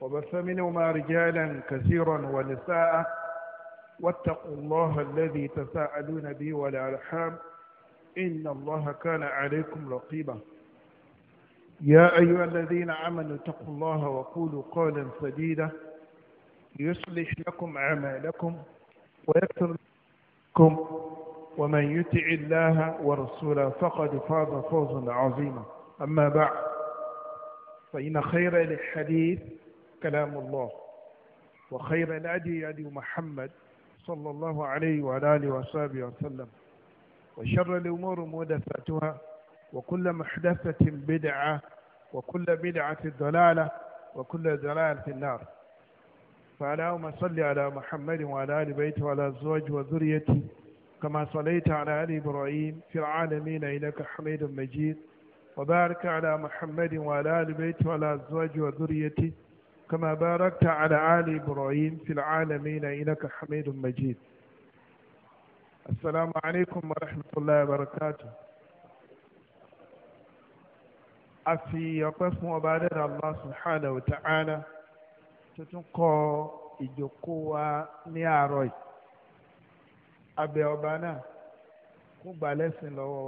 وبث منهما رجالا كثيرا ونساء واتقوا الله الذي تساءلون به والأرحام إن الله كان عليكم رقيبا يا أيها الذين آمنوا اتقوا الله وقولوا قولا سديدا يصلح لكم أعمالكم ويكثر لكم ومن يطع الله ورسوله فقد فاز فوزا عظيما أما بعد فإن خير الحديث كلام الله وخير الهدي هدي محمد صلى الله عليه وعلى آله وصحبه وسلم وشر الأمور محدثاتها وكل محدثة بدعة وكل بدعة ضلالة وكل ضلالة في النار فاللهم صل على محمد وعلى آل بيته وعلى الزوج وذريته كما صليت على آل إبراهيم في العالمين إنك حميد مجيد وبارك على محمد وعلى آل بيته وعلى الزوج وذريته كما باركت على آل إبراهيم في العالمين إنك حميد مجيد السلام عليكم ورحمة الله وبركاته أفي يقف وبارد الله سبحانه وتعالى تتنقى ìjókòó ní أبي أبانا abẹ́ ọba náà kó gbà lẹ́sìn lọ́wọ́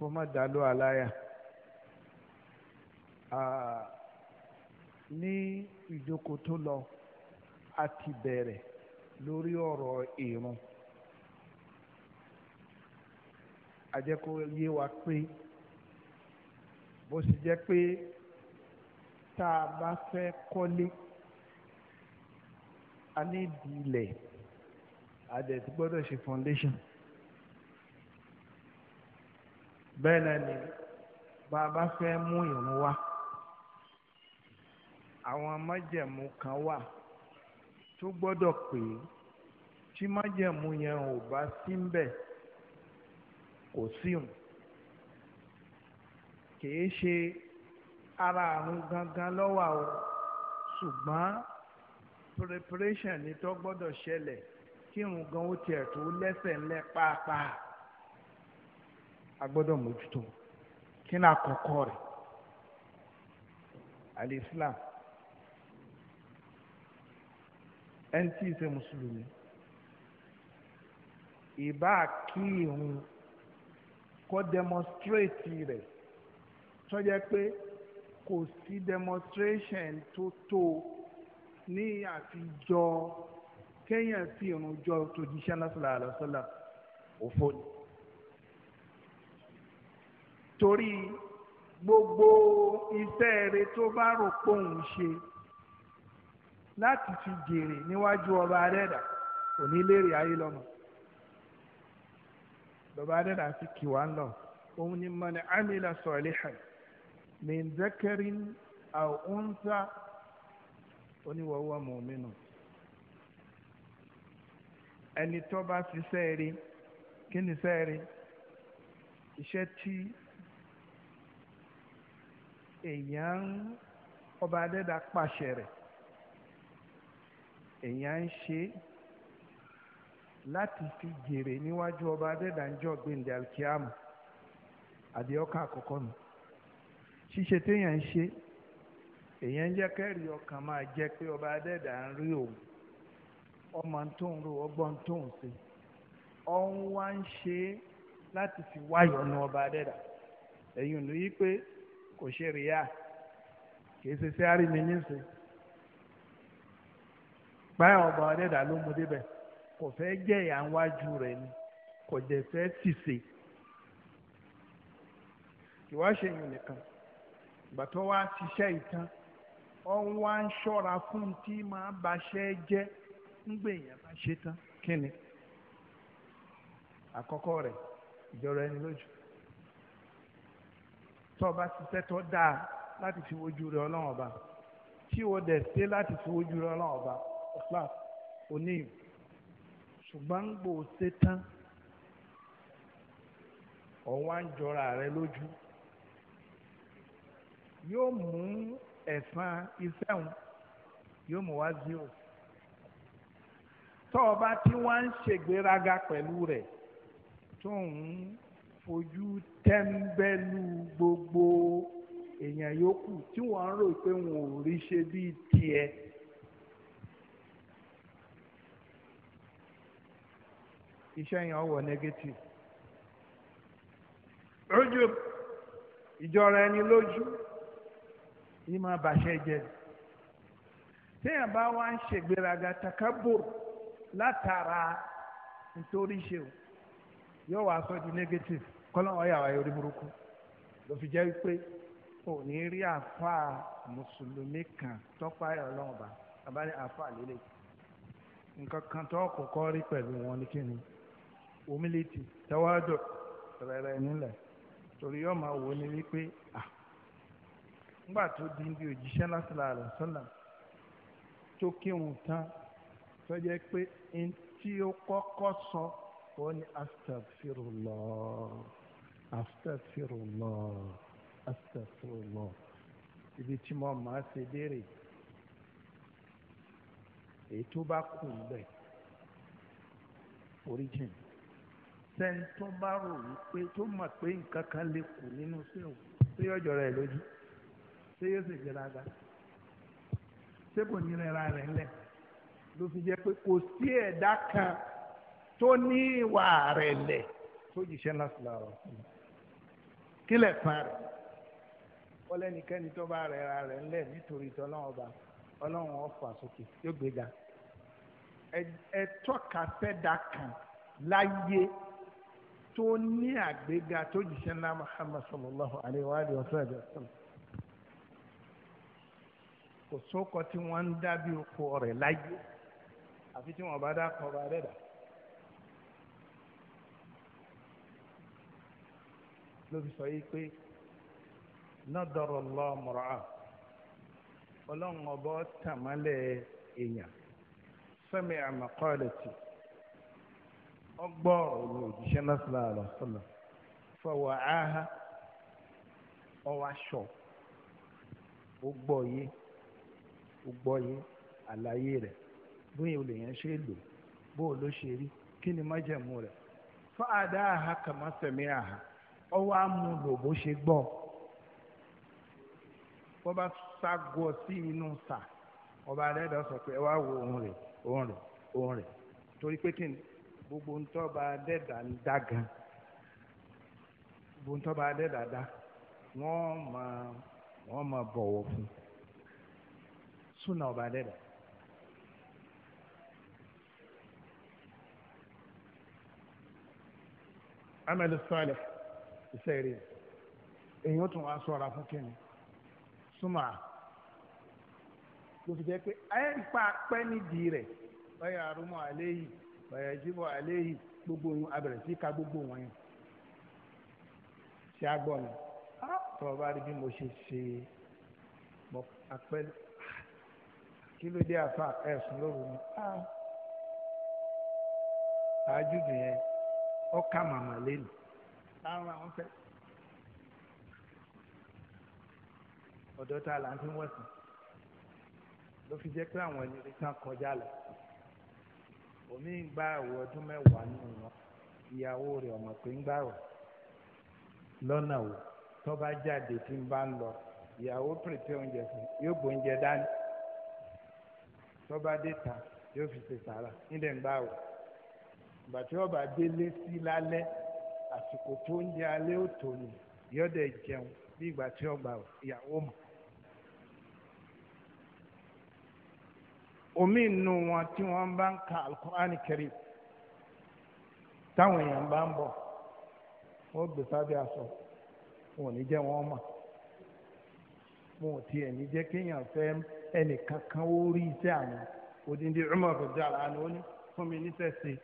wa ní ìjókòó tó lọ a ti bẹ̀rẹ̀ lórí ọ̀rọ̀ ìrun àjẹkó yé wa pé bó sì jẹ́ pé tá a bá fẹ́ kọ́lé a ní ìdílẹ̀ a dẹ̀ ti gbọ́dọ̀ ṣe foundation bẹ́ẹ̀ náà ni bá a bá fẹ́ mú ìrun wá àwọn májẹ̀mú kan wà tó gbọ́dọ̀ pé tí májẹ̀mú yẹn ò bá sí ń kò sí hùn kìí ṣe ara àrùn gangan lọ́wọ́ o ṣùgbọ́n preparation ni tó gbọ́dọ̀ ṣẹlẹ̀ kí irun gan ó tiẹ̀ tó lẹ́sẹ̀ ńlẹ̀ pàápàá a gbọ́dọ̀ mójútó kí ni àkọ́kọ́ rẹ̀ al-Islam ẹni tí ìṣe mùsùlùmí ìbá kí ìhun kó demonstrate rẹ̀ tó jẹ́ pé kò sí demonstration tó tó ní àfijọ́ kéèyàn fi ìrun jọ tó jíṣẹ́ lásìlá àlọ́sọ́là òfò ni torí gbogbo iṣẹ́ rẹ̀ tó bá rò pé òun ṣe láti fi jèrè níwájú ọba adẹ́dà òní léèrè ayé lọ́mọ bàbá adẹ́dà sì kì wá ń lọ òun ni mọ̀nà amílà salihan min zakarin aw unsa oníwọ̀wọ́ mọ̀mínú ẹni tó bá ṣiṣẹ́ rí kí ni iṣẹ́ iṣẹ́ tí èèyàn ọba adẹ́dà pàṣẹ rẹ̀ èyàn ń ṣe láti fi jèrè níwájú ọba adẹ́dàjọ́ gbẹ̀ndẹ̀ alkiamu nù ṣíṣe téèyàn ń ṣe ń ọkàn máa pé ọba adẹ́dà ń rí òun ọmọ tó ń ro ọgbọ́n tó ń ṣe ọ̀hún wá ń ṣe láti fi wáyọ̀ nu ọba adẹ́dà ẹ̀yìn yí pé ṣe báyà ọba ọdịda ló mú débẹ̀ kò fẹ́ jẹ́ ìyà wájú rẹ̀ ni kò dẹ̀ fẹ́ tìṣe nìkan ìgbà tó ṣiṣẹ́ ìtàn ọ̀hún wá ń ṣọ́ra fún tí máa baṣẹ́ jẹ́ ńgbè yẹn bá ṣe tán kí ni àkọ́kọ́ rẹ̀ ìjọra ẹni lójú tó bá ṣiṣẹ́ tó dáa láti fi wojú ọlọ́run ọba tí o dẹ̀ ṣe láti fi wojú ọlọ́run ọba ikhlas oníyù ṣùgbọ́n gbò ṣe tán òun wá ń jọra rẹ lójú yóò mú ẹ̀san iṣẹ́ òun yóò mú wá sí òun tọ́ ọba tí wọ́n ń ṣègbéraga pẹ̀lú rẹ̀ tó ń fojú tẹ́ńbẹ́lú gbogbo èèyàn yòókù tí wọ́n ń rò pé wọn ò rí ṣe bíi tiẹ̀ iṣẹ́ yẹn wọ̀ negative ojú ìjọra ẹni lójú yìí máa bàṣẹ jẹ téèyàn bá wá ń ṣègbéraga takabur látara nítorí ṣe o yóò wá sọ di negative kọ́lọ́wọ́ yà wá yorí burúkú fi jẹ́ pé ò ní rí àáfàá mùsùlùmí kan tọ́pá ẹ̀rọ lọ́wọ́ bá abáyé àáfàá lélẹ̀ nǹkan wọn ní kíni humility tawadu rẹ̀rẹ̀ nílẹ̀ torí yóò máa wò ní wípé à ńgbà tó di ibi òjíṣẹ́ lásìlá rẹ̀ sọ́là tó kírun tán tó jẹ́ pé n tí ó kọ́kọ́ sọ ó ní astagfirullah astagfirullah astagfirullah ibi tí mo máa ṣe béèrè èyí tó bá kù ń bẹ̀ oríjìn sẹ́ni tó bá rò wípé tó mọ̀ pé nǹkan kan lè kù nínú sí òun ṣé yóò jọra ẹ̀ lójú ṣé yóò sì gbéraga ṣé kò ní rẹ̀ ra rẹ̀ ńlẹ̀ ló fi jẹ́ pé kò sí ẹ̀dá kan tó ní ìwà rẹ̀ lẹ̀ tó jìṣẹ́ náà sì làwọn kí lẹ̀ fún rẹ̀ ọlẹ́nikẹ́ni tó bá rẹ̀ ra rẹ̀ ńlẹ̀ nítorí tọ́lọ́wọ́n ọba ọlọ́run ọ̀fà sókè yóò gbéga ẹ tọ́ka fẹ́ da kan láyé tó ní àgbéga tó jìṣẹ́ ńlá Muhammad sallallahu alayhi wa alihi wa sallam kò sóko tí wọ́n ń dábí oko rẹ̀ láyé àfi tí wọ́n bá dá kọ́ ọba rẹ̀ dà. ló fi sọ yìí pé ọlọ́run ọba tàmálẹ̀ ọgbọ́ọ̀rọ̀ òwe òjíṣẹ́ náà sílá àlọ́ sílá fọwọ́ áhá ọwọ́ aṣọ ó gbọ́ yé ó gbọ́ yé àlàyé rẹ̀ bóyá olè yẹn ṣe lò bóyá ló ṣe rí kí ni májẹ̀mú rẹ̀ fáadà àhá kàmá àhá ọwọ́ amúlò bó ṣe gbọ́ wọ́n bá ságọ́ sí inú sà ọba adẹ́dọ̀ sọ pé ẹ wá wo òun rẹ̀ òun rẹ̀ òun rẹ̀ torí pé kí ni. gbogbo ntọ́ba dẹ́dà ń dá gan gbogbo ntọ́ba dá wọ́n wọ́n bọ̀wọ̀ fún súnà ọba dẹ́dà. amẹ́lẹ́ sọ́ọ̀lẹ̀ iṣẹ́ rẹ̀ èyí ó tún wá sọ̀rọ̀ fún kínní súnmọ́ a jẹ́ pé ń pa pẹ́ nídìí bayajibu alehi gbogbo ohun abẹ̀rẹ̀ sí ka gbogbo wọn yẹn ṣe agbọ́ mi tọ́ bá rí bí mo ṣe ṣe mọ apẹ́ kí ló dé àfa ẹ̀sùn lóru mi àjùdù yẹn ọkà màmá lẹ́nu láwọn àwọn fẹ́ ọ̀dọ́ tá a là ń fi wọ́sùn ló fi jẹ́ pé àwọn ẹni tí wọ́n kọjá lọ. omi ń gbá àwọ̀ ọdún mẹ́wàá nínú wọn ìyàwó rẹ̀ ọmọ pé ń gbà wọ̀ lọ́nà wò tó bá jáde tí ń bá ń lọ ìyàwó pèsè oúnjẹ fún yóò gbóúnjẹ dání tó bá dé ta yóò fi ṣe sàrà nílẹ̀ ń gbà wọ̀ bàtí ọba délé sí lálẹ́ àsìkò tó ń jẹ alẹ́ òtò jẹun bí ìgbà tí ominu nù wọn tí wọn bá ń ka alukur'ani kiri táwọn èèyàn bá ń bọ̀ wọn gbé sábẹ́ aṣọ wọn ò ní wọn mọ̀ wọn ò tiẹ̀ ní jẹ́ kéèyàn fẹ́ ẹnìkan ó rí iṣẹ́ àná odindi Umar radiyallahu anhu ó ní fún mi níṣẹ́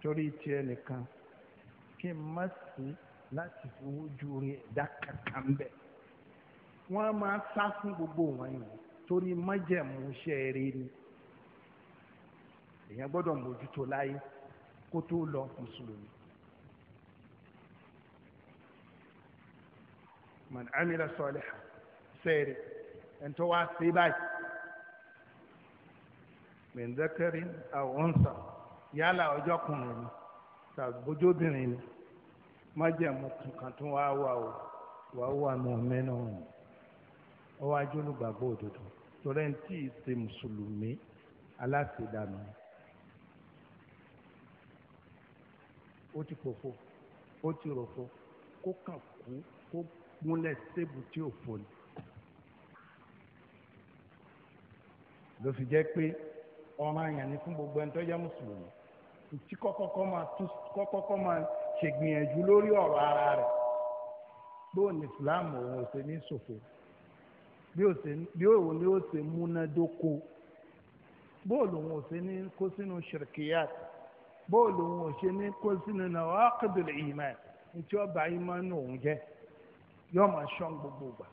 torí tiẹ̀ nìkan kí n má sí láti fi wójú rí gbogbo wọn torí májẹ̀mú ṣẹ́ẹ̀rẹ́ ni èèyàn gbọ́dọ̀ mójútó láyé kó tó lọ mùsùlùmí. man amila salihan sẹ́ẹ̀rẹ́ ẹ̀ńtọ́ wá sí báyìí min dhakarin aw unsa yálà ọjọ́ kùnrin ni tàbójóbìnrin ni májẹ̀mú kankan tó wá wà ó wà ó wà mọ̀ mẹ́nà ọ̀hún ó wá jẹ́ olùgbàgbọ́ òdodo torí ẹni tí ì ṣe mùsùlùmí aláṣẹdànù ó ti pòfo ó ti rọ̀fo kó kàn kú kó gúnlẹ̀ sébù tí ò fò ní. ló fi jẹ́ pé ọ̀ràn àyàn ni fún gbogbo ẹni tó jẹ́ mùsùlùmí tí kọ́kọ́kọ́ máa ṣègbìyànjú lórí ọ̀rọ̀ ara rẹ̀ gbóòn islam òun ò ṣe ní ṣòfò bí òun ni ó ṣe múnádóko bóòlù òun ò ṣe ní kó sínú ṣirkiyat bóòlù òun ò ṣe ní kó sínú nawaqidul iman ntí ọba ìmánì òun jẹ yóò máa ṣọ́n gbogbo gbà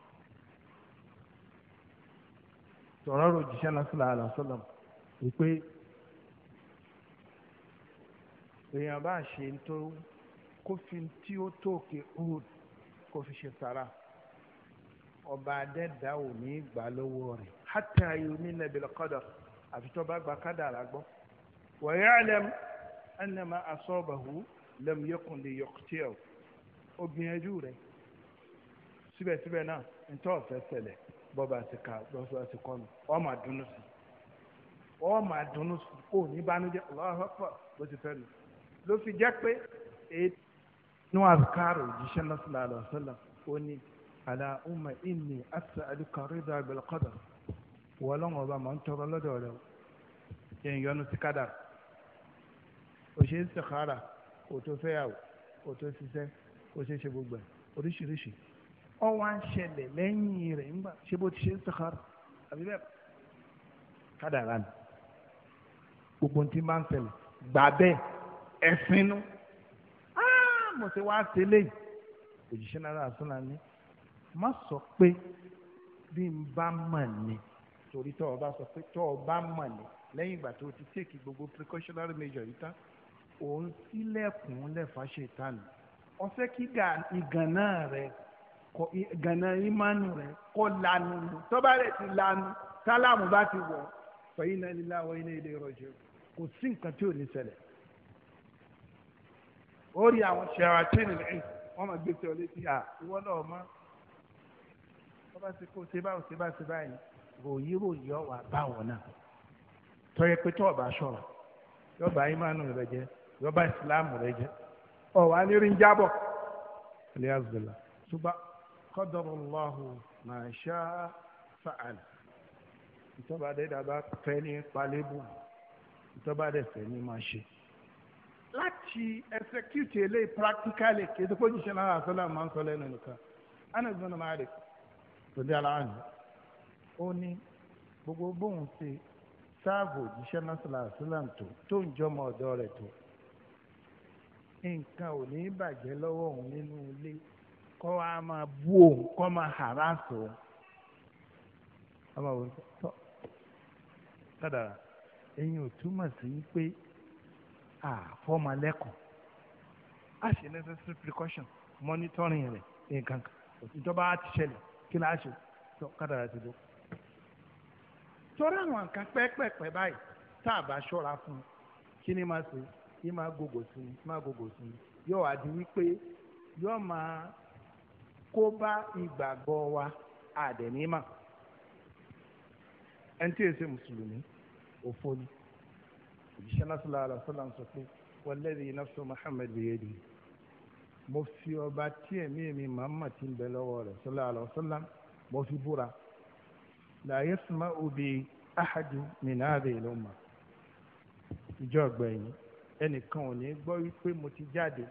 tọ̀rọ̀ rò jíṣẹ́ lásìlá àlàsọ́lá wípé èèyàn bá ṣe ń tó kófin tí ó tóòkè òun kó fi ṣe sára. ọba adẹ́dá ò ní gbà lọ́wọ́ rẹ̀ hátà yu'mina bil qadar àfi tó bá gba kádàrá gbọ́. wa ya'lam anna ma asabahu lam yakun li yuqti'ahu ó gbìyànjú rẹ̀ síbẹ̀síbẹ̀ náà ntọ́ ọ̀fẹ́ ṣẹlẹ̀ bọ́ba ti ka bọ́ba ti kọ́ mi ó máa dùnnú sí ó máa dùnnú sí ó ní bánújẹ́ Allahu akbar bó ti fẹ́ mi ló fi jẹ́ pé èyí àbíkárò òjíṣẹ́ náà sallallahu ó ní اللهم إني أسألك رضا بالقدر ولن أبا من ترى لدوله يعني يونس قدر وشيء استخارة وتفيعه وتسيسه وشيء شبوبة oríṣiríṣi ọwọ́ à ń ṣẹlẹ̀ lẹ́yìn rẹ̀ ńgbà ṣé bó ti ṣe istikhara àbí bẹ́ẹ̀ kádàrá ni gbogbo tí máa ń ṣẹlẹ̀ gbà bẹ́ẹ̀ ẹ̀sìn nu mo ti wá sílé òjíṣẹ́ náírà àsúná ní má sọ pé bí n bá mọ̀ ni torí tọ́ ọ bá sọ pé tọ́ ọ bá mọ̀ ni lẹ́yìn ìgbà tó ti tèkì gbogbo precautionary measure yìí tán òun sílẹ̀kùn lẹ́fà ṣètàlù ọ̀sẹ̀ kí ìgànnà rẹ ìgànnà ìmánu rẹ kọ́ lanu tọ́ba rẹ̀ ti lanu tálámù bá ti wọ̀ fẹ̀yìn náà lílá wọ iná ilé rọ̀jò kò sí nǹkan tí ò ní ṣẹlẹ̀ ó rí àwọn ṣẹ̀wá nìyẹn wọ́n máa gbé tẹ̀ ọ létí à ìwọ náà máa bá ti kó ṣe báwo ṣe bá ṣe báyìí ròyìn ròyìn ọ̀wà báwọn náà tọ́yẹ pé tó ọba ṣọ̀rọ̀ yọba imanu rẹ jẹ yọba ìsìlámù rẹ jẹ ọ̀wà nírin jábọ̀ alihamdulilah ṣùgbọ́n qadarallahu ma sha'a fa'ala ìtọ́ba adédàbà fẹ́ ní palébù ìtọ́ba adẹ́fẹ́ ní máa ṣe láti execute eléyìí practically kì í kó jíṣẹ́ náà àṣọ máa ń sọ lẹ́nu nìkan anas bin malik rọ̀bí aláàánú ó ní gbogbo bóun ṣe sáàbù òjíṣẹ́ násìlá sílám tó tó ń jọmọ ọ̀dọ́ rẹ̀ tó nǹkan ò ní bàjẹ́ lọ́wọ́ òun nínú ilé kọ́ wa máa bú òun kọ́ máa hàrásù òun ọmọ òun tọ́ kádàrà ẹ̀yin ò túmọ̀ sí pé àfọ́mọlẹ́kọ̀ọ́ a ṣe necessary precaution monitoring rẹ̀ nǹkan kan òtítọ́ bá ti ṣẹlẹ̀ kí la ṣe tó kádàrá ti dó. torí àwọn nǹkan pẹ́ẹ́pẹ́ẹ́pẹ́ báyìí tá a bá ṣọ́ra fún un kí ni máa ṣe yìí máa gògò sí i máa gògò sí i yóò wá di wípé yóò máa kó bá ìgbàgbọ́ wa àdẹ̀nímà ẹni tí èsè mùsùlùmí òfò ni òjíṣẹ́ náà sallallahu alaihi wasallam sọ pé walladhi nafsu Muhammad biyadihi mo fi ọba tí ẹ̀mí mi Muhammad ti ń bẹ lọ́wọ́ rẹ̀ sallallahu alaihi wasallam mo fi búra la yasma'u bi ahadu min hadhihi al-umma ìjọ ọ̀gbẹ̀yìn ẹnìkan ò ní gbọ́ wípé mo ti jáde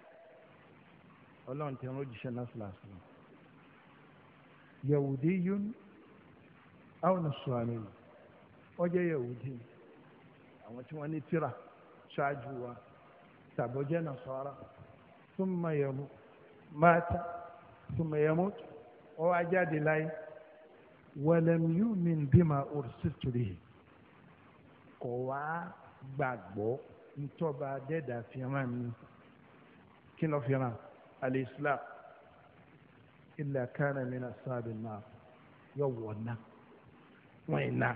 ọlọ́run ti rán òjíṣẹ́ náà síláàsì lọ. yahudi yun àwọn sùnàmì wọ́n jẹ́ yahudi àwọn tí wọ́n ní tírà ṣáájú wa tàbí ó jẹ́ súnmọ́ yẹmu mata súnmọ́ yẹmu ó wá jáde láyé walam yu'min bima ursiltu bihi kò wá gbàgbọ́ ntọ́ba dẹ́dà fìràn mi kí ló fìràn al-islam illa kana min ashabin nar yọ wọ̀ ná wọ́n ì ná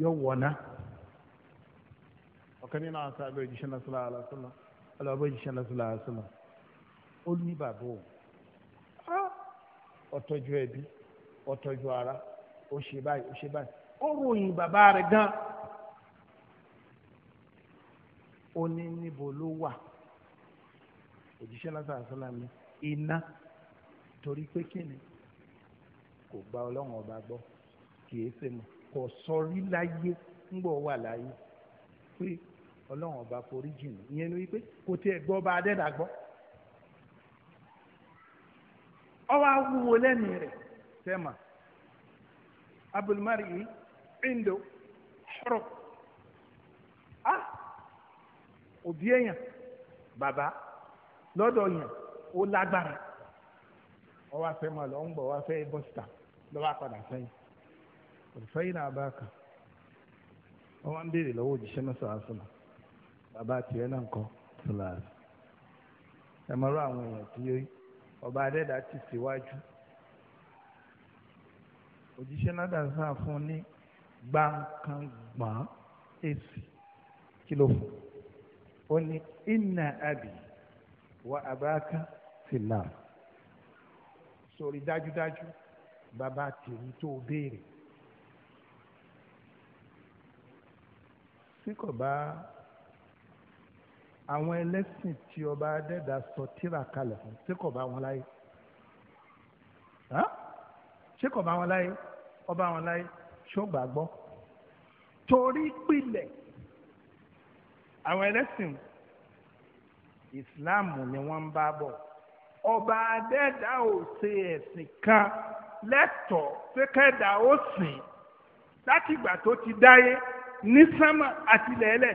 yọ wọ̀ ná. ọ̀kan nínú àwọn sábẹ́ òjíṣẹ́ náà sallallahu alaihi wasallam ọlọ́ọ̀bẹ náà sallallahu alaihi ó ní bàbá òun ó tọ́jú ẹbí ó ara ó ṣe báyìí ó ṣe báyìí ó ròyìn bàbá rẹ̀ gan ó ní níbo ló wà òjíṣẹ́ náà sallallahu iná torí pé kíni kò gba ọlọ́run ọba gbọ́ kì í ṣe mọ̀ kò sọ rí láyé wà láyé ọlọ́run ọba forí jìn ìyẹn ni wípé kò tiẹ̀ gbọ́ ọba adẹ́dà gbọ́ ọwọ́ awúwo lẹ́nu rẹ̀ sẹ́mà abulmari indo a òbí èèyàn bàbá lọ́dọ̀ yẹn ó lágbára ọwọ́ afẹ́ lọ́ ń bọ̀ ọwọ́ afẹ́ bọ́sítà lọ́wọ́ apàdà sẹ́yìn náà bá kà wọ́n máa ń béèrè lọ́wọ́ òjíṣẹ́ mẹ́sàn-án bàbá tiẹ̀ náà kọ́ sọláàsì ẹ mọ̀ rọ àwọn èèyàn tí ọba adẹ́dà ti síwájú òjíṣẹ́ náà dà sáà fún ní gbàǹkangbọ̀n èsì kí ló fún ó ní inna abi wa abaka fìlà sórí dájúdájú bàbá tèmi tó béèrè tí kò bá àwọn ẹlẹ́sìn tí ọba adẹ́dà sọ tíra kalẹ̀ fún ṣé kò bá wọn láyé ṣé kò bá wọn láyé ọba wọn láyé ṣó gbàgbọ́ torí pilẹ̀ àwọn ẹlẹ́sìn ìsìláàmù ni wọ́n ń bá bọ̀ ọba adẹ́dà ò ṣe ẹ̀sìn kan lẹ́tọ̀ọ́ fẹ́kẹ́dà ó sìn látìgbà tó ti dáyé ní sánmà àtìlẹ́lẹ̀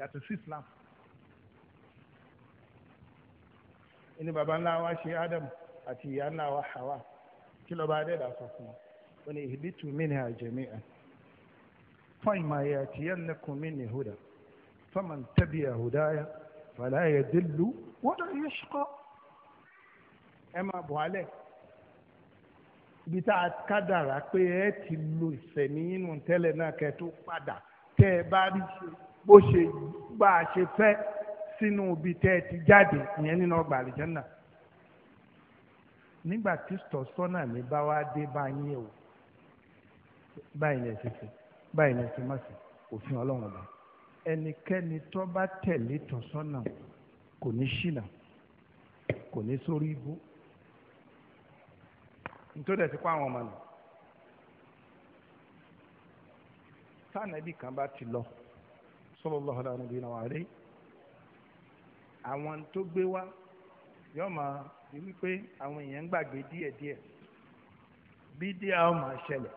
yàtọ̀ sí ìsìláàmù. ẹni baba ńlá wa ṣe ádámù àti ìyá ńlá wa Hawa kí ló bá dẹ́dà sọ fún wọn ó ní ihbitu minha jami'an fa imma ya'tiyannakum minni huda faman tabi'a hudaya fala yadillu wala yashqa ẹ máa bọ̀ alẹ́ ibi tá a kádàrá pé ẹ ti lo ìsẹ̀mí inú tẹ́lẹ̀ náà kẹ́ tó padà tẹ́ ẹ bá rí bó ṣe bá ṣe fẹ́. sínú ibi tẹ ẹ ti jáde ìyẹn nínú ọgbà àlìjẹ́nà nígbà tí mi bá wá dé o báyìí ni ẹ ṣe ṣe báyìí ni ẹ ṣe má ṣe òfin ọlọ́run ọba ẹnikẹ́ni tó bá tẹ̀lé tọ̀sọ́nà kò ní ṣìnà kò ní sórí ibú nítorí ti kan bá ti lọ sallallahu alaihi wa sallam àwọn tó gbé wá yóò máa di wípé àwọn èèyàn gbàgbé gbàgbé díẹ̀díẹ̀ bídíà ó máa ṣẹlẹ̀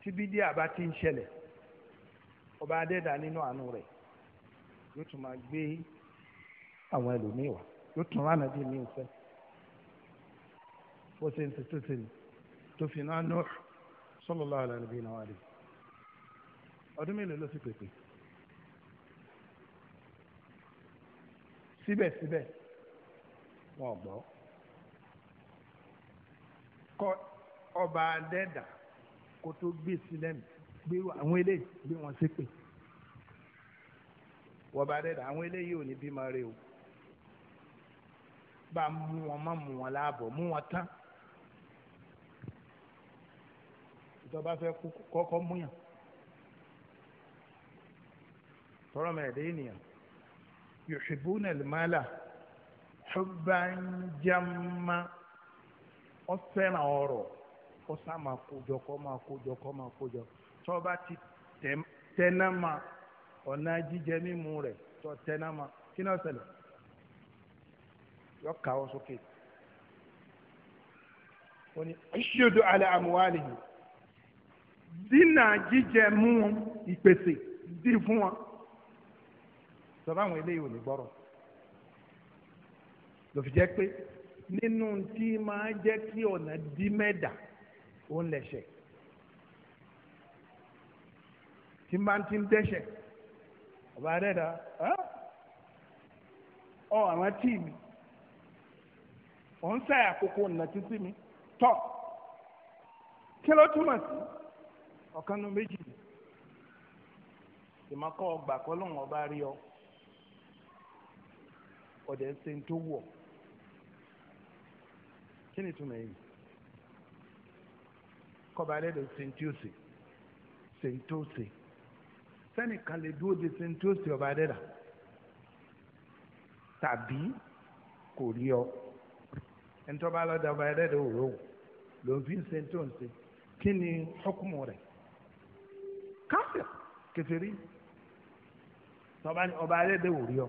tí bídíà bá ti ń ṣẹlẹ̀ ọba adéda nínú àánú rẹ̀ yóò tún máa gbé àwọn ẹlòmíì wá yóò tún ránà ànábì mi fẹ́ bó ṣe ń ṣe tó ṣe ni tó fi náà nù sallallahu alaihi wa sallam ọdún mélòó ló fi pèpè. síbẹ̀síbẹ̀ wọn gbọ́ kọ ọba adẹ́dà kó tó gbé sílẹ̀ mi gbé àwọn eléyìí gbé wọn ṣépè wọba adẹ́dà àwọn eléyìí ò ní bímọ rẹ o bá mú wọn má mú wọn láàbọ̀ mú wọn tán ìjọba fẹ́ kọ́kọ́ múyàn tọrọ mẹ́ẹ̀ẹ́dẹ́ ènìyàn yuhibbuna al-mala hubban jamma ó fẹ́ràn ọrọ̀ kó sá máa kójọ kó máa kójọ kó máa kójọ tó bá ti tẹ́ná ma ọ̀nà jíjẹ mímu rẹ̀ tó tẹ́ná ma kí náà ṣẹlẹ̀ yọ kàwọ́ sókè wọ́n ní ṣíṣòdò alẹ́ àmúwálì yìí dínà jíjẹ mú wọn ìpèsè dín fún wọn sọ fáwọn eléyìí ò ní gbọ́rọ̀ lòfi jẹ́ pé nínú tí máa jẹ́ kí ọ̀nà dí mẹ́dà ó ń lẹ̀ṣẹ̀ tí máa ti ń dẹ́ṣẹ̀ ọba adẹ́dà ọ àwọn tíì mi ò ń sáyà àkókò ọ̀nà títí mi tọ́ kí ló túmọ̀ sí ọ̀kan méjì ìmọ̀kọ́ ọgbà kọ́ lóun ọba rí ọ ọ̀dẹ̀ ń ṣe tó wọ̀ kí ni túmọ̀ yìí kọba ẹlẹ́dẹ̀ ṣe tí ó ṣe ṣe tó ṣe sẹ́nìkan lè dúró de ṣe tó ṣe ọba ẹlẹ́dà tàbí kò rí ọ ẹnitọ́ba lọ́dọ̀ ọba ẹlẹ́dẹ̀ òró ló ń fi ṣe tó ń ṣe kí ni hukumu rẹ̀ káfíà kẹfẹ́rí ọba ẹlẹ́dẹ̀ òrí ọ.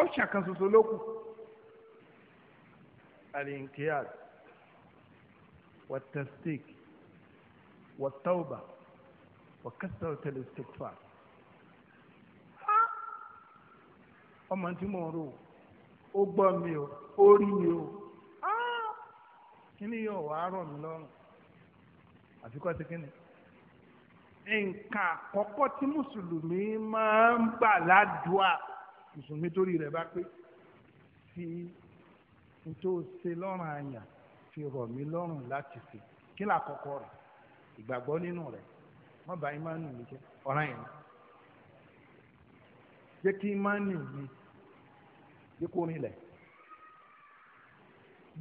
ọ̀ṣà kan ṣoṣo ló kù alinkiyar watastik watauba wakasar telestikfa ọmọ tí mo rò ó gbọ́ mi o ó rí mi o kí ni yóò wá rọ̀ mí lọ́rùn àfikọ́ ti kí ni nǹkan àkọ́kọ́ tí mùsùlùmí máa ń gbà ládùúà mùsùlùmí torí rẹ̀ bá pé fi nítorí ṣe lọ́rùn àyàn fi rọ̀ mí lọ́rùn láti ṣe kí là kọ́kọ́ rẹ̀ ìgbàgbọ́ nínú rẹ̀ wọ́n bá imánu mi jẹ́ ọ̀ràn yẹn jẹ́ kí imánu mi jẹ́ kó rinlẹ̀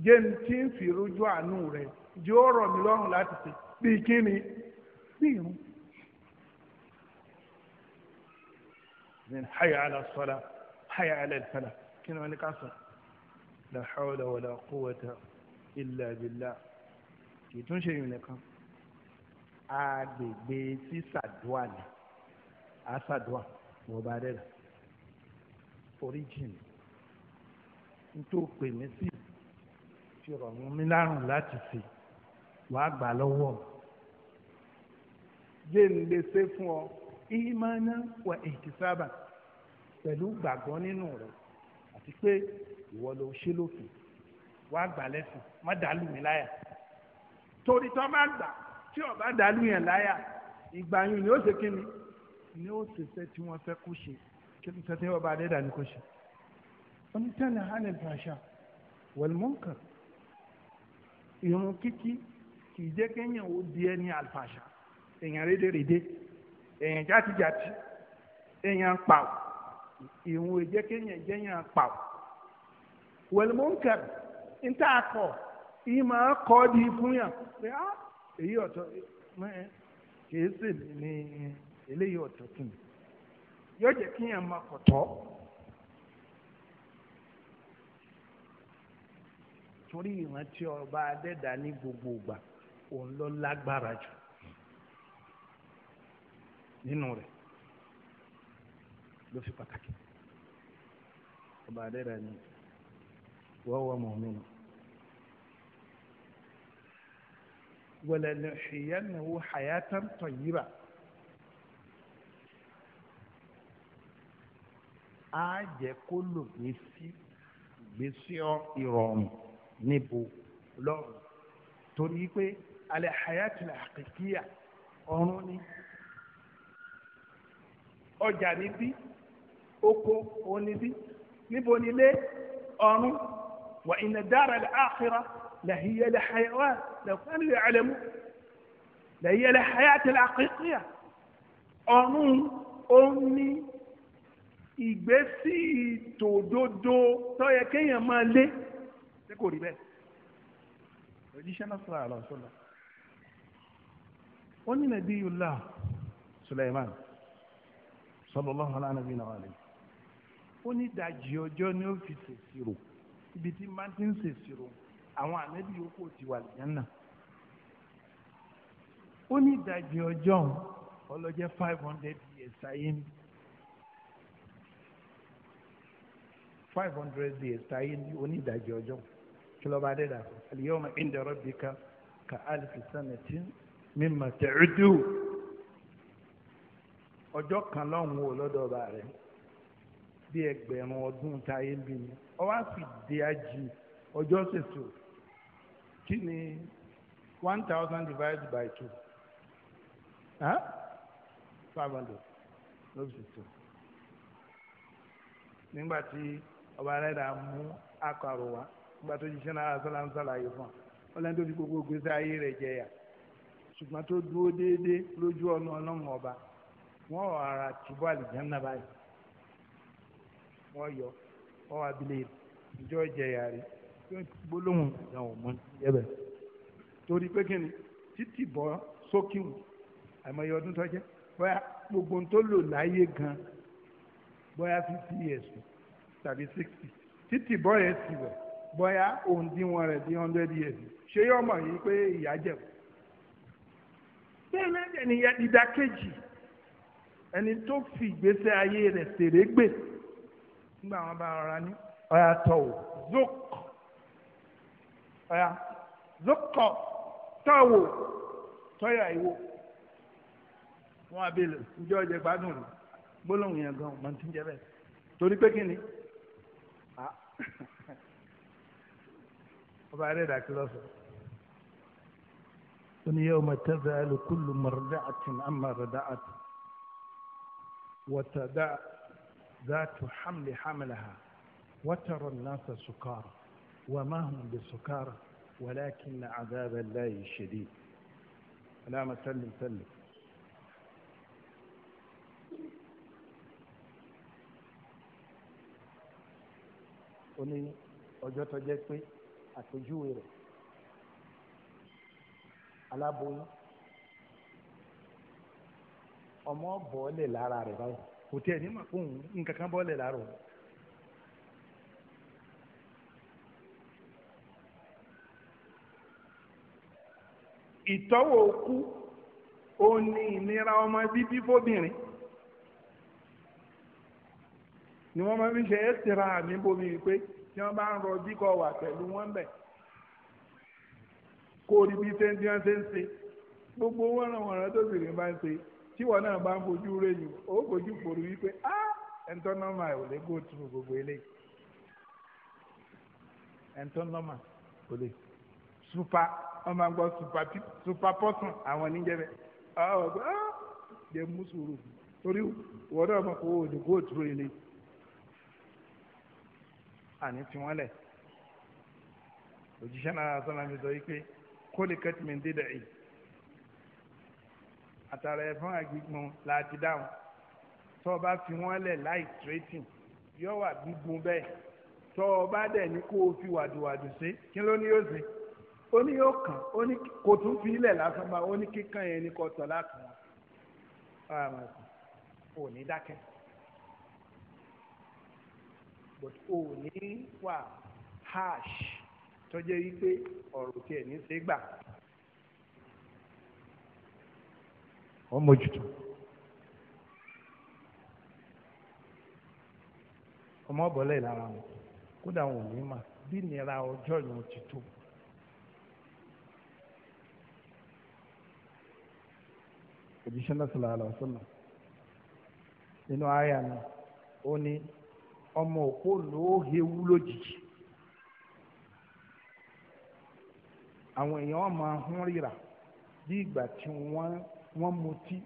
jẹ́ ní tí ń fi rojú àánú rẹ̀ jẹ́ ó rọ̀ mí lọ́rùn láti ṣe bíi kí ni bíi irun. من حي على الصلاه hayà alẹ́sàlá kí ni wọ́n ní ká sọ la hawla wala quwwata illa billah kì í tún ṣe yìí nìkan agbègbè sísàdúà ni àsàdúà wọ́n bá dẹ̀ rà origin n tó pè mí sí fi rọ̀rùn mi lárùn láti fi wàá gbà lọ́wọ́ jẹ́ ń lè ṣe fún ọ ìmánà wà ihtisaba pẹ̀lú gbàgbọ́ nínú rẹ̀ àti pé ìwọ ló ṣe lófin wá gbà lẹ́sìn má dàlú mi láyà torí tó bá gbà tí o dàlú yẹn láyà ìgbà yìí ni ó ṣe kí ni ni ó ṣe fẹ́ tí wọ́n fẹ́ kó ṣe kí ni sẹ́tẹ́ ọba adẹ́dà ni kó ṣe. onítẹ̀lẹ̀ hanel fàṣà wẹ̀lmọ́ǹkà irun kíkí kì í jẹ́ kéèyàn ó di ẹni àlfàṣà èèyàn rédèrèdè èèyàn játijàti èèyàn pàwọ́. ìwọ̀n èjẹ́ kéèyàn jẹ́yàn pa ọ́ wẹ̀lmọ́nkẹ̀r níta máa kọ́ di fúnyàn pé á ah, èyí ọ̀tọ̀ kìí sì ní eléyìí ọ̀tọ̀ tì yóò jẹ́ kéèyàn máa kọ̀ tọ́. torí ìrántí ọba ní gbogbo ìgbà ọba adẹ́dà ni wọ́n wọ́n mọ̀ mí nù. wọ́lẹ̀ ní ṣìyẹn ní wọ́n hayatan tayyiba. á jẹ́ kó lò gbèsè gbèsè ìrọ̀rùn níbo lọ́rùn torí pé alẹ́ hayatul haqiqiya ọ̀run ni ọjà níbí oko oníbí نبو نلي أرو وإن الدار الآخرة لهي لحيوان لو كانوا يعلمون لهي لحياة الحقيقية أرو أمي إبسي تودودو تويا كي يمالي تقولي بس وليش أنا على رسول الله عليه نبي الله سليمان صلى الله على نبينا عليه ó ní ìdajì ọjọ́ ní ó fi ṣèṣirò ibi tí máa ti ń ṣèṣirò àwọn ànábì yòókù ti wà lẹ́nà ó ọjọ́ ọlọ́jẹ́ five hundred years ayé ní five hundred years ayé ní onídàjì ọjọ́ kí ló bá dé dà al-yawma inda rabbika ka alfi sanatin mimma ta'uddu ọjọ́ kan lọ́hùn-ún lọ́dọ̀ ọba rẹ̀ bí ẹgbẹ̀rún ọdún táyé ń bí ni ọwọ́ àfìdí ajì ọjọ́ ṣètò kí ni one thousand divided by two five hundred ló fi ṣètò nígbà tí ọba rẹ̀dà mú akọ̀rọ̀ wá nígbà tó ṣiṣẹ́ náà sọ́lá ń sàlàyé fún ọ lẹ́yìn tó fi gbogbo gbèsè ayé rẹ̀ jẹyà ṣùgbọ́n tó dúró déédéé lójú ọ̀nà ọlọ́run ọba wọ́n ara tìbọ̀ àlìjáná báyìí wọ́n yọ wọ́n wá abilé ìjọ ìjẹyà rẹ̀ tó ń gbólóhùn ìdáhùn ọmọ níjẹ́bẹ̀ torí pé kí ni títì bọ́ sókìwù àìmọye ọdún tó jẹ́ bóyá gbogbo tó lò láyé gan bóyá fifty years tàbí sixty títì bọ́ yẹn sì wẹ̀ bóyá òun díwọ̀n rẹ̀ di hundred years ṣé yọ ọmọ yìí pé ìyá jẹ̀ kú bẹ́ẹ̀ náà dẹ̀ ni ìdàkejì ẹni tó fi ìgbésẹ̀ ayé rẹ̀ ṣèrè gbèsè nígbà wọn bá rọra ní ọ̀yà tọ̀ wò zok ọ̀yà zokọ̀ tọ̀ wò tọ̀yà ìwò wọn abẹ́lẹ̀ ǹjẹ́ ọ̀jẹ̀ gbádùn rẹ̀ gbólóhùn yẹn gan ọ̀mọ̀ tí ń jẹ bẹ́ẹ̀ torí pé kí ni ọba rẹ̀ dà kí lọ́sọ̀ọ́ wani yau mata zalu kullum marda'atin amma ذات حمل حملها وترى الناس سكارى وما هم بسكارى ولكن عذاب الله شديد اللهم سلم سلم ó ní ọjọ́ tó jẹ́ pé àpèjúwe rẹ̀ aláboyún ọmọ bọ́ọ̀lẹ̀ lára rẹ̀ báyìí kò tiẹ̀ ní mà fóun nǹkan kan bọ́ọ̀lẹ̀ láàárọ̀ ìtọ́wò òkú ó ní ìnira ọmọ bíbí fóbìnrin ni wọ́n máa fi ṣe ẹ́sìnra àmì bomi pé tí wọ́n bá ń rọ bíkọ wà pẹ̀lú wọn bẹ̀ kó o rí bí sẹ́ńtì wọn ṣe ń ṣe gbogbo wọn ràn wọn rẹ tó sì rí bá ń ṣe tíwọ náà bá ń fojú rẹ̀yìn ó fojú fòrò wípé á ẹ̀ńtọ́ nọ́mà ò lè go through gbogbo eléyìí ẹ̀ńtọ́ ò lè super wọ́n máa ń gbọ́ super super person àwọn níjẹ́bẹ̀ ọ̀ gbọ́ jẹ́ mùsùlùmí torí wọ́n náà mọ̀ kó o lè go through eléyìí àní tí lẹ̀ òjíṣẹ́ náà sọ́nà mi sọ wípé kólé ń dé yìí àtàrà ẹ̀fọn àgbègbọn láti dáhùn tó o bá fi wọ́n lẹ̀ láì tírẹ́tìn yóò wà gbígbón bẹ́ẹ̀ tó o bá dẹ̀ ní kó o fi wàdùwàdù sí kí ló ní yóò ṣe ó ní yóò kàn ó ní kò tún fi ilẹ̀ lásán bá ó ní kíkàn yẹn ní kò tọ̀ láti wọn ò ní dákẹ́ but ò ní wà harsh tó jẹ́ wípé ọ̀rọ̀ tiẹ̀ ní í ṣe gbà. ó mójútó ọmọ ọbọlẹ lára kódà wọn ò ní mà bí nira ọjọ́ yẹn ti tó. òjíṣẹ́ náà sọ̀rọ̀ àlọ́ sọ́nà nínú àyà náà ó ní ọmọ òpó lóò hewu lójijì àwọn èèyàn máa hún ríra bí ìgbà tí wọn wọ́n mutí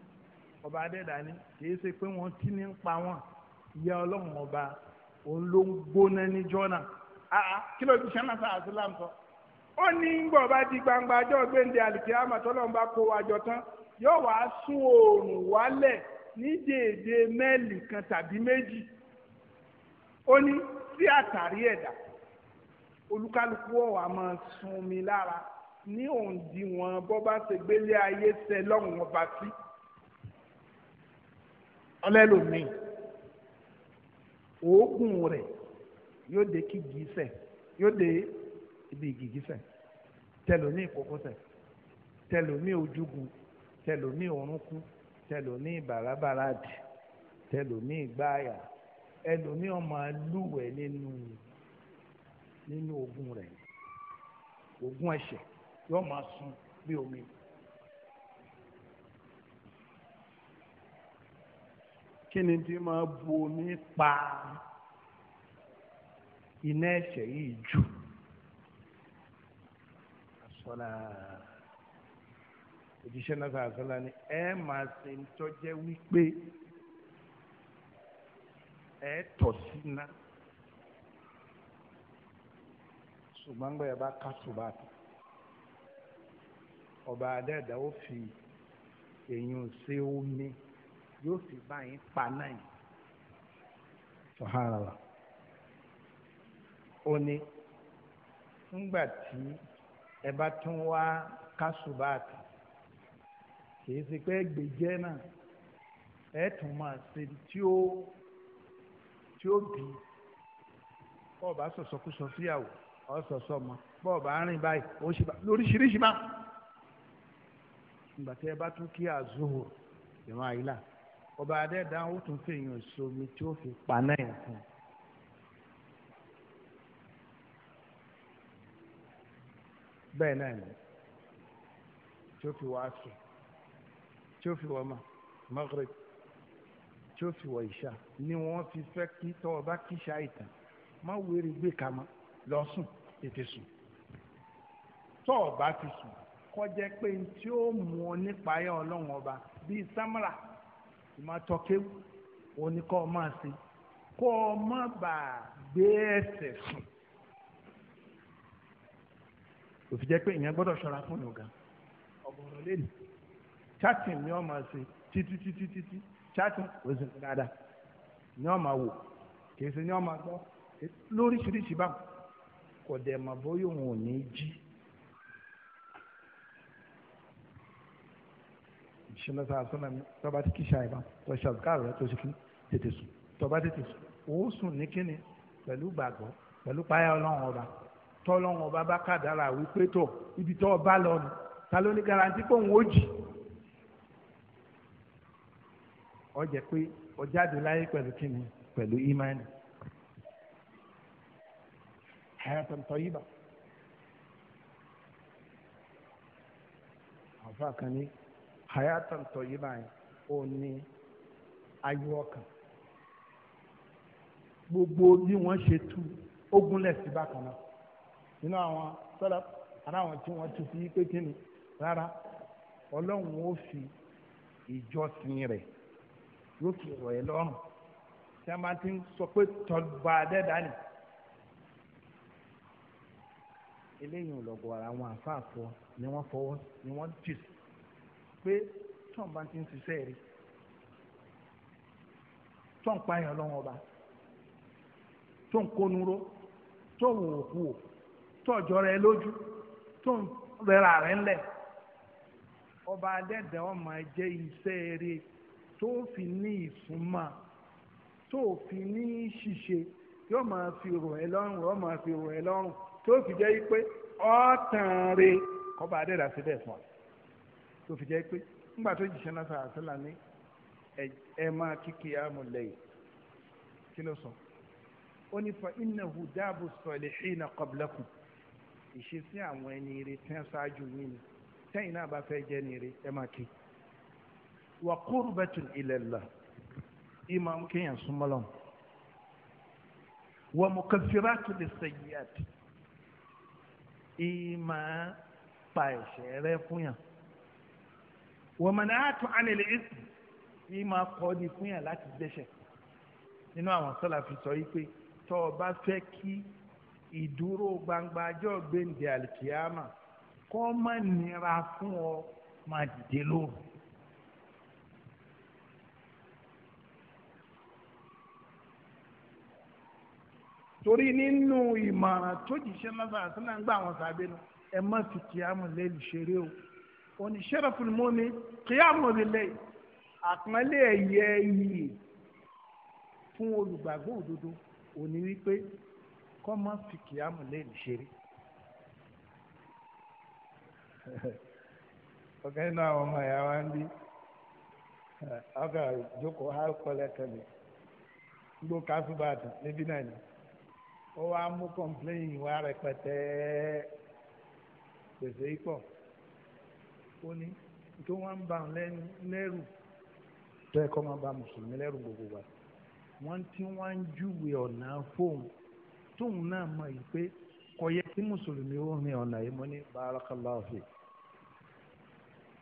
ọba adẹ́dàní kìí ṣe pé wọ́n tí ní ń pa wọ́n ìyá ọlọ́run ọba òun ló ń gbóná níjọ́ náà àá kí ló ti sẹ́nà sáà sí láǹtọ́. ó ní gbọ́ ọba di gbangba ọjọ́ gbẹ̀ǹdẹ̀ àlùkí àmọ̀tọ́lọ́run bá kó wa jọ tán yóò wá sún oòrùn wálẹ̀ ní déédé mẹ́ẹ̀lì kan tàbí méjì ó ní sí àtàrí ẹ̀dá olúkálukú ọ̀wà máa sun mi lára ní òǹdíwọ̀n bó bá ṣe gbélé ayé ṣe lọ́hùn ọba sí ọlẹ́lòmíì òógùn rẹ̀ yóò dé kí gìísẹ̀ yóò dé ibi gìgísẹ̀ tẹlomi ìkókósẹ̀ tẹlomi ojúgun tẹlomi orúnkún tẹlomi bàràbàràdì tẹlomi ìgbáàyà ẹlòmí ọmọ lúwẹ̀ nínú nínú ogun rẹ̀ ogun ẹ̀ṣẹ̀ yóò máa sun bí omi. kí ni tí máa bu omi pa iná ẹ̀ṣẹ̀ yìí jù àsọ̀là òjíṣẹ́ náà àsọ̀là ni ẹ máa ṣe ń tọ́jẹ́ wípé ẹ tọ̀ sí iná ṣùgbọ́n gbọ́dọ̀ bá ká ṣùgbọ́n àti ọba adẹ́ẹ̀dá ó fi èèyàn ṣe omi yóò fi báyìí pa náà yìí sọ̀hánàlá ó ní ńgbà tí ẹ bá tún wá kásùbáàtì kìí ṣe pé gbèjẹ́ náà ẹ tún máa ṣe tí ó tí ó bì bọ́ọ̀ bá sọ̀sọ́kúsọ síyàwó ọ̀sọ̀sọ́ mọ́ bọ́ọ̀ bá rìn báyìí ó máa ìgbà tí ẹ bá tún kí àzúhù ìran àyílà ọba adẹ́dá ó tún fèèyàn sómi tí ó fi paná ẹ̀ fún un. bẹ́ẹ̀ náà ni tí ó fi wọ asùn tí ó fi wọ ọmọ Maghrib tí ó fi wọ ìṣá ni wọ́n fi fẹ́ kí tọ́ ọba kíṣà ìtàn má wéré gbé kama lọ tètè sùn tọ́ ọba ti sùn kọjá pé n tí ó mú ọ nípa ayé ọlọ́run ọba bíi samara ìmọ̀tọ́kéwù òní kọ́ ọ máa ṣe kọ́ ọ má bàa gbé ẹsẹ̀ sùn òfin jẹ́ pé ìyẹn gbọ́dọ̀ ṣọ́ra fún yòóga ọ̀gọ̀rọ̀ lẹ́nu chatting ni wọ́n máa títí títí títí chatting kò sí dáadáa ni wọ́n máa kìí ṣe ni wọ́n máa lóríṣiríṣi báwọn kò dẹ̀ mà bóyá òun ò ní jí. òṣìṣẹ́ lọ́sà sọ́nà mi tọ́ba ti kíṣà ìbá tọ́ ṣàzùkárò rẹ tó ṣe kí tètè sùn tọ́ba tètè sùn ó sùn ní kíni pẹ̀lú gbàgbọ́ pẹ̀lú páyà ọlọ́run ọba tọ́lọ́run ọba bá kàdára wípé tọ̀ ibi tọ́ ọba lọ nù ta ló ní garanti pé òun ó jì ọ pé ọ jáde láyé pẹ̀lú kíni pẹ̀lú ìmánì hayatan tayyiba àfa kan ní hayatan tọyiba yẹn ó ní ayọ̀ ọkàn gbogbo bí wọ́n ṣe tú ogun lẹsí bákan náà nínú àwọn sọlá ara àwọn tí wọ́n ti fi pé kíni rárá Ọlọ́run ó fi ìjọsìn rẹ̀ yóò fi rọ̀ ẹ́ lọ́rùn tí a máa ti ń sọ pé tọba adẹ́dá ni eléyìí ò lọ́gọ̀ ara àwọn àfáàfọ́ ni wọ́n fọwọ́ ni wọ́n jì sí pé tọ́n bá ti ń ṣiṣẹ́ rí tọ́n pààyàn lọ́wọ́ ọba tọ́n kónúró tọ́n wò òkú o tọ́n jọra ẹ lójú tọ́n rẹra rẹ ńlẹ̀ ọba adẹ́dẹ́ ó máa jẹ́ iṣẹ́ rí tó fi ní ìsúnmọ́ tó fi ní ṣíṣe yóò máa fi rò ẹ́ lọ́rùn yóò máa fi rò ẹ́ lọ́rùn tó fi jẹ́ pé ọ̀tàn rẹ̀ kọ́ba adẹ́dẹ́ àti bẹ́ẹ̀ fún ọ tó fi jẹ́ pé ńgbà tó jìṣẹ́ náà sàrà sílà ní ẹ máa kíkì àmú lẹ́yìn kí ló sọ ó ní fa innahu dáàbò salihina qablakum ìṣesí àwọn ẹni rẹ tẹ́ ṣáájú yín ni tẹ́yìn náà bá fẹ́ jẹ́ ni rẹ ẹ máa kí wa qurbatun ila Allah ìmọ̀ kéèyàn súnmọ́ lọ́wọ́ wa mukaffiratu lis-sayyi'at ìmọ̀ pa ẹ̀ṣẹ̀ rẹ fún yàn wọ́n mọ̀ náà tún á nílé ìsìn yìí máa kọ́ ni fún yàn láti dẹ́ṣẹ̀ nínú àwọn sọ́là fi sọ yìí pé tọ́ ọ bá fẹ́ kí ìdúró gbangba ajọ́ gbèǹde àlìkìyàmà kọ́ má nira fún ọ máa dìde lóru. torí nínú ìmọ̀ràn tó jìṣẹ́ lọ́sàn àti náà àwọn sàbẹ̀ nù ẹ má lẹ́lù ṣeré o òní sharaful mu'min qiyamu bil layl àpọ́nlé ẹ̀yẹ iyì fún olùgbàgbọ́ òdodo òní wípé kọ́ má fi qiyamu layl ṣeré. ọ̀gá inú àwọn ọmọ ẹ̀yà wa ń bí ọ̀gá ìjókòó alkọ́lẹ̀ tẹ̀lé gbogbo kásùbàtì níbí náà ni ó wá mú kọ́ńpléyìn wá rẹpẹtẹ pèsè ipò ó ní tó wọ́n ń bà lẹ́rù tó ẹ̀kọ́ máa bà mùsùlùmí lẹ́rù gbogbo wa wọ́n ti wọ́n ń júwe ọ̀nà fóun tóun náà mọ̀ yìí pé kò yẹ kí mùsùlùmí ó rìn ọ̀nà yìí mọ́ ní barakallahu fi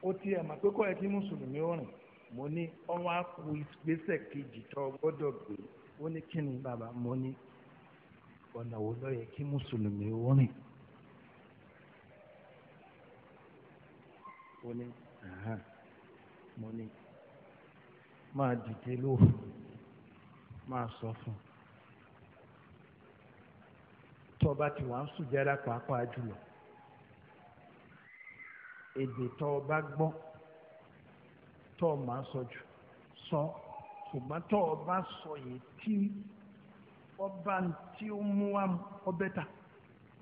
ó tiẹ̀ mọ̀ pé kò yẹ kí mùsùlùmí ó rìn mo ní ọwọ́ àpò ìgbésẹ̀ kejì tó gbọ́dọ̀ gbé ó ní kí ni bàbá mo ní ọ̀nà wo ló yẹ kí mùsùlùmí ó rìn. ó ní mo ní máa dìde lóhùn máa sọ fún tó bá ti wà ń sùjẹ́rà pàápàá jùlọ èdè tó o bá gbọ́ tó o máa sọ jù sọ ṣùgbọ́n tó o bá sọ yìí tí ọba tí ó mú wa ọbẹ̀ ta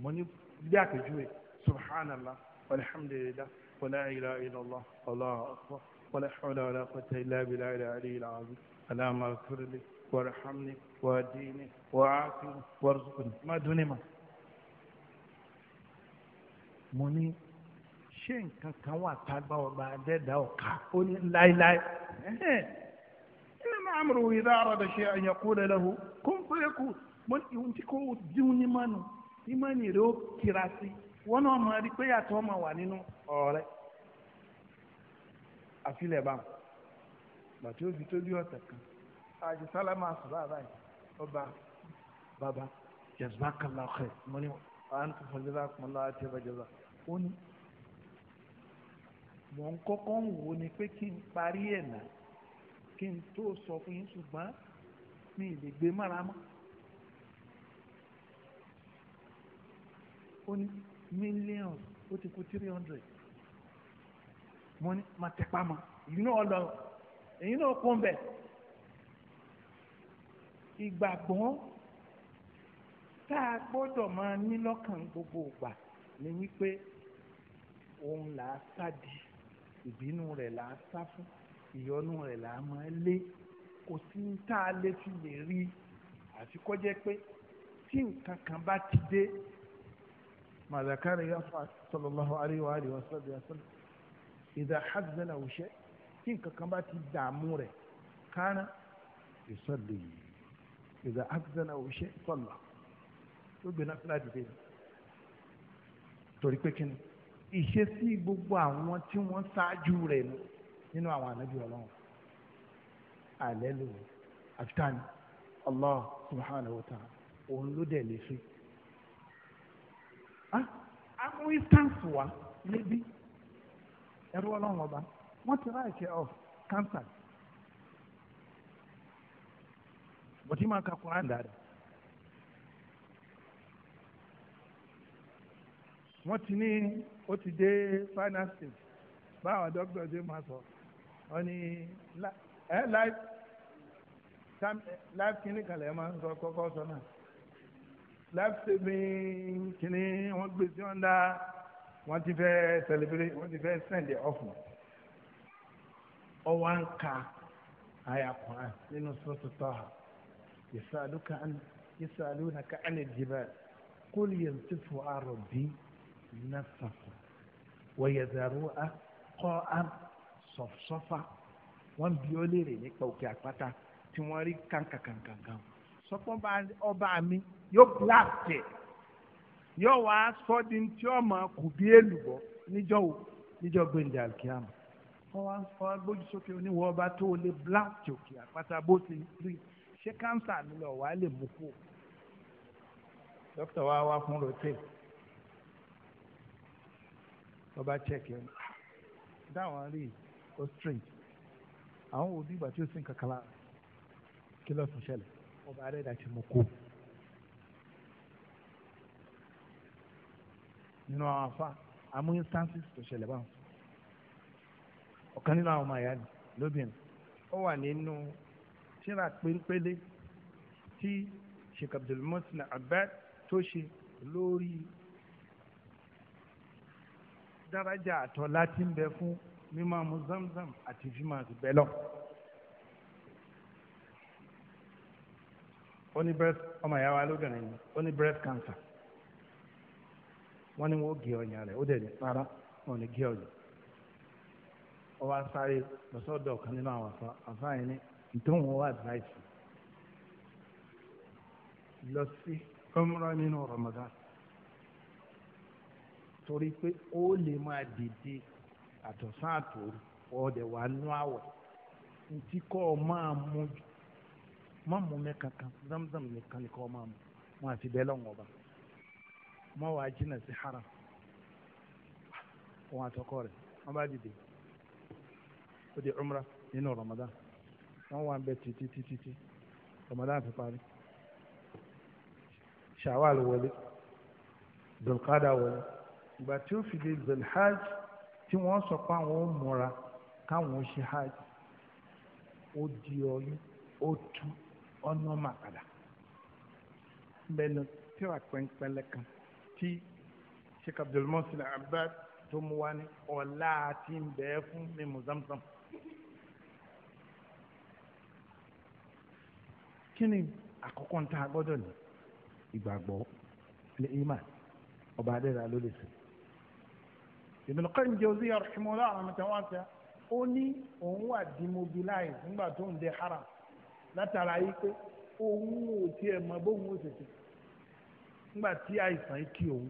mo ní bí àpèjúwe subhanallah alhamdulillah. ولا إله إلا الله الله أكبر ولا حول ولا قوة إلا بالله العلي العظيم اللهم اغفر لي وارحمني واديني وعافني وارزقني ما دوني ما mo ní ṣé nǹkan kan wà tágbà ọba adẹ́dà ọ̀ka ó ní láéláé innama amruhu idha arada shay'an an yaqula lahu kun fayakun mo ní ìwọ̀n tí kò dín ní mánu ìmánì rẹ̀ ó kira sí i wọn náà mọ ẹni pé yàtọ̀ ọmọ wà nínú ọ̀rọ̀ rẹ àfilẹ̀ bá wọn gbàtí ó fi tóbi ọ̀tẹ̀ kan àjẹ sálámà àṣùbà báyìí ọba bàbá jazakallahu khair mo ní àwọn tó fọ jazakumullahu àti ẹbẹ jẹba ó ní mò ń kọ́kọ́ ń wò ni pé kí n parí ẹ̀ náà kí n tó sọ fún yín ṣùgbọ́n mi ì lè gbé mára mọ́ ó ní millions ó ti kú three hundred mo ní ma tẹpá ma èyí náà lọ èyí náà kún bẹ ìgbàgbọ́ tá a gbọ́dọ̀ máa ní lọ́kàn gbogbo ìgbà ni wípé òun là á sádi ìbínú rẹ̀ là á sá fún ìyọnu rẹ̀ là á máa lé kò sí tá a lè fi lè rí àfi pé tí nǹkan kan bá ti dé ماذا كان يفعل صلى الله عليه وآله وصحبه وسلم إذا حزن أو شيء تلك كما تدعموره كان يصلي إذا حزن أو شيء صلى ربنا فلا تدين torí pé kí ni ìṣesí gbogbo àwọn tí wọ́n ṣáájú rẹ̀ nù nínú àwọn ànábì ọlọ́run àlẹ́ lò àfitáni Allah subhanahu wa òun ló dẹ̀ lè fi. Ah, àwọn instance wa níbí ẹ̀rọ ọlọ́run ọba wọ́n ti ráìkẹ́ of cancer bọ̀tí máa ka Quran dáadáa wọ́n ti ní ó ti dé final stage báwọn dókítà ṣe máa sọ wọ́n ní eh, life eh, life kìnnìkan lè máa ń sọ kọ́kọ́ sọ náà life saving kìíní wọ́n gbé sí wọn dá wọ́n ti fẹ́ celebrate wọ́n ti fẹ́ send the offering ọwọ́ ń ka àyà kan nínú sọ́tò tọ́ha yasaluka an yasalunaka an al-jibal qul yansifuha rabbi nasfa wa yadharuha qa'an safsafa wọ́n bi ọ́ léèrè nípa òkè àpáta tí wọ́n rí kàǹkàǹkàǹkàǹ sọ́kọ́ ọba mi yóò blast yóò wá sọ́ọ́dì tí ó mọ̀ kù bí èlùbọ́ níjọ́ wo níjọ́ gbẹ̀ndẹ̀ àlùkìyàmù wọ́n wá ń fọ́ agbójú sókè oníwọ̀ ọba tó o lè blast òkè àpáta bó ti rí ṣé káńsà mi lọ wàá lè mú kú. dókítà wa wá fún rotel ọba check ẹ dáwọn rí o straight àwọn òbí ìgbà tí ó sì ń kankan lára kí ló tún ṣẹlẹ̀ ọba arẹ́dà ti mú kú. nínú àwọn afa àmú instances tó ṣẹlẹ̀ báwọn. ọ̀kan nínú àwọn ọmọ àyà ni lóbìnrin ó wà nínú tíra pérépéré tí Sheikh Abdul Muhsin Abad tó ṣe lórí daraja àtọ̀ láti ń bẹ fún mímọ́ mu zamzam àti fímọ́ àti bẹ́ẹ̀ lọ. ó ní breast ọmọ ìyá wa lóbìnrin ó ní breast cancer wọ́n ní wọ́n gé ọyàn rẹ̀ ó dẹ̀ ní rárá wọn ò ní gé ọyàn ọ wá sáré lọ́sọ̀dọ̀ kan nínú àwọn àfa àfa yẹn ní nítorí wọn wá advice lọ sí ọmọrọ nínú Ramadan torí pé ó lè máa dìde àtọ̀sán àtòrò ọ̀dẹ̀ wà nú àwọ̀ ntí kọ́ ọ máa mú má mú mi zamzam nìkan ni kọ́ ọ máa mú wọn àti bẹ́ẹ̀ lọ́wọ́ ọba. mọ́ wàá jìnnà sí haram bá dìde ó di umra nínú ramadan wà ń bẹ títí títí tí ramadan fi parí shawal wọlé dulkada wọlé ìgbà tí ó fi di tí sọ pé àwọn ò múra káwọn ò ṣe hajj ó di ọyún ó ọ̀nà màkàdà tí wàá kan. tí sheikh abdulmohsen abad tó mú wá ní ọ̀la àti bẹ́ẹ̀ fún mímu zamzam. kí ni àkọ́kọ́ ń ta gbọ́dọ̀ ní ìgbàgbọ́ lè ima ọba adéra ló lè sè. Ibn Qayyim Jawziyya rahimahullah rahmatan wasi'a ó ní òun wà demobilize nígbà tó ń dé haram látara yìí pé òun ò tiẹ̀ mọ bóun ó tètè nígbà tí àìsàn yìí kí òun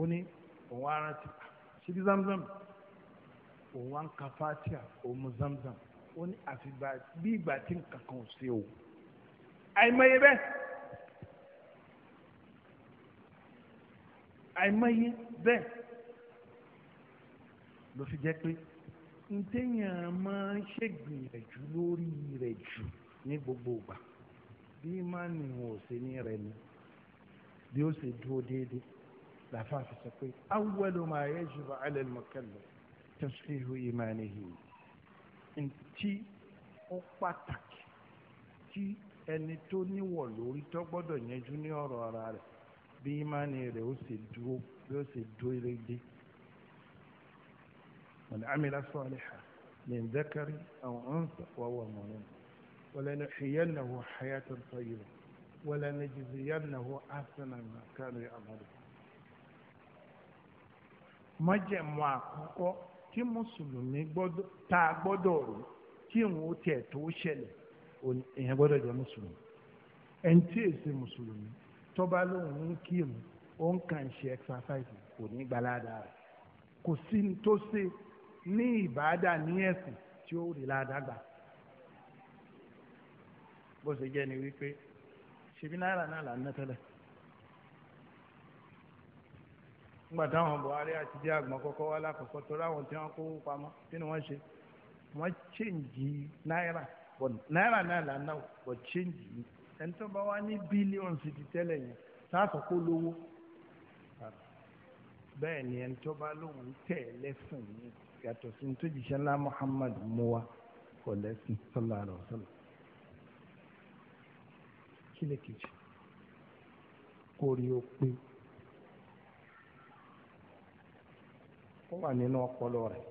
ó ní òun ara ti pa síbi zamzam òun wá ń ka fatia òun mu zamzam ó ní àfìgbà bí ìgbà tí nǹkan kan ò sí o àìmọye bẹ́ẹ̀ àìmọye bẹ́ẹ̀ ló fi jẹ́ pé ntẹ́yìn máa ń ṣègbìyànjú lórí rẹ̀ jù ní gbogbo ìgbà bí mánì wọn ò ṣe ní rẹ ni bí ó ṣe dúró déédéé làfa fi sọ pé awwalu ma yajibu ala al-mukallaf tasfihu imanihi ntí ó pàtàkì tí ẹni tó níwọ̀ lórí tó gbọ́dọ̀ yẹjú ní ọ̀rọ̀ ara rẹ̀ bí ìmánì rẹ̀ ó sì dúró bí ó sì dúró léde. man amila salihan min dhakarin aw untha wa huwa ولنحيينه حياة طيبة ولنجزينه أحسن ما كانوا يعملون májẹ̀mú àkọ́kọ́ tí mùsùlùmí gbọ́dọ̀ tá a gbọ́dọ̀ rò tí ìwọ̀n ó tiẹ̀ tó ṣẹlẹ̀ èèyàn gbọ́dọ̀ jẹ́ mùsùlùmí ẹni tí èsì mùsùlùmí tọ́ba lóun ń kírun ó ń kàn ṣe exercise kò ní gbalada rẹ̀ kò sí ní tó ṣe ní ìbáadà ní ẹ̀sìn tí ó rí ládàgbà bó ṣe jẹ́ ni wípé ṣèbí náírà náà là ń ná tẹ́lẹ̀. nígbà táwọn Buhari àti jẹ́ àgbọ̀n kọ́kọ́ wá lákòókò torí àwọn tí wọ́n kó pamọ́ kí ni wọ́n ṣe wọ́n ṣèǹjì náírà bọ̀ náírà náà là ń náwó bọ̀ ṣèǹjì ni ẹni tó bá wá ní bílíọ̀nù sì ti tẹ́lẹ̀ yẹn sáàsọ kó lówó bẹ́ẹ̀ ni ẹni tó bá lóun tẹ̀ lẹ́sìn yàtọ̀ sí ní tó jìṣẹ́ ńlá Muhammad muwa kọ̀ lẹ́sìn sallallahu alaihi wasallam kí ni kejì kó rí o pé ó wà nínú ọpọlọ rẹ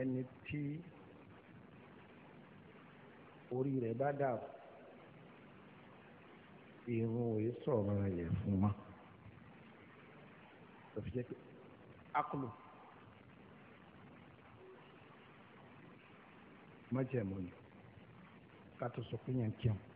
ẹni tí orí rẹ bá dàrú irun òye sọ̀rọ̀ rẹ̀ fún wa òfin jẹ́ pé akulu ni ká tó sọ pé yẹn kí wọn.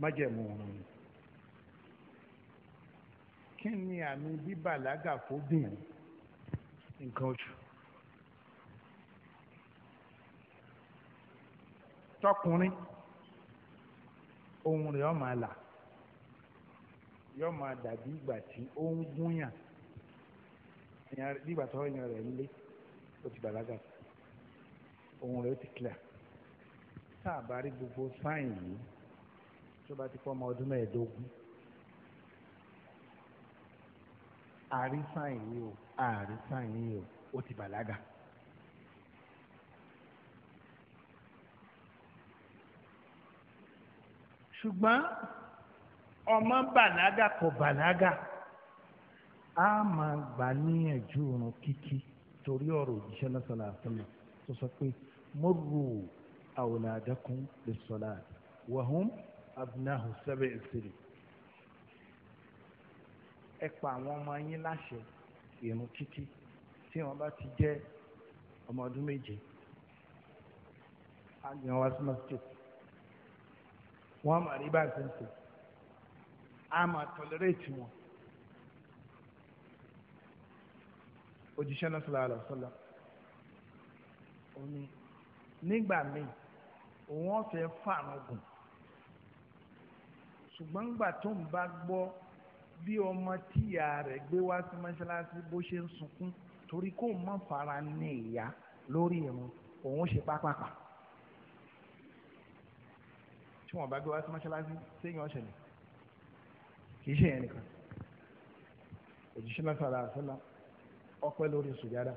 májẹ̀mú wọn ni. kí ni àmì bíbàlágà fóbìnrin nǹkan oṣù. tọkùnrin ohun rẹ̀ ọ̀ máa là yọ máa dàbí ìgbà tí ó ń gúnyàn bí ìgbà tó ń yan rẹ̀ nílé ó ti bàlágà ohun rẹ̀ ó ti clear tá a bá rí gbogbo sáìn yìí tó bá ti fọ́ ọmọ ọdún mẹ́ẹ̀ẹ́dógún àrísàn yìí o àrísàn yìí o ó ti bàlágà. ṣùgbọ́n ọmọ bàlágà kò bàlágà a máa gbà níyànjú òrùn kíkí torí ọ̀rọ̀ òjíṣẹ́ lọ́sọ̀lá àtọ́nà tó sọ pé mọ́rù àwòlàdẹ́kùn lè sọ̀lá wàhùn abnahu sẹ́bẹ̀ ìsìlẹ̀ ẹ pa àwọn ọmọ yín láṣẹ ìrun kíkí tí wọ́n bá ti jẹ́ ọmọ ọdún méje á gbìyànjú wá sí masjid wọ́n máa rí bá ṣe ń sè máa tọ́lẹ́rẹ́tì wọn. òjíṣẹ́ náà sọ̀rọ̀ àlọ́ sọ́lá ó ní nígbà míì òun ọ̀fẹ́ fàánù gùn ṣùgbọ́n gbà tó ń bá gbọ́ bí ọmọ tíyà rẹ̀ gbé wá sí mọ́ṣáláṣí bó ṣe ń sunkún torí kó mọ́ fara ní ìyá lórí irun òun ṣe pápákà tí wọ́n bá gbé wá sí mọ́ṣáláṣí séyìn ọ̀ṣẹ̀lẹ̀ kì í ṣe yẹn nìkan òjíṣẹ́ lọ́sàrà àṣẹlá ọpẹ́ lórí sùjádà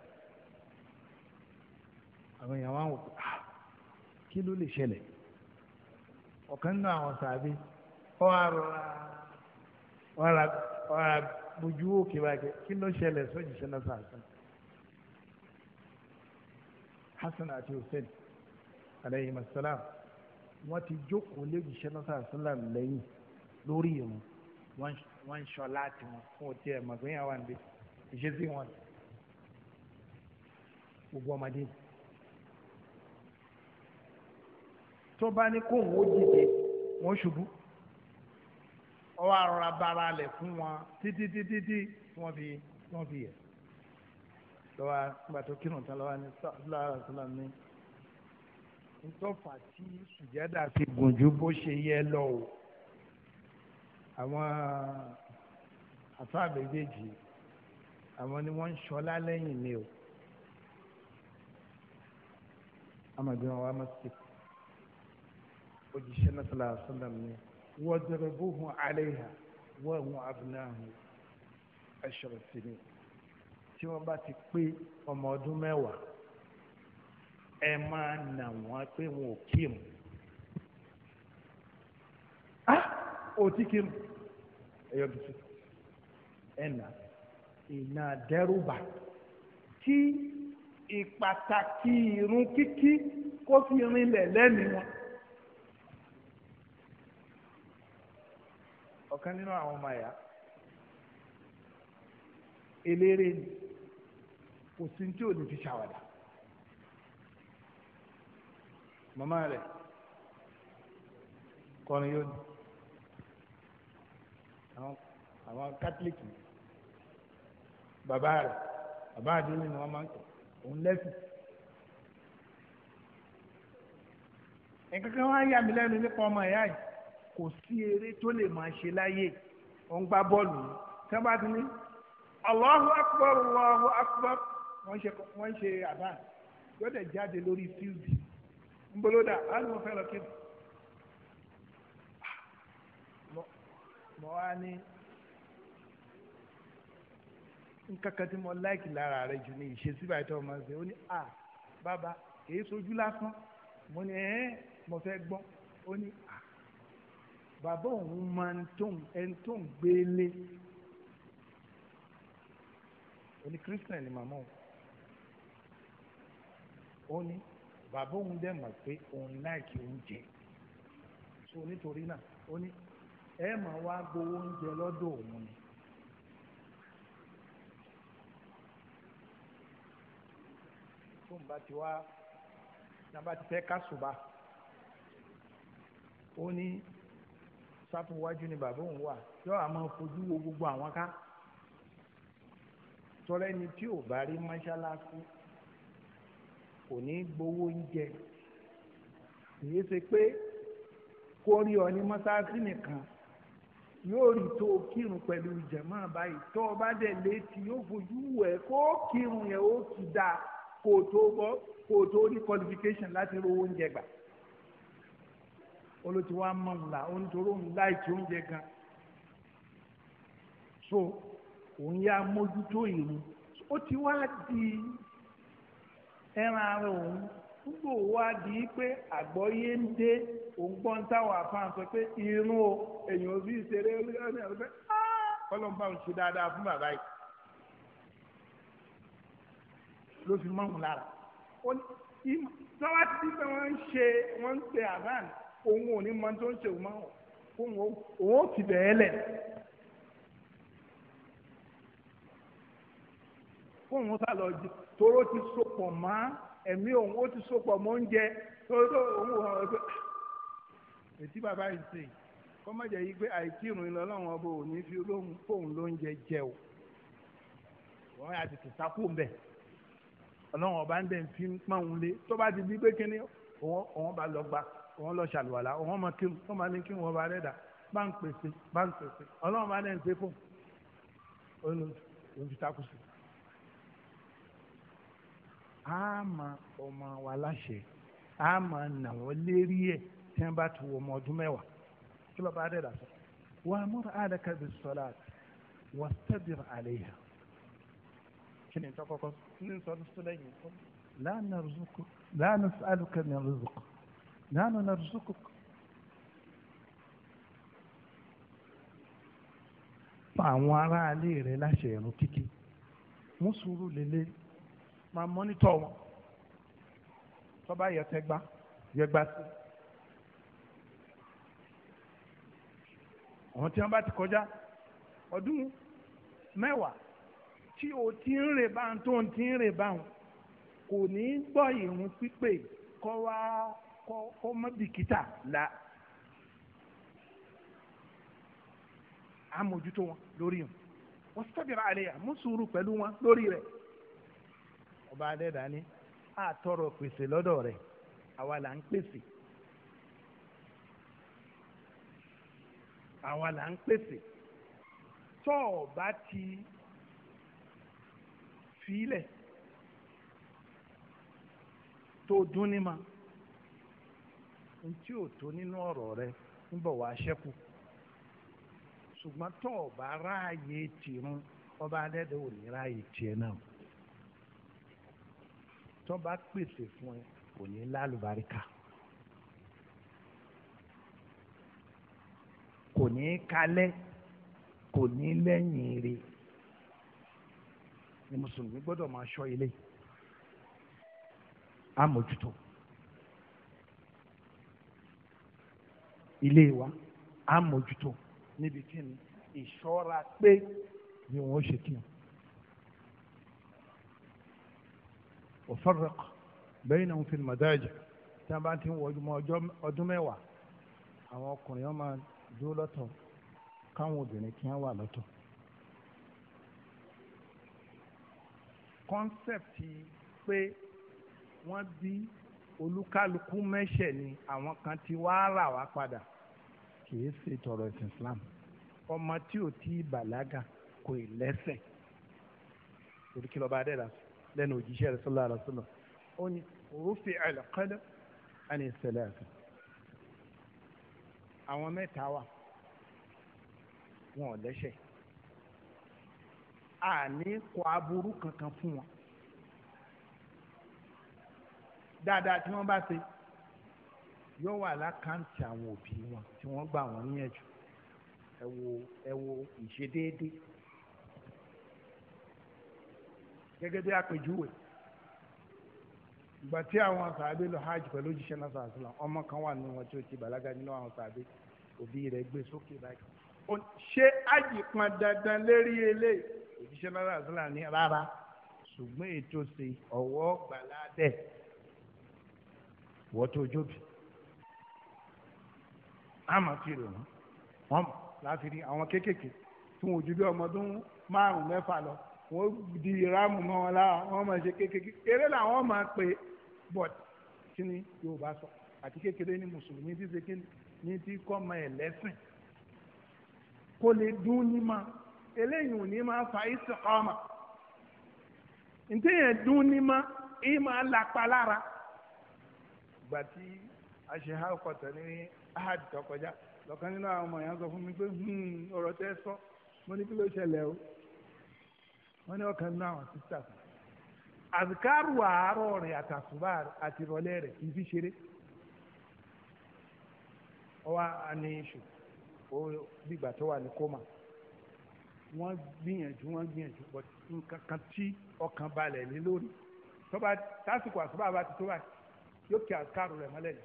àwọn èèyàn wá ah, kí ló lè ṣẹlẹ̀ ọ̀kan nínú àwọn sàbí ọ̀rọ̀ ọ̀rọ̀ bójú òkè báyìí kí ló ṣẹlẹ̀ sójì ṣẹlẹ̀ sàṣẹ. Hassan àti Hussein alayhi masalam wọ́n ti jókòó lójì ṣẹlẹ̀ sàṣẹ lẹ́yìn lórí ìrun wọ́n ń ṣọ láti wọn fún òtí ẹ̀ màgbéyàn wà níbi ìṣesí wọn gbogbo ọmọdé tó bá ní kó wọ́n dìde wọ́n ṣubú ọwọ́ arọra bára lẹ̀ fún wọn títí títí tí wọ́n fi wọ́n fi yẹ. lọ́wọ́ nígbà tó kírun tán lọ́wọ́ ní sọ́lára sọ́lára ní ntọ́fà tí sùjádà fi gùn ju bó ṣe yẹ lọ o àwọn àfáà méjèèjì àwọn ni wọ́n ń ṣọlá lẹ́yìn ni o amadu wa ma se òjíṣẹ́ náà sọ́lára sọ́lára ní. وضربوه عليها وهم أبناء عشر سنين tí wọ́n bá ti pé ọmọ ọdún mẹ́wàá ẹ máa nà wọ́n pé wọn ò kí mu á ò tí kí mu ẹ̀yọ́ bìtú ẹ̀ nà ìnà dẹ́rùbà kí ìpàtàkì irun kíkí kó fi rinlẹ̀ lẹ́nu wọn. ọ̀kan nínú àwọn ọmọ ẹ̀yà eléré ni kò sí tí ò ní fi ṣàwàdà màmá rẹ̀ kọrin yóò ní àwọn catholic bàbá rẹ̀ bàbá àdúrà ni wọ́n máa ń kọ́ òun lẹ́sìn. nǹkan kan wá yà mí lẹ́nu nípa ọmọ ẹ̀yà yìí kò sí eré tó lè máa ṣe láyé ó ń gbá bọ́ọ̀lù tí wọ́n bá ti ní Allahu akbar Allahu akbar wọ́n ṣe wọ́n ṣe àbá gbọ́dọ̀ jáde lórí fíìlì ń bolódà á ní mo fẹ́ lọ kí ni. mo wá ní nǹkan kan tí mo láìkì lára rẹ jù ní ìṣesí báyìí tó o máa ń ṣe ó ní à bàbá kì í sojú lásán mo ní ẹ́ mo fẹ́ gbọ́n ó ní bàbá òun máa ń tó ẹni tó ń gbé lé oní kírísítẹ̀n ni màmá òun ó ní bàbá òun dẹ̀ mọ̀ pé òun láìkí oúnjẹ so nítorí náà ó ní ẹ máa wá gbowó oúnjẹ lọ́dọ̀ òun ni. tó ń bá ti wá nàbà ti fẹ́ ká ṣùgbà ó ní sáfù wájú ni bàbá òun wà yóò àmọ́ fojú wo gbogbo àwọn ká tọ́lẹ́ ni tí ò bá rí mọ́ṣáláṣí kò ní gbowó oúnjẹ kìí ṣe pé kó rí ọ ní mọ́ṣáláṣí nìkan yóò rí tó o kírun pẹ̀lú jàmá báyìí tó o bá dẹ̀ létí yóò fojú wò ẹ́ kó kírun yẹn ó ti dáa kó o tó rí qualification láti rówó oúnjẹ gbà olóti wa mọ̀ ń la ó ń torí òun láìkí oúnjẹ gan so òun yá mójútó ìrun ó ti wá di ẹran ara òun gbogbo wa di pé àgbọ́yé ń dé òun gbọ́n táwọn àfáàn sọ pé irun o èèyàn ò fi ṣeré ọ̀nà ẹ̀rọ̀fẹ́ ah! ọlọ́mọba ń ṣe dáadáa fún bàbá yìí ló fi mọ́hùn lára tọ́wá ti di pé wọ́n ń ṣe wọ́n ń pe àbáàn òun ò ní mọ tó ń ṣe òun máa òun ò ti bẹ̀ẹ́ lẹ̀ fóun ó sálọ jù toró ti sopọ̀ mọ́ ẹ̀mí òun ó ti sopọ̀ mọ́ oúnjẹ toró tó òun ò hàn pé ah! ètí bàbá yìí sè kọ́mọ̀jẹ̀ yìí pé àìkírun ìlọ́lọ́run ọba ò ní fi fóun lóúnjẹ jẹ o wọ́n yà tètè sákò mbẹ̀ ọlọ́run ọba ń bẹ̀ fi pọ́n òun lé tó bá ti di pé kíní òun bá lọ gba òun lọ ṣàlùwàlà òun máa kí wọn máa ní kí wọn bá rẹ dà bá ń pèsè bá ń pèsè ọlọ́run bá dẹ̀ ń pè fún òun ló fi takú sí. a máa ọmọ wa láṣẹ a máa nà wọ́n lérí ẹ̀ tí wọ́n bá ti wọ ọmọ ọdún mẹ́wàá kí bàbá rẹ̀ dà sọ. wà á múra àdàkà bí sọlá wà sẹ́dìrì àlẹ́ yà kí ni tọkọkọ kí sọdún sọlá yìí kọ́. lánàá rúzùkú lánàá sàlùkà ní rúzùkú nánú نرزقك àwọn aráalé rẹ̀ láṣẹ ẹ̀rùn kíkí mú sùúrù lélẹ̀ máa mọ́nítọ̀ wọn tọ́ba yẹ tẹ́gbá yẹ gbá sí. àwọn tí wọ́n bá ti kọjá ọdún mẹ́wàá tí o ti ń rè bá ń tó ń ti ń rè bá ń kò ní gbọ́ ìrun pípé kọ́ wá kọ́ ó mọ́ bìkítà la àmójútó wọn lórí wọn wọ́n sọ́bìrì àlẹ́ yà mú sùúrù pẹ̀lú wọn lórí rẹ̀ ọba adẹ́dàá ni àtọrọ pèsè lọ́dọ̀ rẹ̀ àwa là ń pèsè àwa là ń pèsè tọ́ ọ bá ti filẹ̀ tó dún ní ma. n tí ò tó nínú ọ̀rọ̀ rẹ ń bọ̀ wá ṣẹ́kù ṣùgbọ́n tó o ráàyè ọba adẹ́dẹ́ ò ní ráàyè tiẹ̀ náà tó bá pèsè fún ẹ kò ní lálùbáríkà kò ní kalẹ̀ kò ní lẹ́yìn gbọ́dọ̀ máa ṣọ́ ilé ilé wa á mójútó níbi kí ni ìṣọ́ra pé bí wọ́n ṣe kí wọn. òfòrèk bẹ́yìn náà ń fi màdájà tí wọ́n bá ti ń wọ́jú mọ́ ọdún mẹ́wàá àwọn ọkùnrin wọn máa dúró lọ́tọ̀ káwọn obìnrin kí wọ́n wà lọ́tọ̀. kọ́nsẹ̀pì pé wọ́n bí olúkálukú mẹ́ṣẹ̀ ni àwọn kan ti wá rà wá padà kìí ṣe tọrọ ẹ̀sìn Islam ọmọ tí ò tí ì bàlágà kò ì lẹ́sẹ̀ torí kí lọ́ba adẹ́ra lẹ́nu òjíṣẹ́ rẹ̀ sallallahu alaihi wasallam ó ní òrùfẹ́ àlùkọ́dọ̀ àni ìṣẹ̀lẹ̀ àti àwọn mẹ́ta wà wọn ò lẹ́sẹ̀ àní kọ aburú kankan fún wọn dáadáa tí wọ́n bá ṣe yóò wà lákàntì àwọn òbí wọn tí wọ́n gbà wọ́n níyànjú ẹ wo ẹ wo ìṣedéédé gẹ́gẹ́ bí àpèjúwe ìgbà tí àwọn sàbẹ̀ lọ hajj pẹ̀lú òjíṣẹ́ náà sàbẹ̀ sàbẹ̀ ọmọ kan wà nínú wọn tí ó ti bàlágà nínú àwọn sàbẹ̀ òbí rẹ̀ gbé sókè báyìí ṣé hajj pọn dandan lérí eléyìí òjíṣẹ́ náà sàbẹ̀ sàbẹ̀ ní rárá ṣùgbọ́n ètò ṣe ọ̀wọ́ gbàlá dẹ̀ wọ́n tó jóbi àmà fi rè wọ́n wọ́n láti rí àwọn kéékèèké tí wọ́n ojú bí ọmọ ọdún márùn-ún mẹ́fà lọ wọ́n di ìrámù mọ́ wọn lára wọ́n máa ṣe kéékèèké eré làwọn máa pe bọ́t kí ni Yorùbá sọ àti kékeré ní mùsùlùmí ti ṣe kí ni ti kọ́ ọmọ ẹ̀ lẹ́sìn kó lè dún ní ma eléyìí ò ní máa fa istiqama ntẹ́yẹ̀ dún ní ma èyí máa lára gbàtí aṣèhàkọ̀tà ní ahad tọkọjá lọ́kàn nínú àwọn ọmọ yẹn sọ fún mi pé hmm, ọ̀rọ̀ tẹ́ sọ mo ní kí ló ṣẹlẹ̀ o wọ́n ní ọ̀kan nínú àwọn sísá kan àzikáàrù àárọ̀ rẹ̀ àtàkùbà àti ìrọ̀lẹ́ rẹ̀ kì í fi ṣeré ọwọ́ àní iṣu ó dìgbà tó wà ní kóma wọ́n gbìyànjú wọ́n gbìyànjú but nǹkan tí ọkàn balẹ̀ lé lórí tọ́ba tásìkò àsùbà bá ti tó báyìí yóò kí àzikáàrù rẹ̀ mọ́lẹ̀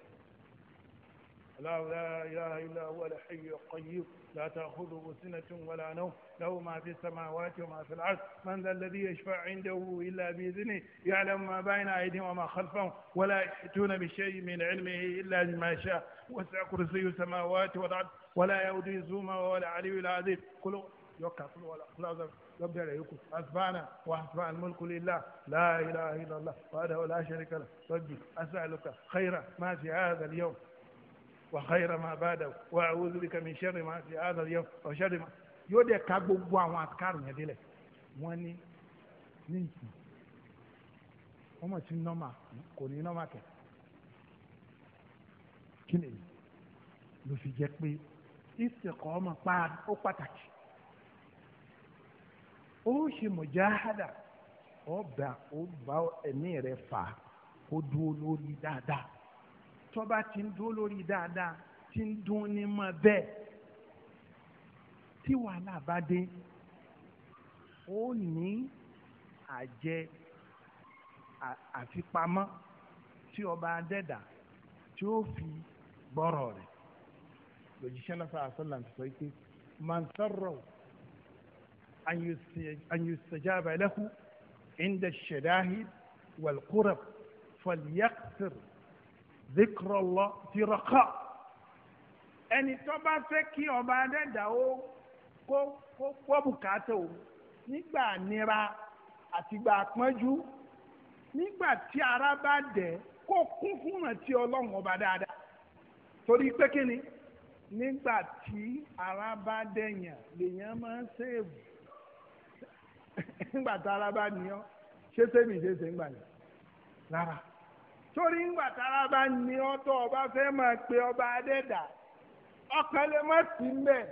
لا لا إله إلا هو الحي القيوم لا تأخذه سنة ولا نوم له ما في السماوات وما في الأرض من ذا الذي يشفع عنده إلا بإذنه يعلم ما بين أيديهم وما خلفهم ولا يحيطون بشيء من علمه إلا بما شاء وسع كرسي السماوات والأرض ولا يؤذي زوما وهو العلي العظيم كل يوقع الاخلاص ولا ربي عليكم أسمعنا وأسمع الملك لله لا إله إلا الله وحده لا شريك له ربي أسألك خير ما في هذا اليوم وخير ما بعده وأعوذ بك من شر ما في هذا اليوم وشر ما yóò dẹ̀ ka gbogbo àwọn àkàrò yẹn délẹ̀ wọ́n ní ní ìsìn wọ́n mọ̀ sí nọ́mà kò ní nọ́mà kẹ̀ kí ni ló fi jẹ́ pé ìsìnkọ́ ọmọ pa ó pàtàkì ó ṣe mọ̀jáhádà ọba ó bá ẹ̀mí rẹ̀ fà kó dúró lórí dáadáa tọ́ba ti ń dúró lórí dáadáa ti ń dún ní mọ́ bẹ́ẹ̀ tí wàhálà bá dé ó ní àjẹ àfipamọ́ tí ọba adẹ́dà tí ó fi gbọ́rọ̀ rẹ̀ lójúṣẹ́ náà fún àṣọ sọ pé man sarra an yustajaba lahu inda shadahid wal zikrọlọ ti rọkọ ẹni tó bá fẹ́ kí ọba adẹ́dà ó kó kó kó bùkátà o nígbà nira àtìgbà pọ́njú nígbà tí ara bá dẹ̀ kó kún fún ìrántí ọlọ́run ọba dáadáa torí pé kí ni nígbà tí ara bá dẹ̀yàn lèèyàn máa ń ṣèèbù nígbà tí ara bá nìyàn ṣé sẹ́mi ṣe ṣe ń gbà yẹn rárá. torí ń gbàtara bá ní ọtọ ọba fẹ́ máa pe ọba adẹ́dà ọkàn lè má sí mbẹ̀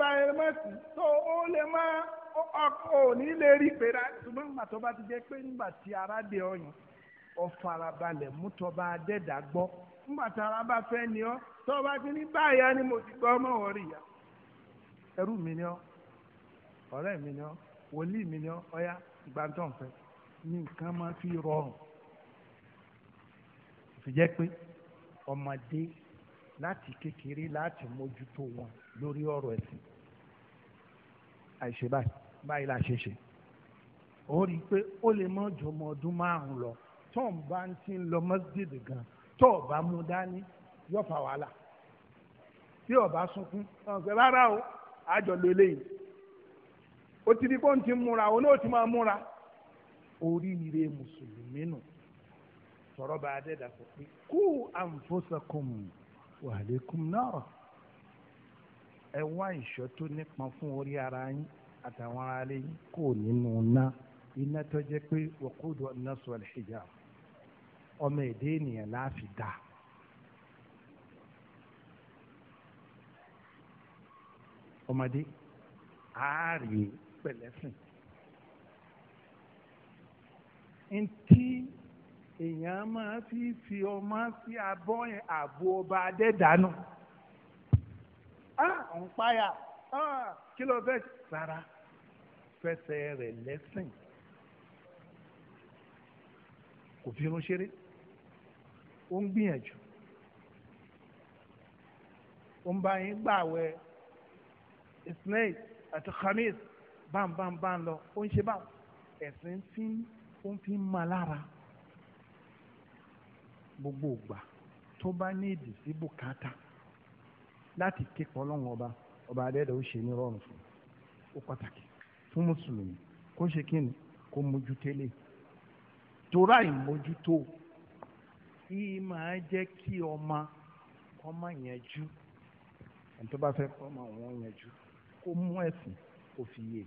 bá lè má sí tó ó lè má ọkọ ní lè rí rà ṣùgbọ́n tó bá ti jẹ́ pé nígbà tí ara dé ọyàn ọ̀farabalẹ̀ mú tọba adẹ́dà gbọ́ bá fẹ́ ọ tọba ti ní báyà ni mo ti gbọ́ ọmọ rí ya ẹrú mi ni ọ ọ̀rẹ́ mi ni ọ wòlíì mi ni ọ ìgbà tó ń fẹ́ ní nǹkan fi rọrùn. fi jẹ́ pé ọmọdé láti kékeré láti mójútó wọn lórí ọ̀rọ̀ ẹ̀sìn àìṣe báyìí báyìí la ṣe ṣe ó rí i pé ó lè mọ ju ọmọ ọdún márùn-ún lọ tó ń bá ń ti ń lọ mọ́sídìdì gan tó o bá mú dání yóò fa wàhálà tí o bá sunkún ọ̀sẹ̀ rárá o àjọ lè léyìí o ti di pé ó ti múra o náà ó ti máa múra oríire mùsùlùmí nù. No sọ̀rọ̀ bá a dẹ́dà sọ pé kú àǹfọ̀sàkùn wàhálẹ́kùn náà ẹ wá ìṣọ́ tó nípọn fún orí ara yín àtàwọn ará yín kò nínú ná iná tó jẹ́ pé wọ́kúdù ọ̀nàṣọ́ ẹ̀ṣẹ̀jà ọmọ èdè ènìyàn láàfin dá. ọmọdé ààrẹ pẹ̀lẹ́sìn ntí èèyàn máa fi fi ọmọ sí abọ́ yẹn àbò ọba adẹ́dánù ah ń páyà ah kí ló fẹ́ rárá fẹsẹ̀ rẹ̀ lẹ́sìn kò fi irun ṣeré ó ń gbìyànjú ó ń bá yín gbààwẹ̀ ismail àti khamis bámbámbá lọ ó ń ṣe báwọn ẹ̀sìn fi ń fi ń ma lára gbogbo ìgbà tó bá ní ìdí sí bùkátà láti képe ọlọ́run ọba ọba adẹ́dàá ó ṣe ní rọrùn fún ó pàtàkì fún mùsùlùmí kó ṣe kí ni kó mójú tẹ́lẹ̀ torá ìmójútó yìí máa jẹ́ kí ọmọ ọmọ yẹn ẹni tó bá fẹ́ kọ́ ọmọ wọn yẹn kó mú ẹ̀sìn kó fi yé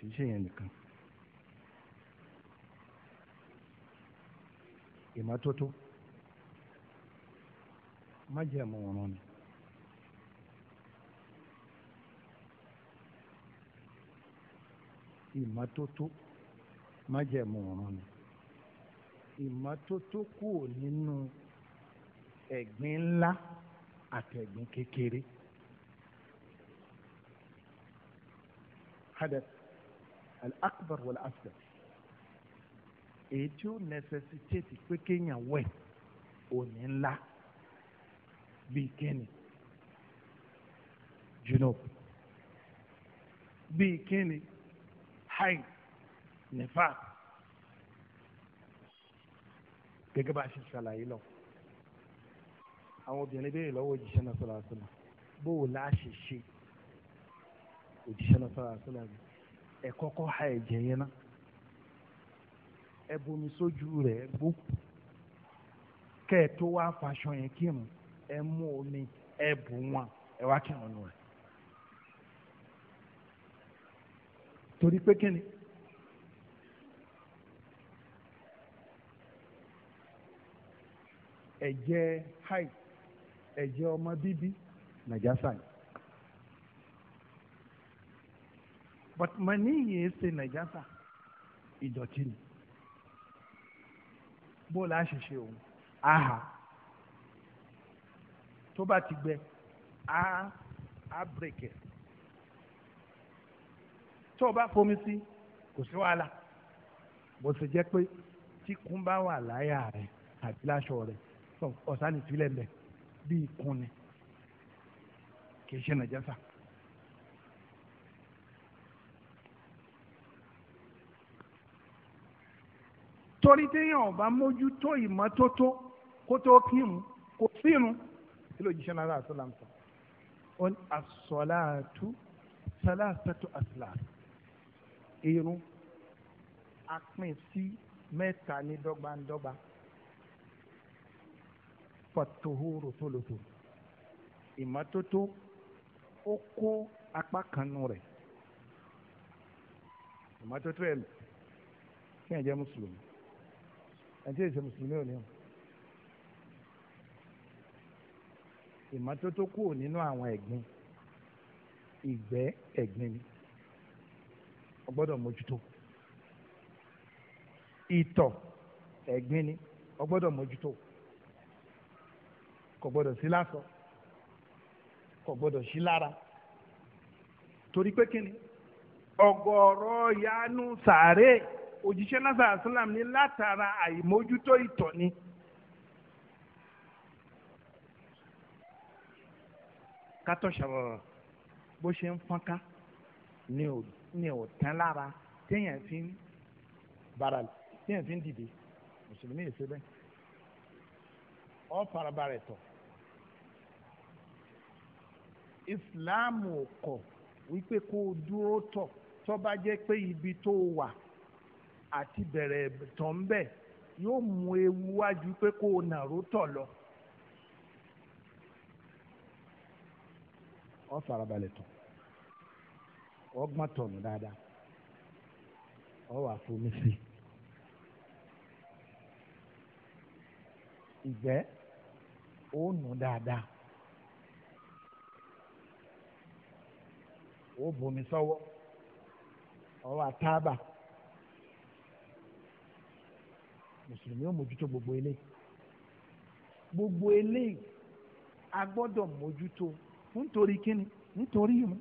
kì í ṣe yẹn nìkan. ìmọ́tótó májẹ̀mú ọ̀run ni. ìmọ́tótó májẹ̀mú ọ̀run ni ìmọ́tótó kúrò nínú ẹ̀gbin ńlá àtẹ̀gbin kékeré. hadath al-akbar wal-asghar èyí tí ó nẹsẹsitéètì pé kéèyàn wẹ̀ òní ńlá bíi kíni junub bíi kíni haid nifa gẹ́gẹ́ bá a ṣe ṣàlàyé lọ àwọn obìnrin béèrè lọ́wọ́ òjíṣẹ́ náà sọ̀rọ̀ àṣọ náà bóò láṣẹ ṣe òjíṣẹ́ náà sọ̀rọ̀ àṣọ náà ẹ kọ́kọ́ ha ẹ̀jẹ̀ yẹn náà ẹ bomi sójú rẹ̀ gbó kẹ́ ẹ tó wá faṣọ yẹn kírun ẹ mú omi ẹ bù wọn ẹ wá kí wọn nù rẹ. torí pé kí ni. ẹ̀jẹ̀ haid ẹ̀jẹ̀ ọmọ bíbí nàjásà ni. but mani yìí ṣe nàjásà ìdọ̀tí ni. bó la ṣe ṣe òun aha tó bá ti gbẹ á á bírèkì tó o bá fomi sí kò sí wàhálà bó ṣe jẹ́ pé tí kun bá wà láyà rẹ̀ àti láṣọ rẹ̀ ọ̀sán ìfilẹ̀ mbẹ bí ikun ni kì í ṣe nàìjẹ́sà. torí téèyàn ò bá mójútó ìmọ́tótó kó tó kírun kò sírun kí ló jíṣẹ́ náírà sọ́làm sọ. ó ní asọ́láàtú sálásátú àsìlá irun apin sí mẹ́ta ní dọ́gbandọ́gba fọ̀tòhóró tólótò ìmọ́tótó ó kó apá kanú rẹ̀ ìmọ́tótó ẹ̀ kí ẹ̀ jẹ́ mùsùlùmí ẹ̀ jẹ́ ìṣe mùsùlùmí ò ní hàn. ìmọ́tótó kúrò nínú àwọn ẹ̀gbin ìgbẹ́ ẹ̀gbin ni o gbọ́dọ̀ mójútó ìtọ̀ ẹ̀gbin ni o gbọ́dọ̀ mójútó kò gbọ́dọ̀ sí lásọ kò gbọ́dọ̀ sí lára torí pé kí ni ọ̀gọ̀ọ̀rọ̀ yanu sàárè òjíṣẹ́ náà sàrà sílám ní látara àìmójútó ìtọ̀ ni. kátó ṣàwọ̀rọ̀ bó ṣe ń fọ́nká ni ò ni ò tán lára téèyàn fi ń bara téèyàn fi ń dìde mùsùlùmí yìí ṣe bẹ́ẹ̀ ọ farabalẹ̀ tọ̀ ìsìláàmù kọ̀ wípé kó o dúró tọ̀ tó bá jẹ́ pé ibi tó wà àti bẹ̀rẹ̀ tọ̀ ń bẹ̀ yóò mú ewu wájú pé kó o nàró tọ̀ lọ. ọ farabalẹ̀ tán ọ gbọ́n tọ̀nù dáadáa ọ wà fomi sí ìgbẹ́ ó nù dáadáa ó bomi sọwọ, ọ wà mùsùlùmí ó mójútó gbogbo eléyìí gbogbo eléyìí agbọdọ gbọ́dọ̀ mójútó. nítorí kíni nítorí ìmọ̀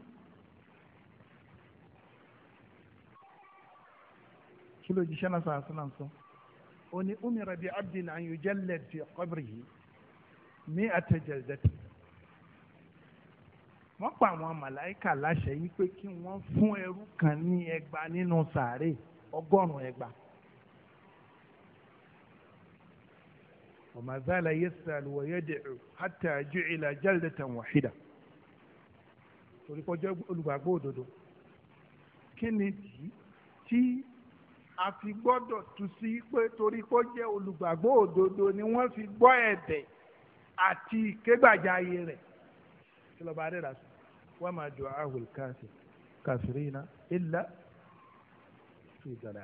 kí ló jíṣẹ́ náà sàásì náà sọ ó ní umira bi abdin an yujallad fi qabrihi ní àtẹjẹdẹtì wọ́n pa àwọn màláìkà láṣẹ yìí pé kí wọ́n fún ẹrú kan ní ẹgba nínú sàárè ọgọ́rùn-ún ẹgba. wa ma zala yas'al wa yad'u hatta ju'ila jaldatan wahida torí kó jẹ́ olùgbàgbọ́ òdodo kí ni tí tí a fi gbọ́dọ̀ tú sí pé torí kó jẹ́ olùgbàgbọ́ òdodo ni wọ́n fi gbọ́ ẹ̀bẹ̀ àti ìkégbàjáyé rẹ̀ kí lọ́ba adéra sí wọ́n máa jọ ahùl káàsì kàfìrí iná ilá fi ìdàrà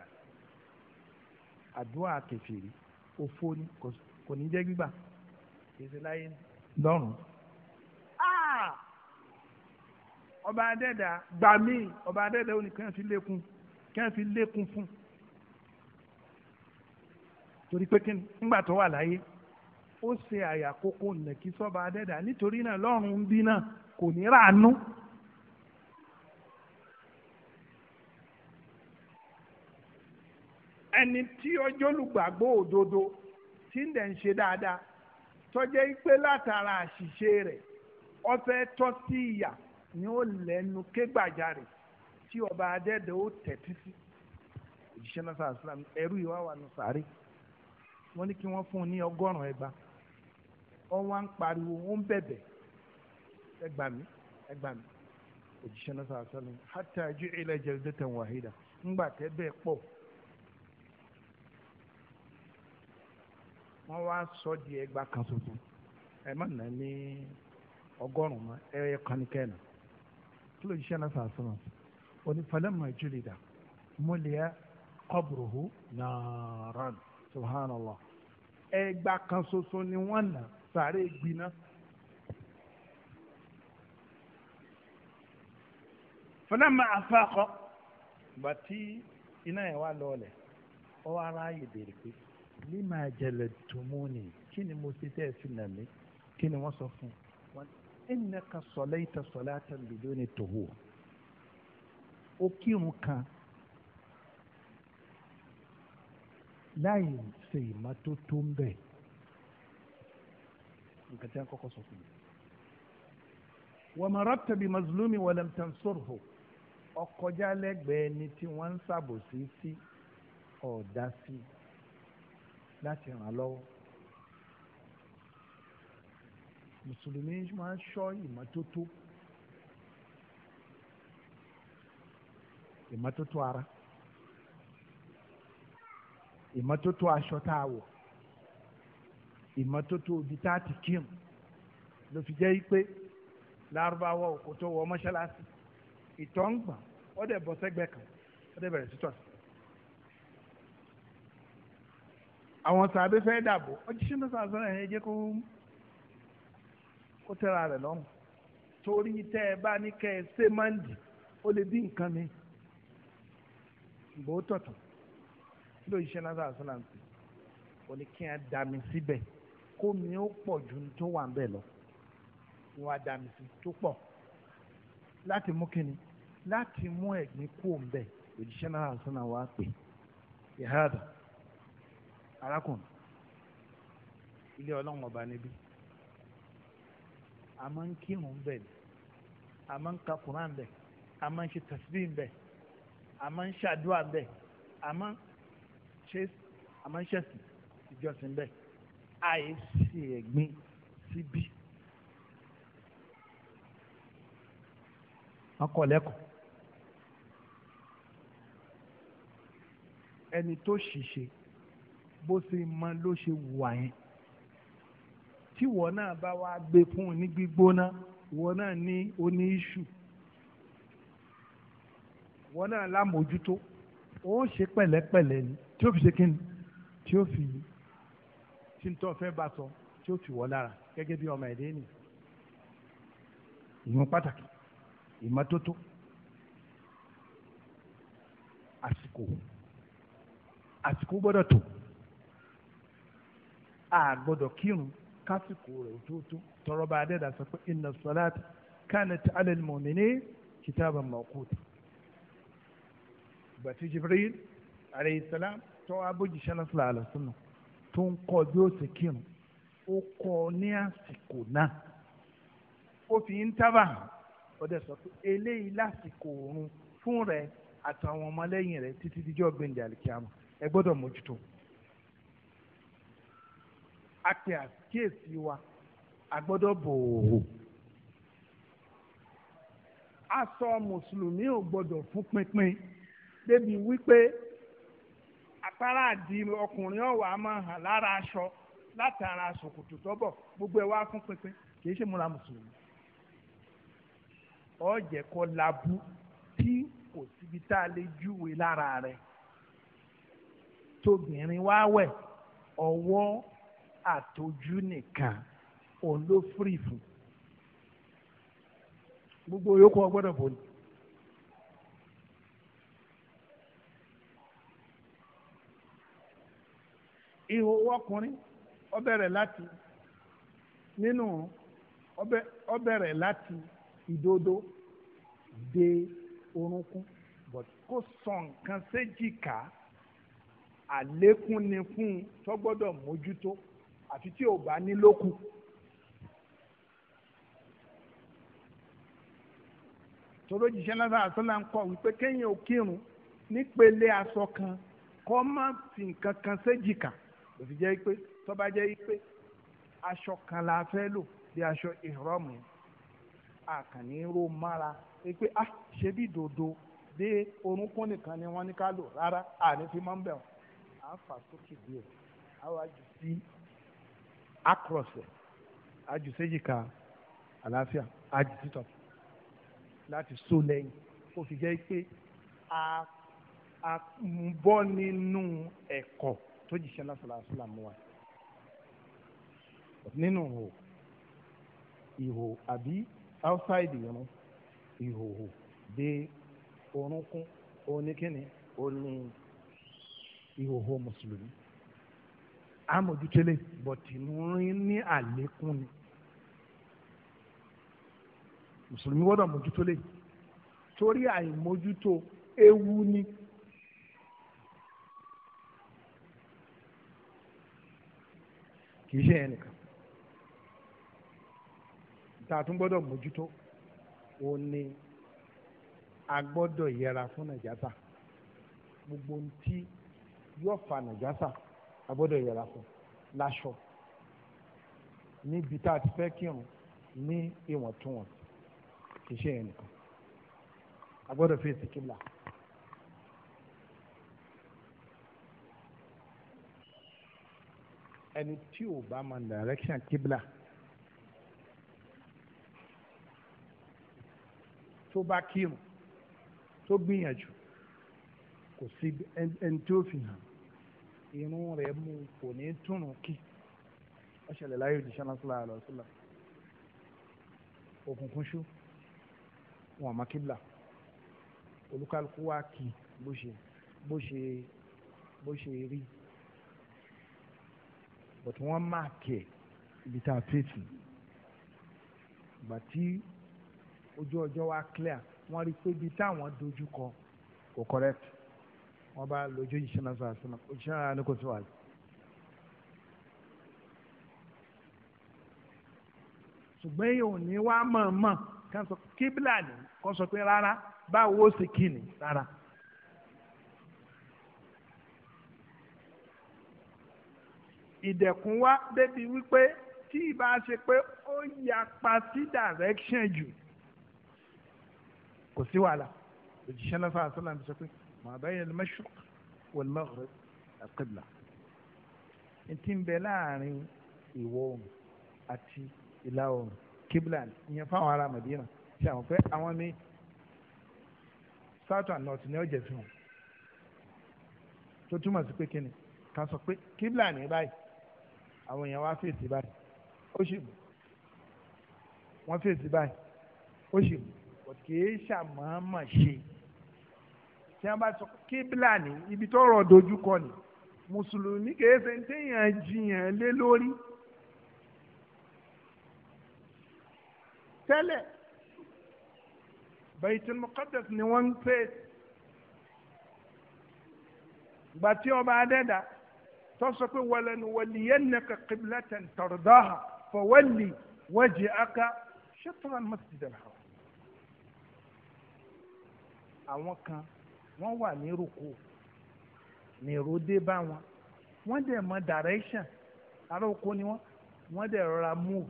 àdúrà kẹfìrí òfò ni kò ní jẹ́ gbígbà kì í ṣe láyé lọ́rùn. Ah! ọba adẹ́dà gbà mí ọba adẹ́dà òní kẹ́hìn fi lékun kẹ́hìn fi lékun fún torí pé kí ńgbà tó wà láyé ó ṣe àyàkókò lẹ́kí sọ́ba adẹ́dà nítorí náà lọ́rùn bí náà kò ní ràánú. ẹni tí ọjọ́ olùgbàgbọ́ òdodo tí ń dẹ̀ ń ṣe dáadáa tọ́jẹ́ pé látara àṣìṣe rẹ̀ ó fẹ́ tọ́ sí ìyà ni ó lẹ́nu kégbàjarè tí ọba adẹ́dẹ́ ó tẹ̀tí sí òjíṣẹ́ náà sàn sílám ẹrú yìí wá wà ní sàárè wọ́n ní kí wọ́n fún un ní ọgọ́rùn-ún ẹgbà wọ́n wá ń pariwo wọ́n ń bẹ̀bẹ̀ ẹ gbà mí ẹ òjíṣẹ́ náà sàn hátà ju ilẹ̀ jẹ́rìndẹ́tẹ̀ wàhídà ńgbà tẹ́ bẹ́ẹ̀ pọ̀ wọ́n wá sọ di ẹgbà kan tuntun ẹ má nà ní ọgọ́rùn-ún ẹ yẹ kánìkẹ́ náà kí ló jíṣẹ́ náà sàásùnà ó ní falamma júlìdà múlẹ̀ qabruhu nàárán subhanallah ẹgbà kan ṣoṣo ni wọ́n nà sàárè gbiná. falamma afaqa bàtí iná yẹn wà lọ́ọ̀lẹ̀ ọ wá ráàyè béèrè pé lima jaladtumuni kí ni mo ṣe tẹ́ ẹ fi nà mí kí ni wọ́n sọ fún un innaka sọlẹ́yìntà sọlẹ́yìntà lùdó ni tòwó ó kírun kan láì ṣe ìmọ́tótó ń bẹ̀ nǹkan tí wọ́n kọ́kọ́ sọ fún mi. wa mararta bi mazlumi wa lam ọkọjá lẹ́gbẹ̀ẹ́ ni tí wọ́n ń ṣàbòsí sí ọ̀dá sí láti ràn án lọ́wọ́. mùsùlùmí máa ń ṣọ́ ìmọ́tótó ìmọ́tótó ara ìmọ́tótó aṣọ tá a wọ̀ ìmọ́tótó ibi tá a ti kírun ló fi jẹ́ pé lárúbáwá òkú tó wọ mọ́ṣáláṣí ìtọ̀ ń gbọ̀n ó dẹ̀ bọ́ sẹ́gbẹ́ kan ó dẹ̀ bẹ̀rẹ̀ títọ̀ sí. àwọn sàbẹ̀ fẹ́ dàbò ọjíṣẹ́ sọ́nà ẹ̀ jẹ́ kó kó tẹ́ra rẹ̀ lọ́rùn torí tẹ́ ẹ bá ní kẹ́ ẹ ṣe máa ń dì ó lè bí nǹkan mi ìbò tọ̀tọ̀ ló iṣẹ́ náà sọ́nà sí ó ní kí n da mi síbẹ̀ kó mi ó pọ̀ ju tó wà ń bẹ̀ lọ ni wàá da mi sí tó pọ̀ láti mú kíni láti mú ẹ̀gbin kú òun bẹ̀ òjíṣẹ́ náà sọ́nà wá pè ìhádà arákùnrin ilé ọlọ́run ọba níbí a máa ń kírun bẹ̀ ni a máa ń ka Quran bẹ̀ a máa ń ṣe tasbih bẹ̀ a máa ń ṣàdúrà bẹ̀ a máa ń ṣe a máa ń ṣẹ̀sìn ìjọsìn bẹ̀ àì ṣe ẹ̀gbin síbí. wọ́n kọ́ lẹ́kọ̀ọ́. ẹni tó ṣìṣe bó ṣe mọ ló ṣe wà yẹn tí wọ́n náà bá wá gbé fún ní gbígbóná wọ́n náà ní oní iṣu wọ́n náà lámòjútó ó ṣe pẹ̀lẹ́pẹ̀lẹ́ ni tí ó fi ṣe kí ni tí ó fi tí ń tọ́ fẹ́ bá sọ tí ó fi wọ́n lára gẹ́gẹ́ bí ọmọ ẹ̀dẹ́ nìyí ìwọ̀n pàtàkì ìmọ́tótó àsìkò àsìkò gbọ́dọ̀ tó a gbọ́dọ̀ kírun kásìkò rẹ̀ òtótó tọrọ bá dẹ́dà sọ pé inna salata kanat ala al-mu'minina kitaban mawquta. ìgbà tí Jibril alayhi salam tọ́ abójíṣẹ́ náà sílẹ̀ àlọ́sùnà tó ń kọ́ bí ó ti kírun ó kọ́ ní àsìkò náà ó fi ń tábà ọdẹ sọ pé eléyìí lásìkò oorun fún rẹ àtàwọn ọmọlẹ́yìn rẹ títí díjọ́ gbẹ̀ǹdẹ̀ àlìkíyàmù ẹ gbọ́dọ̀ mójútó àpè àkíyèsí wa a gbọ́dọ̀ bòòhò aṣọ mùsùlùmí ò gbọ́dọ̀ fún pínpín débi wípé àpárá àdì ọkùnrin ọ̀wà máa hàn lára aṣọ látara ṣòkòtò tọ́bọ̀ gbogbo ẹ̀ wá fún pínpín kì ṣe múra mùsùlùmí ọ̀jẹ̀ kọ́ labu tí kò síbi tá a lè júwe lára rẹ̀ tóbìnrin wá wẹ̀ ọwọ́ àtọ́jú nìkan òun ló fìrì fún gbogbo yòókù wọn gbọ́dọ̀ bò ní. ihò ọkùnrin ó bẹ̀rẹ̀ láti nínú ó láti ìdodo dé orúnkún but kò sọ nǹkan séjìká àlékún ni fún un tó gbọ́dọ̀ mójútó àfi tí ò bá ní lókù. tòró jíṣẹ́ lásán àtúnlá ń kọ́ wípé kéèyàn ò kírun nípele aṣọ kan kọ́ má fi nǹkan kan séjìká ló fi jẹ́ pé tó bá jẹ́ pé aṣọ kan la fẹ́ lò bí aṣọ ìrọ́mù àkànní mára pé ah ṣe bí dòdò dé orúnkún nìkan ni wọ́n ní ká lò rárá àní fi máa ń bẹ̀ wọ́n à sókè díẹ̀ àwa sí across ẹ̀ ajù séjìká àlàáfíà ajù títọ̀ láti so lẹ́yìn ó fi pé a ń bọ́ nínú ẹ̀kọ́ tó jìṣẹ́ lásìlàsílà mú wa nínú ihò ihò àbí outside irun ihòhò dé orúnkún oníkíni ó ní ihòhò mùsùlùmí àmójútélé bọ̀tì ní àlékún ni mùsùlùmí gbọ́dọ̀ mójútólé torí àìmójútó ewu ni. kì í ṣe ẹnìkan tá a tún gbọ́dọ̀ mójútó òun ni a gbọ́dọ̀ yẹra fún nàjásà gbogbo ohun yóò fa nàjásà agbọ́dọ̀ yẹra fún láṣọ níbi tá a ti fẹ́ kírun ní ìwọ̀ntúnwọ̀nsì kì í ṣe yẹn nìkan agbọ́dọ̀ fèsì kíbla. ẹni tí ò bá mọ direction kíbla tó bá kírun tó gbìyànjú kò sí ẹni tí ó fi hàn irun rẹ̀ mú kò ní túrùn kì wọ́n ṣẹlẹ̀ láyé òjíṣẹ́ lásìlá àlọ́sílà òkùnkùn ṣú wọn àmọ́ kíbla olúkálukú wá kì bó ṣe bó ṣe bó ṣe rí bọ̀tí wọ́n máàkì ẹ̀ ibi tá a fèsì ìgbà ojú ọjọ́ wa clear wọ́n rí pé ibi táwọn dojú kọ kò correct wọ́n bá lójú ìṣẹ́ náà sọ àṣìlá òṣìṣẹ́ náà ni kò sí wàhálà. ṣùgbọ́n èèyàn ò ní wá mọ̀ọ́mọ̀ kan sọ kíbílà ni kò sọ pé rárá báwo ó sì kí ni rárá. ìdẹ̀kùn wá débi wípé tí ìbá ṣe pé ó yapa sí direction jù kò sí wàhálà òjíṣẹ́ náà sọ àṣìlá ti sọ pé ma bayna al-mashriq wal-maghrib al-qibla ntí ń bẹ láàrin ìwọ̀ oòrùn àti ìlà oòrùn kíbla ìyẹn fáwọn ará Madina tí àwọn fẹ́ àwọn ní south and north ní ọ̀jẹ̀ fi hàn tó túmọ̀ sí pé kíni ká sọ pé kíbla ní báyìí àwọn èèyàn wá fèsì báyìí ó sì mú wọ́n fèsì báyìí ó sì mú kì í ṣàmọ́ọ́mọ̀ ṣe tí wọ́n bá sọ kíbla ní ibi tó rọ̀ dojúkọ ní mùsùlùmí kìí ṣe téèyàn jiyàn lé lórí. tẹ́lẹ̀ Baitul Muqaddas ni wọ́n ń pè é gbà tí ọba adẹ́dà tó sọ pé walanuwalliyannaka qiblatan tardaha fawalli wajhaka shatra al-masjid al-haram. àwọn kan wọ́n wà ní rúkú nìró dé bá wọn wọ́n dẹ̀ mọ direction ará oko ni wọ́n wọ́n dẹ̀ rọra move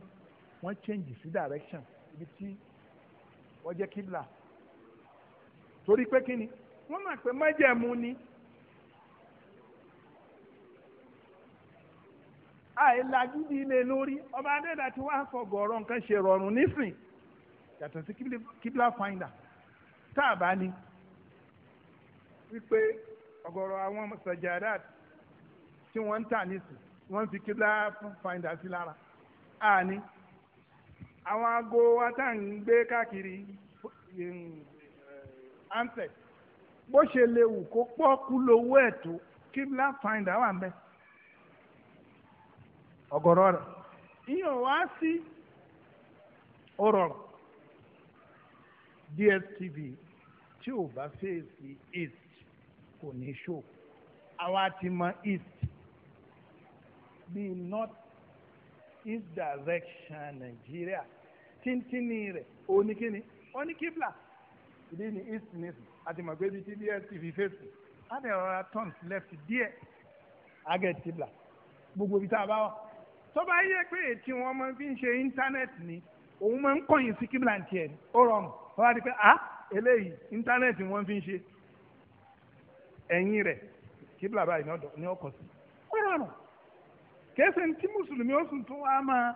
wọ́n change sí direction ibi tí wọ́n jẹ́ kíbla torí pé kí ni wọ́n mọ̀ pé májẹ̀mú ni àìlàjúdì ilé lórí ọba adẹ́dà tí wàá fọgọ̀ọ̀rọ̀ nǹkan ṣe rọrùn nísìn yàtọ̀ sí kíbla finder tá a bá ní wípé ọgọrọ àwọn sajadat tí wọ́n ń tà nísìn wọ́n fi kíbla fàìndà sí lára àní àwọn aago atáǹgbé káàkiri eh, ansẹ̀ bó ṣe lè kó pọ́ kú lówó ẹ̀ tó kíbla fàìndà wà ń bẹ ọ̀gọ̀rọ̀ rẹ̀ DSTV tí ò bá fèsì kò ní ṣó àwa ti mọ east bíi north east direction Nàìjíríà tíntínní rẹ̀ oníkíni oníkíbla ìdí ni east nation àti mọ̀ pé ibi tí DSTV fèsì á lè turns left díẹ̀ agẹ́tìbla gbogbo ibi tá a bá wà tó bá yẹ pé ètí wọn máa fi ń ṣe íńtánẹ́ẹ̀tì ni òun máa ń kọ̀yìn sí kíbla tiẹ̀ ó rọrùn wọ́n á di pé ah eléyìí íńtánẹ́ẹ̀tì wọn fi ń ṣe ẹ̀yìn rẹ̀ kíbla báyìí ní ọkọ̀ sí kọ́rọ̀rùn kẹsì tí mùsùlùmí ó sùn tó wá máa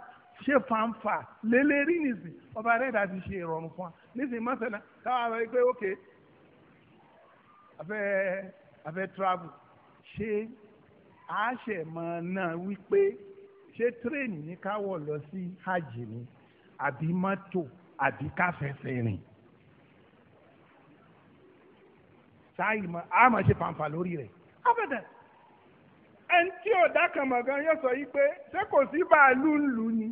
ṣe fanfa lélẹ́rí nìsín ọba rẹ̀ dà ti ṣe ìrọ̀rùn fún wa nìsín mọ́sálà káwá rẹ̀ pé ókè afẹ́ afẹ́ travel ṣé àṣẹ mọ̀ náà wípé ṣé tírèènì ní ká wọ̀ lọ sí hajj ni àbí mọ́tò àbí ká fẹsẹ̀ rìn. sáàyè mọ a máa ṣe fàǹfà lórí rẹ̀ abẹ́dẹ̀ ẹni tí ọ̀dà kan mọ̀ gan yóò sọ yìí pé ṣé kò sí bàálù ń lù ni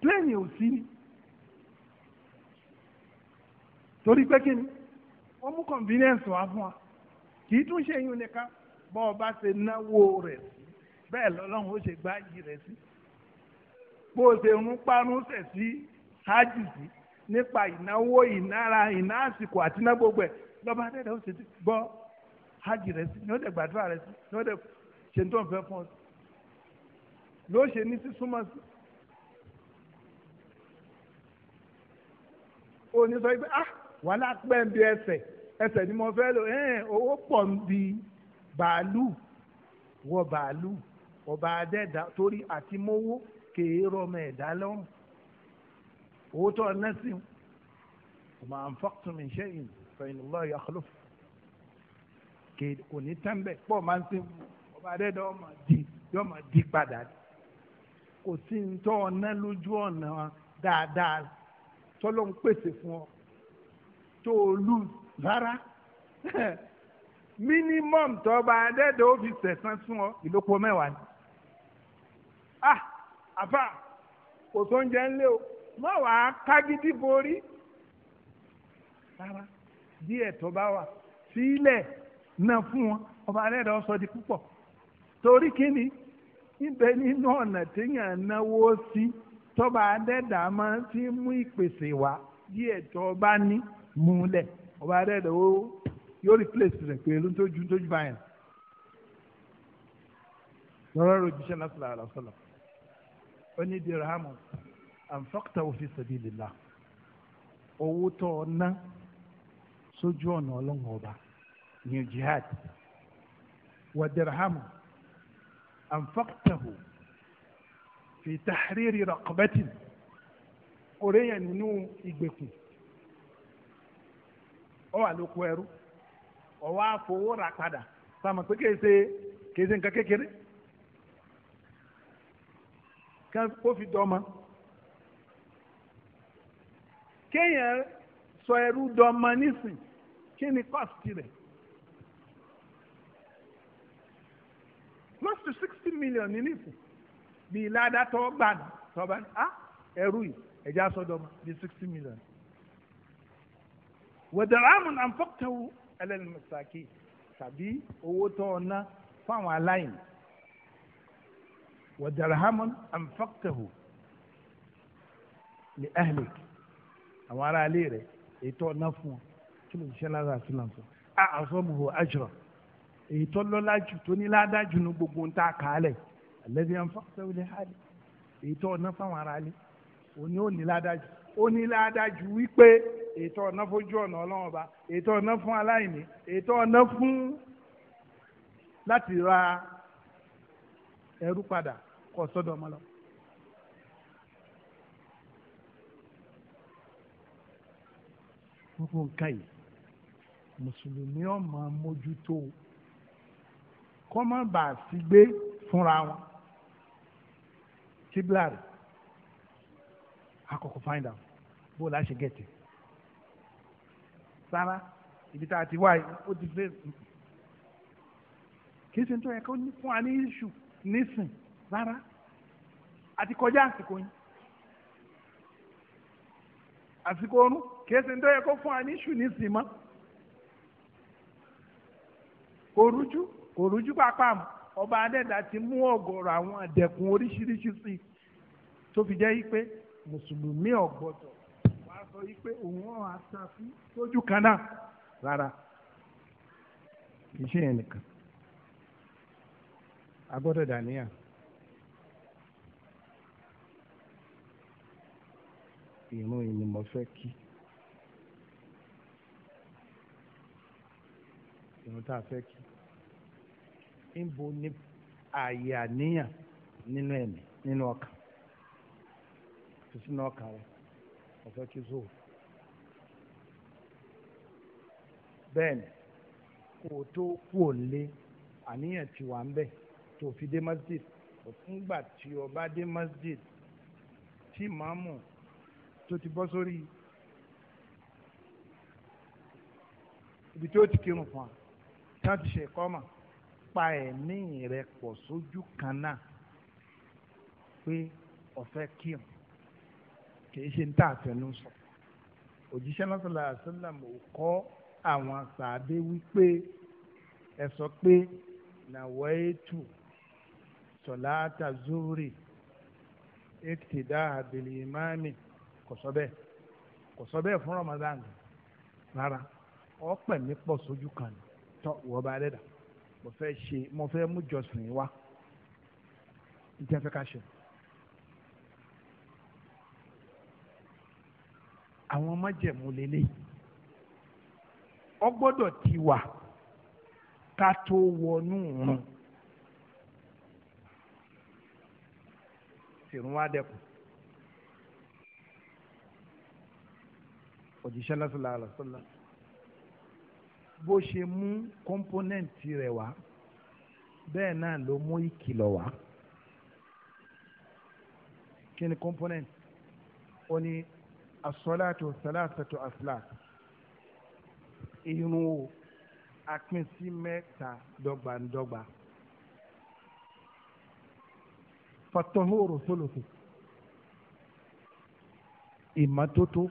pléènì ò sí torí pé kí ni wọ́n mú convenience wá fún wa kì í tún ṣe yín nìkan bọ́ ọ bá ṣe náwó rẹ̀ sí bẹ́ẹ̀ lọ́lọ́run ó ṣe gbáyì rẹ̀ sí bó o ṣe ń parun ṣẹ̀ sí ṣáájú sí nípa ìnáwó ìnára ìná àsìkò àti iná gbogbo ẹ̀ lọ́ba adẹ́dẹ́ ó ṣe ti gbọ́ hajj rẹ̀ sí ni ó dẹ̀ gbàdúrà rẹ̀ sí ni ó dẹ̀ ṣe tó ń fẹ́ fún ọ ló ṣe ní sísúnmọ́ sí. ó ní sọ pé ah wàhálà pẹ́ ń bí ẹsẹ̀ ẹsẹ̀ ni mo fẹ́ lò ẹ̀ owó pọ̀ ń bí bàálù wọ bàálù ọba adẹ́dà torí àti mówó kèé rọmọ ẹ̀dá lọ́rùn owó tó ọ̀nà sí o máa ń fọ́tún mi ṣe yìí fẹ̀yìn lọ́ yà kúlò kéde òní tẹ́ḿbẹ̀ pọ̀ máa ń sìn ọba adẹ́dọ́ ọmọ di yóò máa di padà kò sí ní tó ọ̀nà lójú ọ̀nà dáadáa tọ́lọ́ ń pèsè fún ọ tó o lù rárá minimum tọba adẹ́dọ̀ ó fi sẹ̀sán fún ọ ìlópo mẹ́wàá ni. Ah, àfà kò tó ń jẹ́ ńlé o mọ́ wàá kágídí borí rárá díẹ̀ tó bá wà sílẹ̀ náà ọba alẹ́dàá sọ di pụpọ torí kíni ibẹ̀ nínú ọ̀nà téèyàn náwó sí tọ́ba adẹ́dàá máa ti mú ìpèsè wá díẹ̀ tó bá ní ọba adẹ́dàá ó yóò tójú tójú báyìí anfaqtahu fi sabilillah owó tó o ná sójú ọ̀nà ọlọ́run ọba ní jihad wa dirhamu anfaqtahu fi tahriri raqabatin ọ̀rẹ́ yẹn nínú ìgbèkùn ọ wà lóko ẹrú ọ wá fowó rà padà sáàmù pé kèsè kèsè nǹkan kékeré kó fi ma kéèyàn sọ ẹrú dọmọ nísìn kí ni cost rẹ̀ close to sixty million ní nísìn bí ládàá tó gbà tọ́ba ah ẹrú yìí ẹ̀já sọ́dọ̀mọ́ bí sixty million wẹ̀dàrámù ànfọ́kẹ́wù ẹlẹ́nìmọ̀sáàkì tàbí owó tó o fáwọn aláìní wẹ̀dàrámù ànfọ́kẹ́wù lè ẹ́hìlẹ̀kì àwọn ará ilé rẹ̀ ètò ọ̀nà fún ọ kí ló ń ṣe lára àti náà fún a àsọmùhò àjọ èyí tó lọ́lá jù tó ní ládájú ní gbogbo ń ta kàálẹ̀ àlẹ́bí ẹ̀ńfà sẹ́wọ́lẹ̀ hàlẹ́ èyí tó ọ̀nà fáwọn ará ilé òní ò ní ládájú ó ní ládájú wípé ètò ọ̀nà fojú ọ̀nà ọlọ́run ọba ètò ọ̀nà fún aláìní ètò ọ̀nà fún láti ra ẹrú padà kọ́ sọ́dọ̀ ọmọ gbogbo nǹkan yìí mùsùlùmí ó máa mójútó kọ́ má bàa sí gbé fúnra wọn kíbla rẹ̀ akọ̀kọ̀ find out bó la ṣe gẹ̀tì sára ibi tá a ti wá ó ti fẹ́ kì í ṣe nítorí ẹ̀ka fún wa ní iṣu nísìn rárá àti kọjá àsìkò yìí. àsìkò oorun kìí ṣe fún wa ní ṣù ní kò rújú kò ọba adẹ́dà ti mú ọ̀gọ̀rọ̀ àwọn àdẹ̀kùn oríṣiríṣi sí i tó fi jẹ́ pé mùsùlùmí sọ pé òun ọ̀ àṣàfi lójú kan náà rárá kì a ìrun yìí ni mo fẹ́ kí ìrun tá a fẹ́ kí níbo ni ààyè àníyàn nínú ẹ̀mí nínú ọkàn tó sínú ọkàn rẹ mo fẹ́ kí zoo bẹ́ẹ̀ ni kó o tó kú ò lé àníyàn ti wà ń bẹ̀ tó fi dé masjid nígbà tí o dé masjid tí màmú tó ti bọ́ sórí ibi tí ó ti kírun fún wa tí wọ́n ti ṣe ẹ̀kọ́ mọ̀ pa ẹ̀mí rẹ pọ̀ sójú kan náà pé ọ̀fẹ́ kírun kìí ṣe ń tà àtẹnu sọ òjíṣẹ́ lọ́sọ̀lá àṣọlọ́mù kọ́ àwọn sàádé wípé ẹ sọ pé nàwọ́ ètò sọ̀láàtà zúrì ètìdá àbìlì ìmáàmì kò sọ bẹ́ẹ̀ kò sọ bẹ́ẹ̀ fún Ramadan rárá ọ̀pẹ̀ mi pọ̀ sójú kan tọ́ wọ́n bá dẹ́dà mo fẹ́ ṣe mo fẹ́ mú jọ̀sìn wá n tẹ́ fẹ́ ká ṣe. àwọn májẹ̀mú lélẹ̀ ọ gbọ́dọ̀ ti wà ká tó wọnú òun. Sì ń wá òjíṣẹ́ lásìlá àlọ́sọ́lá bó ṣe mú kọ́ńpónẹ́ǹtì rẹ̀ wá bẹ́ẹ̀ náà ló mú ìkìlọ̀ wá kí ni kọ́ńpónẹ́ǹtì ó ní asọ́láàtò sàlásàtò asláàt irun o apin sí mẹ́ta dọ́gbandọ́gba fatahoro sólòtò ìmọ́tótó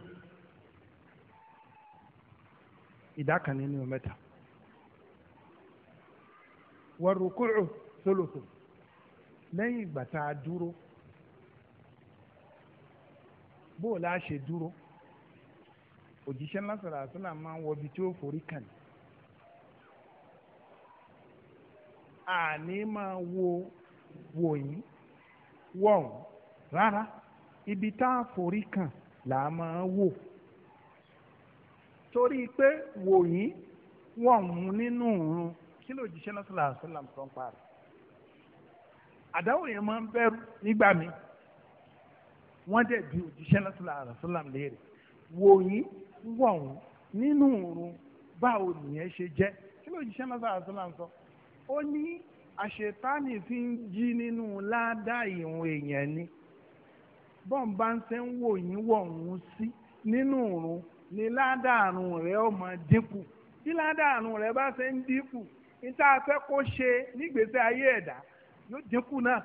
ìdá kan nínú mẹ́ta wàrúkúrò sólòtò lẹ́yìn ìgbà tá a dúró bóò la ṣe dúró òjíṣẹ́ lásìrò àṣìlá máa ń wọbi tí ó forí kàn àní máa wo wòyí wọ̀hún rárá ibi tá a forí kàn là á máa wò torí pé wòyí wọ́n mú nínú òun kí ló jíṣẹ́ náà sọ̀rọ̀ àṣọ làm tó ń parí. àdáwò yẹn máa ń bẹ̀rù nígbà mi wọ́n dẹ̀ bí òjíṣẹ́ náà sọ̀rọ̀ àṣọ làm léèrè wòyí wọ́n nínú òun báwo nìyẹn ṣe jẹ́ kí ló jíṣẹ́ náà sọ̀rọ̀ àṣọ làm ó ní àṣetáni fi ń jí nínú ládàá ìhun èèyàn ni bọ́ǹbá ń ṣe ń wòyí wọ̀hún sí nínú òun ni ládàrún rẹ̀ ó máa dínkù bí ládàrún rẹ̀ bá ṣe ń dínkù níta fẹ́ kó ṣe nígbèsè ayé ẹ̀dá yóò dínkù náà.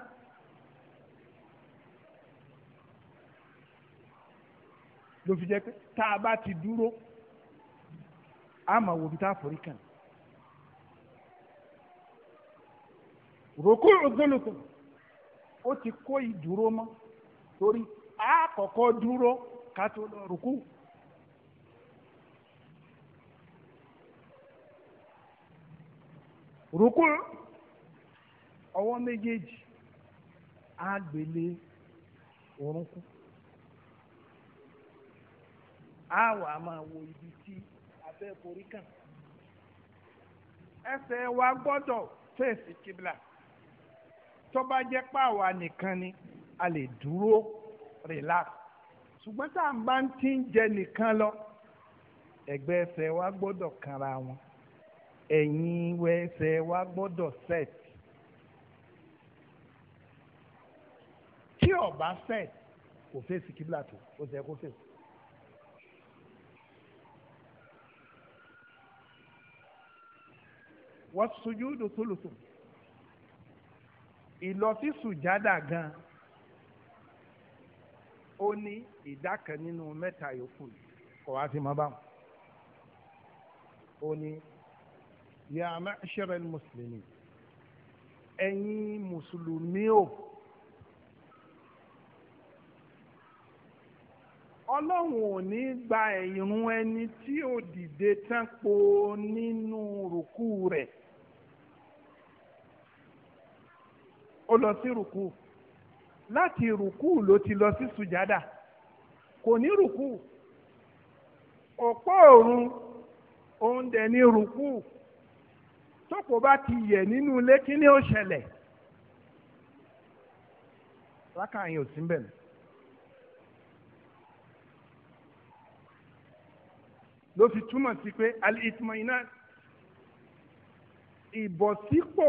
ló pé tá a bá ti dúró a bí tá a forí kàn. rúkú ọwọ́ méjèèjì á gbélé orúnkún á wà máa wo ibi tí abẹ́ forí kàn ẹsẹ̀ wa gbọ́dọ̀ fèsì kíbla tó bá pàwa nìkan ni a lè dúró relax ṣùgbọ́n tá à ń bá ń tí ń jẹ nìkan lọ ẹ̀gbẹ́ ẹsẹ̀ wa gbọ́dọ̀ kanra wọn ẹ̀yin ẹsẹ̀ wa gbọ́dọ̀ set tí ọba set kò fèsì kíbla tó ó sẹ kó fèsì. wọ́n sojú lòtòlòtò ìlọsí sùjádà gan ó ní ìdá kan nínú mẹ́ta yòókù kọ̀ wá sí mọ́ báwọn ó ní ya ma'ashara al-muslimin ẹ̀yin mùsùlùmí o ọlọ́run ò ní gba ìrun ẹni tí ò dìde tán po nínú rùkú rẹ̀ ó lọ sí rùkú láti rùkú ló ti lọ sí sùjádà kò ní rùkú òpó òrun òun dẹ̀ ní rùkú tókò bá ti yẹ nínú ilé kí ni ó ṣẹlẹ̀ rákà yẹn ò sí ń bẹ̀ mọ́. ló fi túmọ̀ sí pé alìtìmọ̀ iná ìbọ̀sípò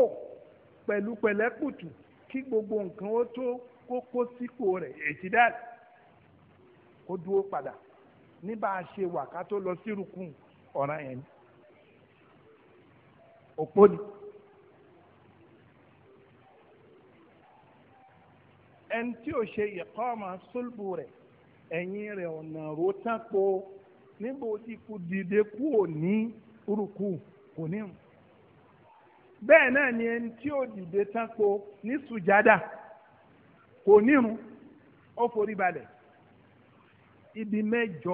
pẹ̀lú pẹ̀lẹ́kùtù kí gbogbo nǹkan ó tó kókó sípò rẹ̀ èsì dá kó dúró padà ní bá a ṣe wà ká tó lọ sí ọ̀ràn yẹn ni. òpó ni. ẹni tí ò ṣe ọmọ sólùbù rẹ̀ ẹ̀yìn rẹ̀ ọ̀nà rótán po níbo tí kú dìde kú ò ní urukú kò ní mu. bẹ́ẹ̀ náà ni ẹni tí ò dìde tán ní sùjádà kò ní mu ó forí balẹ̀ ibi mẹ́jọ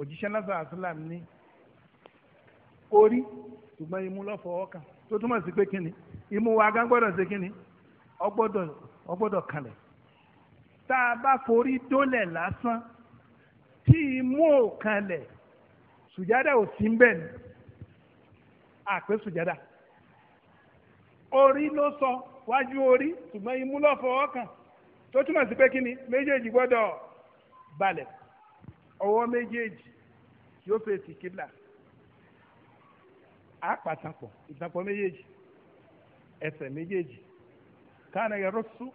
òjíṣẹ́ lásán àṣìlám ní orí ṣùgbọ́n imú ló fọwọ́ kàn tó túmọ̀ sí pé kíni imú wa gán gbọ́dọ̀ ṣe kíni ọgbọ́dọ̀ ọgbọ́dọ̀ kalẹ̀ tá a bá forí dólẹ̀ lásán tí imú ò kalẹ̀ sùjádà ò sí ń bẹ̀ ni àpé sùjádà orí ló sọ wájú orí ṣùgbọ́n imú ló fọwọ́ kàn tó túmọ̀ sí pé kíni méjèèjì gbọ́dọ̀ balẹ̀ ọwọ́ méjèèjì yóò fèsì kíbla àpàtàpọ̀ ìtàpọ̀ méjèèjì ẹsẹ̀ méjèèjì káàna yẹ rọ́ṣù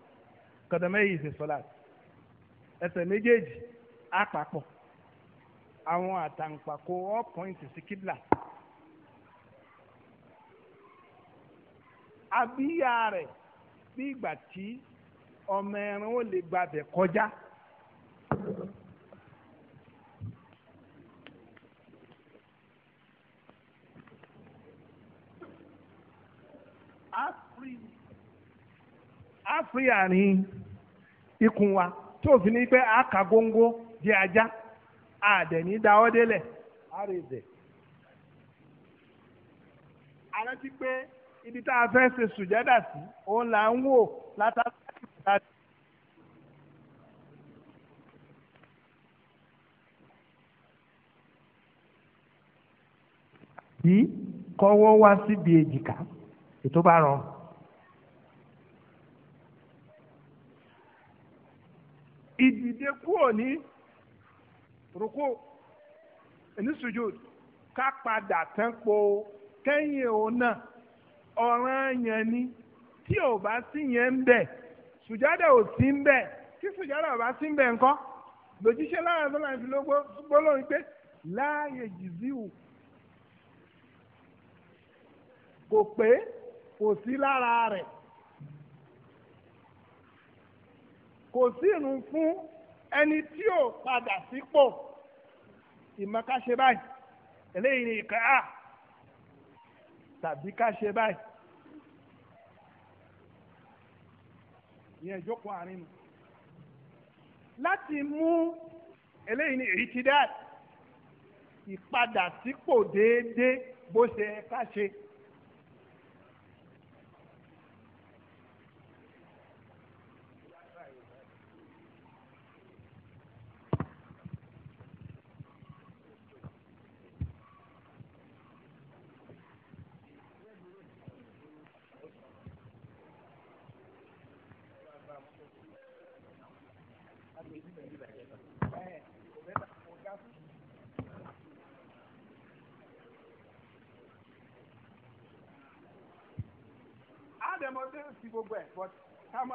kọ̀dọ̀mẹ́yì ṣe sọ́lá ẹsẹ̀ méjèèjì àpapọ̀ àwọn àtàǹpàkò all point sí kíbla. àbíyá rẹ̀ bí ìgbà tí ọmọ ẹran ó lè gbàbẹ̀ kọjá á fi àárín ikunwa tí òfin ni pé a di ajá àdẹ̀ní dáwọ́ délẹ̀ á rè dẹ̀. a pé ibi tá a fẹ́ ṣe sùjádà sí òun là ń wò látàkì láti. kọ́wọ́ wá síbi èjìká ètò bá ìdìde kúrò ní rúkú ní sujud ká padà tán po kẹ́yìn òun náà ọ̀ràn yẹn ni tí ò bá sí yẹn ń bẹ̀ sùjádà ò sí ń bẹ̀ tí sùjádà ò bá sí ń bẹ̀ ńkọ́ lòjíṣẹ́ láàrin tó láti ló gbólóhùn pé láàyè jìzíwù kò pé kò sí lára rẹ̀. kò sí ìrun fún ẹni tí ò padà sípò ìmọ̀ká ṣe báyìí eléyìí ni ìkà á tàbí ká ṣe báyìí ìyẹn ìjókòó àárín nù láti mú eléyìí ni ìrìtìdáàtì ìpadà sípò déédéé bó ṣe ká ṣe.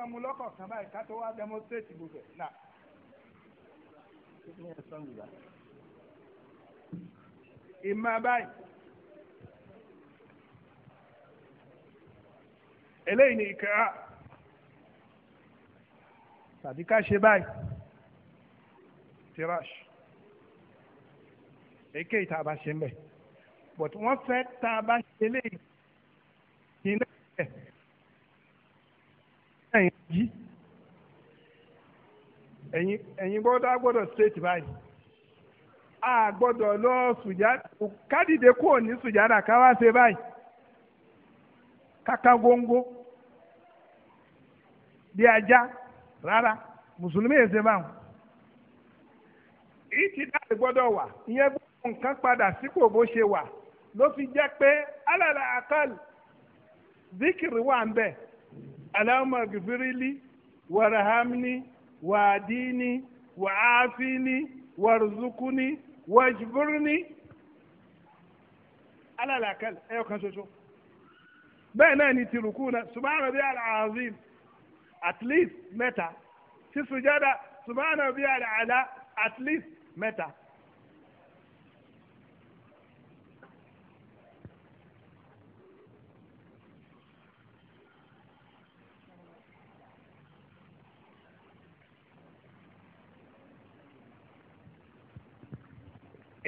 máa mú lọ́kọ̀ kan báyìí ká tó wá demonstrate gbogbo ẹ̀ náà. ìmọ̀ báyìí eléyìí ni ìkẹ́ra tàbí ká ṣe báyìí tirash èké ìta bá ṣe ń bẹ̀ but wọ́n fẹ́ tá a bá ṣe eléyìí kí n náà yìí ẹ̀yin ẹ̀yin gbọ́dọ̀ gbọ́dọ̀ straight báyìí a gbọ́dọ̀ lọ sùjádà kádìdé kò ní sùjádà ká wá ṣe báyìí kàkà góńgó bí ajá rárá mùsùlùmí ẹ̀ ṣe báwọn ìtì dáàbò gbọ́dọ̀ wà ìyẹn gbọ́dọ̀ nǹkan padà sípò bó ṣe wà ló fi jẹ́ pé alàlà àkàlù zikiri wà ń bẹ̀ Allahumma gfirli warhamni wa'dini wa'afini warzuqni wajburni alalakal ẹyọ kan ṣoṣo bẹ́ẹ̀ náà ni tìrùkù náà subhana bi al at least mẹ́ta sí sujada subhana bi al at least mẹ́ta.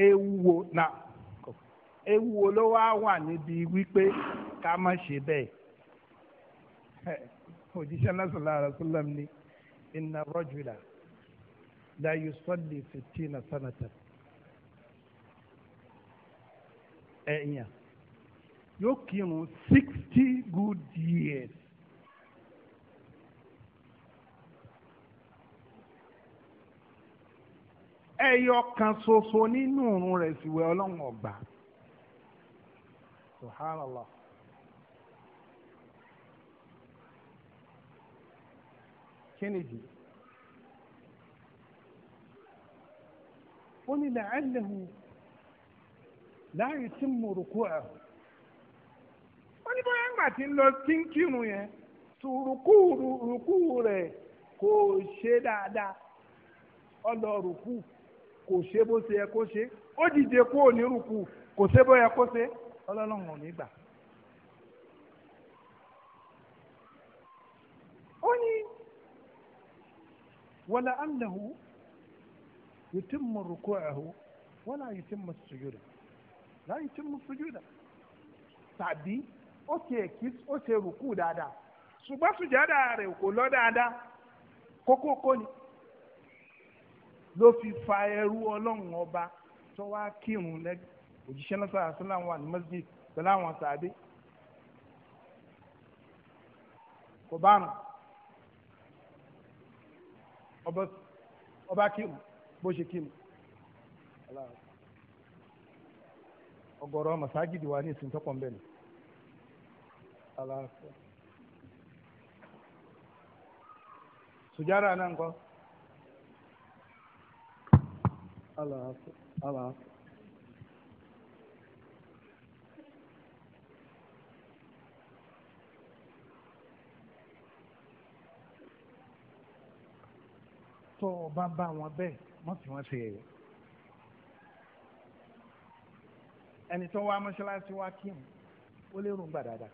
ewuwo wo na ewu wo ló wá wà níbi wípé ká má ṣe bẹ́ẹ̀ òjíṣẹ́ lásìlá àràsílám ni inna rajula la yusalli fifteen sanata ẹ̀yàn yóò kírun sixty good years. ẹyọ kan soso nínú òun rẹ̀ sì wẹ̀ ọlọ́run ọ̀gbà subhanallah. ó ní làálẹ̀hù láàyè tí mo rò ẹ̀ ó ní bóyá ńgbà tí ń lọ tí kírun yẹn rùkú rẹ̀ kò ṣe dáadáa kò ṣe bó ṣe yẹ kó ṣe ó dìde kó o ní rúkú kò ṣe bó yẹ kó ṣe ọlọ́run ò ní gbà. ó ní wàlá annahu yutimmu ruku'ahu wala yutimmu sujuda la yutimmu sujuda tàbí ó ṣe kí ó ṣe rúkú dáadáa ṣùgbọ́n sùjádà rẹ̀ kò lọ dáadáa kókó kó ni. ló fi fa ẹrú ọlọ́run ọba tó wá kírun lẹ́gbẹ̀ẹ́ òjíṣẹ́ náà sọ̀rọ̀ àṣẹ láwọn àlùmọ́sí pẹ̀lú àwọn sàbẹ̀ kò bá ọba kírun bó ṣe kírun ọ̀gọ̀rọ̀ masajidi wa Aláàfẹ́. Aláàfẹ́. Tó o bá bá wọn bẹ́ẹ̀, wọ́n fi wọ́n ṣe ẹ̀yẹ. Ẹni tó wá mọ́ṣáláṣí wá kí n, ó lè rún gbàdàdà,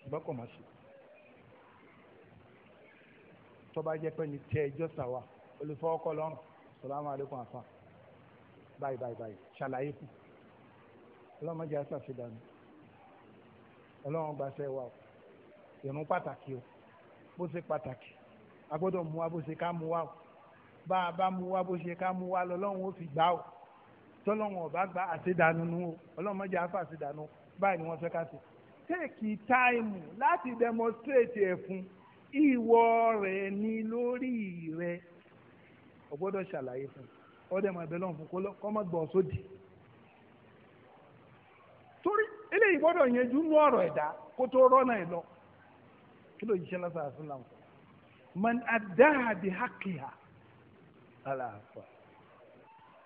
ṣùgbọ́n kò mọ̀ sí. Tó bá jẹ́ pé ní tẹ ẹjọ́ sàwà, olùfọwọ́kọ lọ́rùn, sọ̀rọ̀ àwọn àfa báyìí báyìí báyìí ṣàlàyé kù ọlọ́run mọ́jà ṣàṣedànù ọlọ́run gbàṣẹ wa o ìrun pàtàkì o bó ṣe pàtàkì a mú wa bó ṣe ká mú wa o bá a bá mú wa bó ṣe ká mú wa lọ́lọ́run ó fi gbà o tọ́lọ́run ọ̀bá gba àṣedànù nu o ọlọ́run mọ́jà ṣàṣedànù báyìí ni wọ́n fẹ́ ká ṣe téèkì táìmù láti demonstrate ẹ̀ fún ìwọ rẹ̀ ni lórí rẹ̀ o ṣàlàyé fún un. Ọ máa bẹ lọ́n fún kọ́ má gbọ́ sódì torí eléyìí gbọ́dọ̀ yanjú nú ọ̀rọ̀ ẹ̀dá kó tó rọ́nà ẹ̀ lọ kí ló yíṣẹ́ lọ́sàn àti làwọn man adáhà bí hákìá aláàfà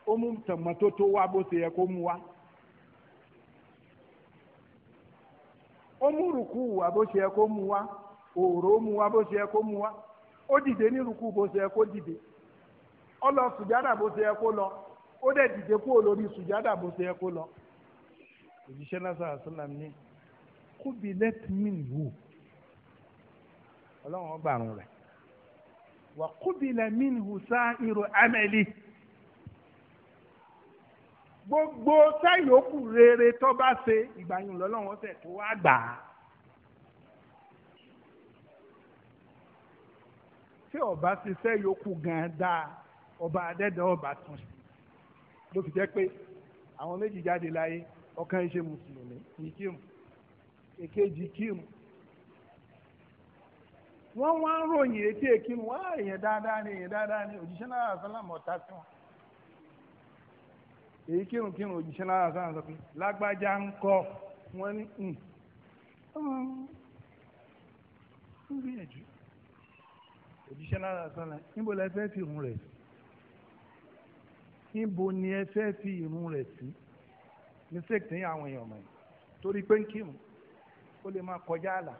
ó mú bó ṣe yẹ kó mú wa bó ṣe yẹ kó mú òòró mú ó lọ sùjádà bó ṣe yẹ kó lọ ó dẹ̀ dìde kúrò lórí sùjádà bó ṣe yẹ kó lọ. òjíṣẹ́ lásán àṣàlám ní kóbi lẹ́tìmín wò ọlọ́run ọgbà àrùn rẹ̀ wà kóbi lẹ́mín wò sá irú amẹ́lí gbogbo sáyòókù rere tó ṣe ìgbàyìn lọ́lọ́run ọ̀sẹ̀ tó wá gbà á. tí ọba ṣiṣẹ́ yòókù gan dáa ọba adẹ́dẹ́ ọba tún sí ló fi jẹ́ pé àwọn méjì jáde láyé ọ̀kan ṣe mùsùlùmí ní kíìmù èkejì kíìmù wọ́n wá ń ròyìn etí èkíìmù wá èèyàn dáadáa ni èèyàn dáadáa ni òjíṣẹ́ náà sálàmù ọ̀tá sí wọn èyí kírun kírun òjíṣẹ́ náà sálàmù sọ pé lágbájá ń kọ́ wọ́n ní ń gbìyànjú òjíṣẹ́ náà sálàmù níbo la fẹ́ fi hùn rẹ̀ sí níbo ni ẹ fẹ́ fi irun rẹ̀ sí mistake ní àwọn èèyàn mọ̀ torí pé ń kírun ó lè máa kọjá àlà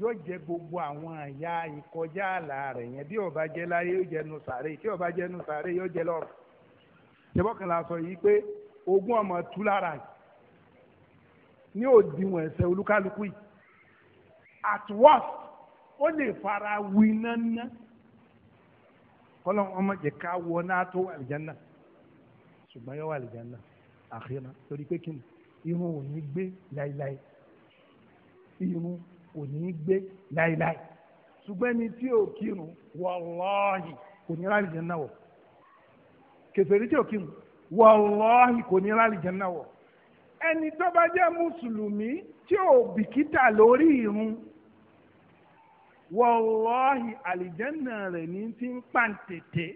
yóò jẹ gbogbo àwọn àyà ìkọjá àlà rẹ̀ yẹn bí ó jẹ láyé yóò jẹ nu sàárè tí ó jẹ nu sàárè yóò jẹ lọ́rùn ṣèbọkàn la sọ yìí pé ogún ọmọ tú lára yìí ní òdiwọ̀n ẹ̀ṣẹ̀ olúkálukú yìí at worst ó lè fara wí náná kọ́lọ́ ọmọ jẹ̀ká wọ náà tó àlùjánnà náà ṣùgbọ́n yóò wà lè jẹun náà àkírà torí pé kíni irun ò ní gbé láéláé irun ò ní gbé láéláé ṣùgbọ́n ẹni tí ò kírun wàláhì kò ní rálì jẹun náà wọ̀ kèfèrí tí ò kírun wàláhì kò ní rálì jẹun náà wọ̀ ẹni tó bá jẹ́ mùsùlùmí tí ò bìkítà lórí irun wàláhì àlìjẹ́nà rẹ̀ ní ti ń pàǹtẹ̀tẹ̀.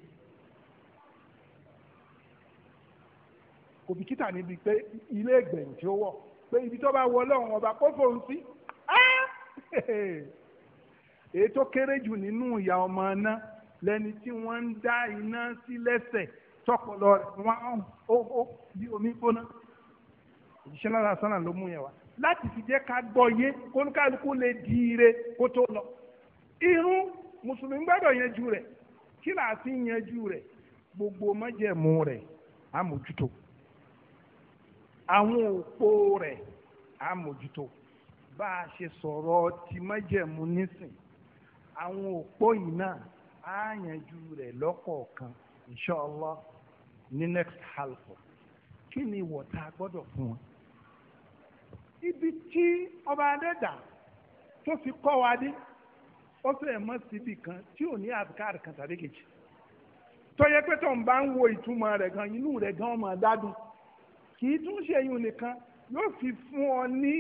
kò bìkítà níbi pé ilé ìgbẹ̀yìn tí ó wọ̀ pé ibi tó bá wọ ọlọ́run ọba kó fòun sí èyí tó kéré jù nínú ìyá ọmọ iná lẹni tí wọ́n ń dá iná sí lẹ́sẹ̀ tọpọlọ rẹ̀ wọ́n ó bí omi gbóná òṣìṣẹ́ lára sánà ló mú yẹn wá láti fi jẹ́ ká gbọ́ yé kónúkálukú lè di ire kó tó lọ irun mùsùlùmí gbọ́dọ̀ yanjú rẹ̀ kí làá yanjú rẹ̀ gbogbo májẹ̀mú rẹ̀ àmójútó àwọn òpó rẹ̀ á mójútó bá a ṣe sọ̀rọ̀ ti májẹ̀mú nísìn àwọn òpó yìí náà á yanjú rẹ̀ lọ́kọ̀ọ̀kan inṣọ́ọ́lá ní next halkọ kí ni ìwọ̀ tá a gbọ́dọ̀ fún wọn. ibi tí ọba adẹ́dà tó fi kọ́ wa dé ó fẹ́ mọ́ síbi kan tí ò ní àbíkárì kan tàbí kejì tó yẹ pé tó ń bá ń wo ìtumọ̀ rẹ̀ gan inú rẹ̀ gan ọmọ dádùn kì í tún ṣe yìí nìkan yóò fi fún ọ ní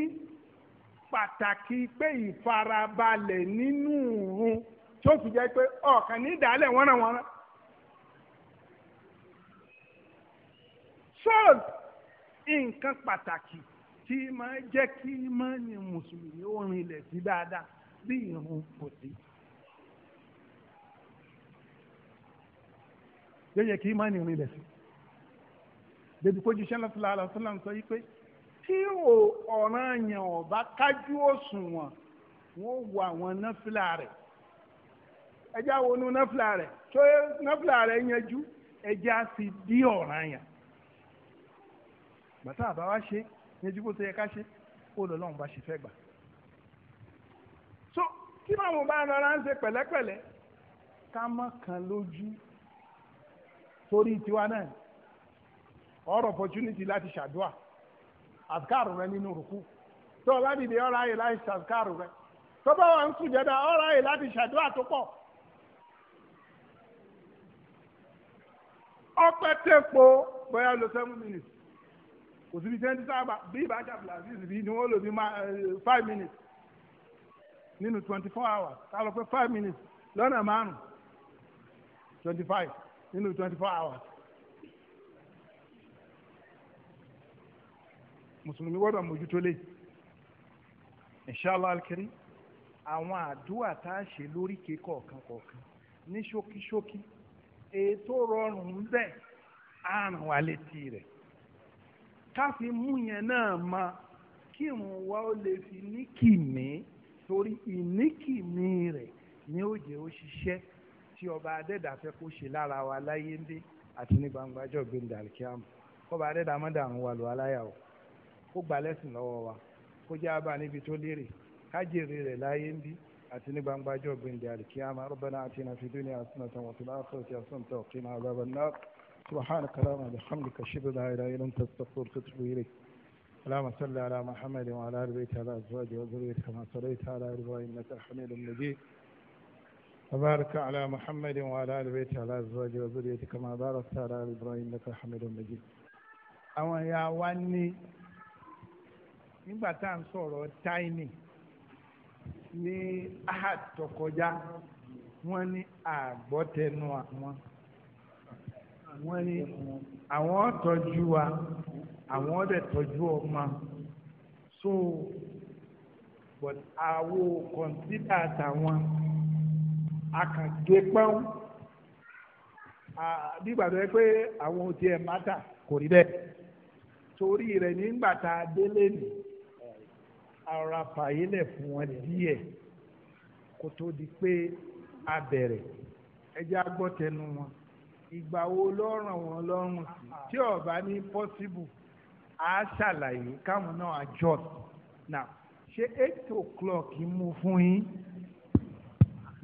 pàtàkì pé ìfarabalẹ̀ nínú òun tí ó fi jẹ́ pé ọ̀kan ní ìdálẹ̀ wọ́nàwọ́nà. sọ́ọ̀d nǹkan pàtàkì tí máa jẹ́ kí máa ní mùsùlùmí ó rinlẹ̀ sí dáadáa bí irun kò sí. yóò yẹ kí máa ní rinlẹ̀ sí débi kó jíṣẹ́ náà fúlà àlàsílà ń sọ yí pé tí ọ̀ràn yẹn ọ̀bá kájú òṣùwọ̀n wọ́n wo àwọn náfìlà rẹ̀ ẹjẹ́ àwọn onú náfìlà rẹ̀ tó náfìlà rẹ̀ yanjú ẹjẹ́ á sì dí ọ̀ràn yẹn bàtà àbáwá ṣe yanjú bó ṣe yẹ ká ṣe ó lọ lọ́run bá ṣe fẹ́ gbà. so tí màmú bá rọra ń ṣe pẹ̀lẹ́pẹ̀lẹ́ ká mọ̀ kan lójú torí tiwa náà ọ̀rọ̀ opportunity láti ṣàdúà àsìkáàrù rẹ nínú rùkú tó o bá dìde ọ̀rọ̀ ayé láti ṣàsìkáàrù rẹ tó bá wà ń sùn jẹ́dá ọ̀rọ̀ ayé láti ṣàdúà tó pọ̀. ọpẹ tẹpo bóyá lo seven minutes kò síbi twenty sábà bí ibà jàpùlà sí ìsìbí ni wọ́n lò bí eh, five minutes nínú twenty four hours ká pé five minutes lọ́nà márùn-ún twenty five nínú twenty four hours. mùsùlùmí gbọ́dọ̀ mójútó lé inshallah alkiri àwọn àdúrà tá a ṣe lóríkè kọ̀ọ̀kan kọ̀ọ̀kan ní ṣókíṣókí ètò rọrùn ń bẹ àrùn wa létí rẹ̀ káfí mú yẹn náà mọ kí ìrùn wa ó lè fi níkìmí torí ìníkìmí rẹ̀ ni ó jẹ́ ó ṣiṣẹ́ tí ọba adẹ́dà fẹ́ kó ṣe lára wa láyé ń àti ní gbangba ọjọ́ gbẹ̀ndàlì kíámù adẹ́dà mọ́dà ń wà lọ́wọ́ aláyàwó kó gbà lẹ́sìn lọ́wọ́ wa kó jẹ́ abá níbi tó lérè ká jèrè rẹ̀ láyé ń bí àti ní gbangba ọjọ́ gbẹ̀ndẹ̀ àlìkíyàmá rabbana àtina fid dunya hasanatan wa fil akhirati hasanatan wa qina adhaban nar subhanaka allahumma wa bihamdika ashhadu an la ilaha illa anta astaghfiruka wa atubu ilayk اللهم صل على محمد وعلى ال بيته وعلى ازواجه وذريته كما صليت على ال ابراهيم انك حميد مجيد وبارك على محمد وعلى ال بيته وعلى ازواجه وذريته كما باركت على ال ابراهيم انك حميد مجيد àwọn ìyá wa ní nígbà tá à ń sọ̀rọ̀ táìmì ní ahad tó kọjá wọ́n ní àgbọ́tẹnu àwọn wọ́n ní àwọn tọ́jú wa àwọn ọ̀dẹ̀ tọ́jú ọmọ so but àwo kọ̀ǹsídà tàwọn akàgé pẹ́wọ́n nígbà tó yẹ pé àwọn ò tiẹ̀ mátà kò rí bẹ́ẹ̀ torí rẹ̀ nígbà tá a délé nìí ara fàyílẹ̀ fún wọn díẹ̀ kó tó di pé a bẹ̀rẹ̀ ẹjẹ́ agbọ́tẹnu wọn ìgbà wo lọ́rùn wọn lọ́rùn sí tí ọba ní pọ́síbù á ṣàlàyé káwọn náà adjust now ṣe eight o'clock mú fún yín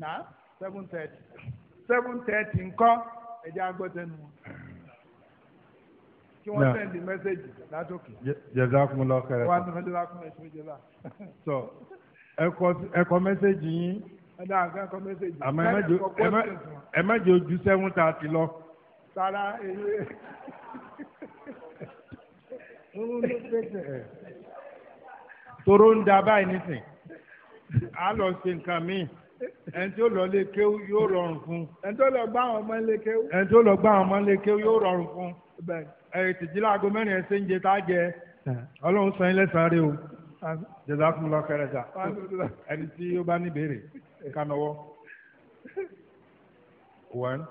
na seven thirty seven thirty ńkọ́ ẹjẹ́ agbọ́tẹnu wọn kí wọ́n sẹ́ndì mẹ́sẹ̀gì látòkè. jazakumullahu khairan. wà á nana jazakumullahu ìṣòro jẹlá. sọ ẹkọ mẹ́sẹ̀gì yín. ẹ dáa nǹkan ẹkọ mẹ́sẹ̀gì. àmọ́ ẹ má jẹ́ ojú seven thirty lọ. sara èyí. toro ń da báyìí nísìn a lọ ṣe nǹkan míì ẹni tí ó lọ lé kéwú yóò rọrùn fún. ẹni tó lọ gbá àwọn ọmọ lé kéwú. ẹni tó lọ gbá àwọn ọmọ lé kéwú yóò rọrùn fún. bẹ́ẹ̀ ìtìjílá aago mẹ́rin ẹsẹ̀ ń jẹ tá a jẹ ọlọ́run san ilé san rẹ o jẹ̀dá fún lọ kẹrẹ̀dà ẹni tí ó bá ní béèrè ká nọwọ́ one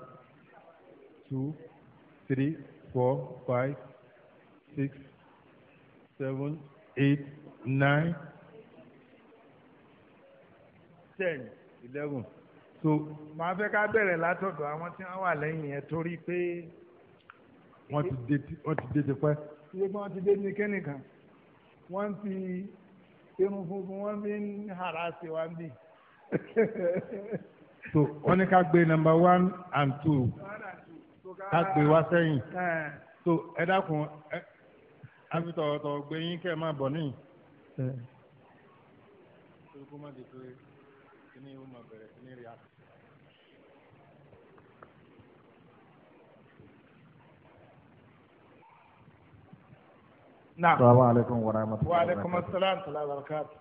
two three four five six seven eight nine ten eleven. so màá fẹ́ ká bẹ̀rẹ̀ látọ̀dọ̀ àwọn tí wọ́n wà lẹ́yìn yẹn torí pé wọ́n ti dé wọ́n ti dé ti pẹ́. ṣé kí wọ́n ti dé ní kẹ́nìkan wọ́n fi irun funfun wọ́n fi ń hara sí wa bí. so wọ́n ní ká gbé number one and two ká gbé wá sẹ́yìn eh. so ẹ dákun ẹ àfi tọ̀tọ̀ gbé yín kẹ́ ẹ máa bọ̀ níyì. Eh. kó má di pé kíní yóò máa bẹ̀rẹ̀ kíní rí àpò. náà. sọ́wọ́n aleykum wa rahmatulah. wa aleykum asalaam wa rahmatulah barakatu.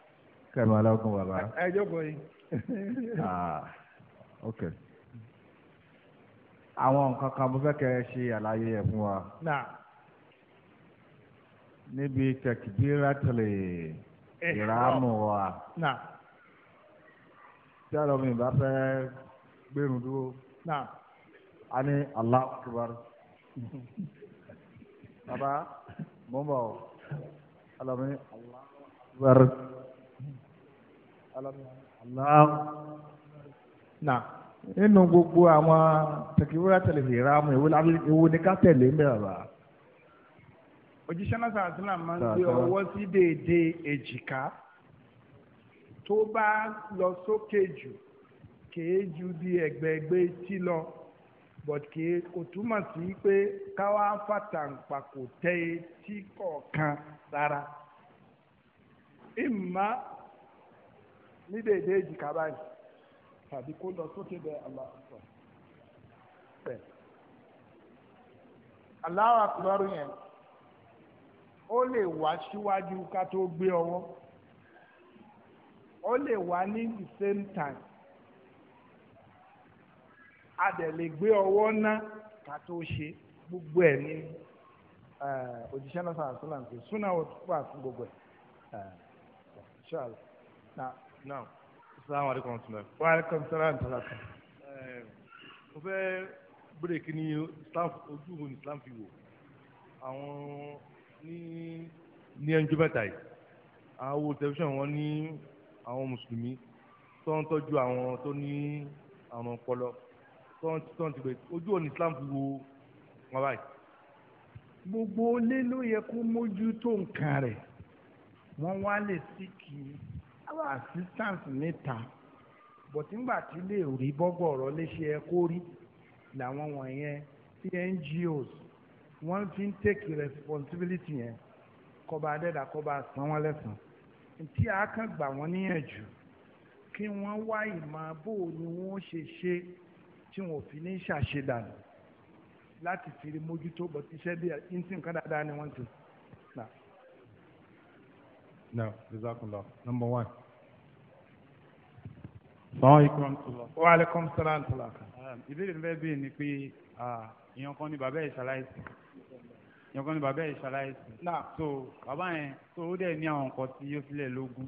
kẹmẹ aleykum wa baba. ẹ jókòó yìí. Ah, ok àwọn nǹkan kan mo fẹ́ kẹ́ ẹ ṣe àlàyé ẹ̀ fún wa. náà. níbi tẹkibíratìlì ìrààmù wa. náà. tí mi bá fẹ́ gbẹ̀rù dúró. náà. a ní Allahu baba. mọ́mọ́ alamí wẹ́rẹ́ alamí aláwọ̀ nà nínú gbogbo àwọn tẹkíwúrà tẹlifí ramu ewu ni ká tẹ̀lé ń bẹ̀rẹ̀ bá. òjíṣẹ́ náà sàásìlà máa ń gbé ọwọ́ sí déédéé èjìká tó bá lọ sókè jù kéé ju bí ẹgbẹ̀ẹ́gbẹ́ tí lọ but kì í kò túmọ̀ sí pé káwá fàtàǹpà kò tẹ etí kọ̀ọ̀kan rárá ìmọ̀ ní dèédé èjìká báyìí tàbí kó lọ sókè bẹ aláàfọ bẹ Allahu Akbar yẹn ó lè wá síwájú ká tó gbé ọwọ́ ó lè wá ní the same time a dẹ̀ lè gbé ọwọ́ ná ká tó ṣe gbogbo ẹ̀ ní eh, òjíṣẹ́ náà sọ̀rọ̀ sọ́lá nǹkan súnà wà fún gbogbo ẹ̀ ṣáàlù. Eh, naam salaam aleykum salaam. wa aleykum salaam salaam. mo fẹ́ bírèkì ní ojú wo ni islam fi wò àwọn ní ní ẹnjú mẹ́ta yìí àwọn wo tẹlifíṣàn wọn ní àwọn mùsùlùmí tó ń tọ́jú àwọn tó ní àrùn ọpọlọ tó ń ti gbé ojú òní Islam fi wo wọn báyìí. gbogbo ilé ló yẹ kó mójútó nǹkan rẹ̀ wọ́n wá lè sí kì àwọn assistance níta bọ̀tí ńgbà tí lè rí bọ́gbọ̀ ọ̀rọ̀ léṣe ẹ kó rí làwọn wọ̀nyẹn tí NGOs wọ́n fi ń take responsibility yẹn kọba adẹ́dà kọba san wọn lẹ́sàn tí a kàn gbà wọ́n níyànjú kí wọ́n wá ìmọ̀ bó ni wọ́n ṣe ṣe tí wọn ò fi ní ṣàṣe dànù láti fi mójútó bọ̀ tí iṣẹ́ bíi ẹni tí nǹkan dáadáa ni wọ́n ti. number one. sàmúlẹ̀kùn tula. wa aleykum salaam tula. Um, ìbéèrè bẹ́ẹ̀ bẹ́ẹ̀ ni pé èèyàn kan ní bàbá ẹ̀ ṣaláìsì èèyàn kan ní bàbá ẹ̀ ṣaláìsì. so bàbá yẹn so ó dẹ̀ ní àwọn nǹkan tí yóò sílẹ̀ lógún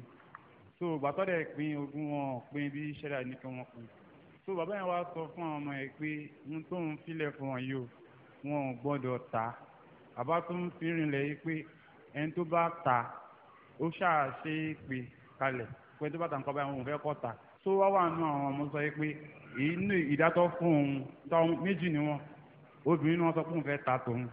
so gbàtọ́ dẹ̀ pín ogún wọn pín bí ṣẹ́dá ní kí wọ́n pín so bàbá yẹn wá sọ fún àwọn ọmọ yẹn pé ohun tó ń filẹ̀ fún wọn yìí wọn ò gbọ́dọ̀ ta bàbá tó ń fi rìnlẹ̀ yìí pé ẹni tó bá ta ó ṣáà ṣe é pè kalẹ̀ pé tó bá ta nǹkan báyìí wọn ò fẹ́ kọ́ ta tó wá wà nù àwọn ọmọ sọ pé inú ìdátọ́ fún òun táwọn méjì ni wọn obìnrin ni wọn sọ pé òun fẹ́ ta tòun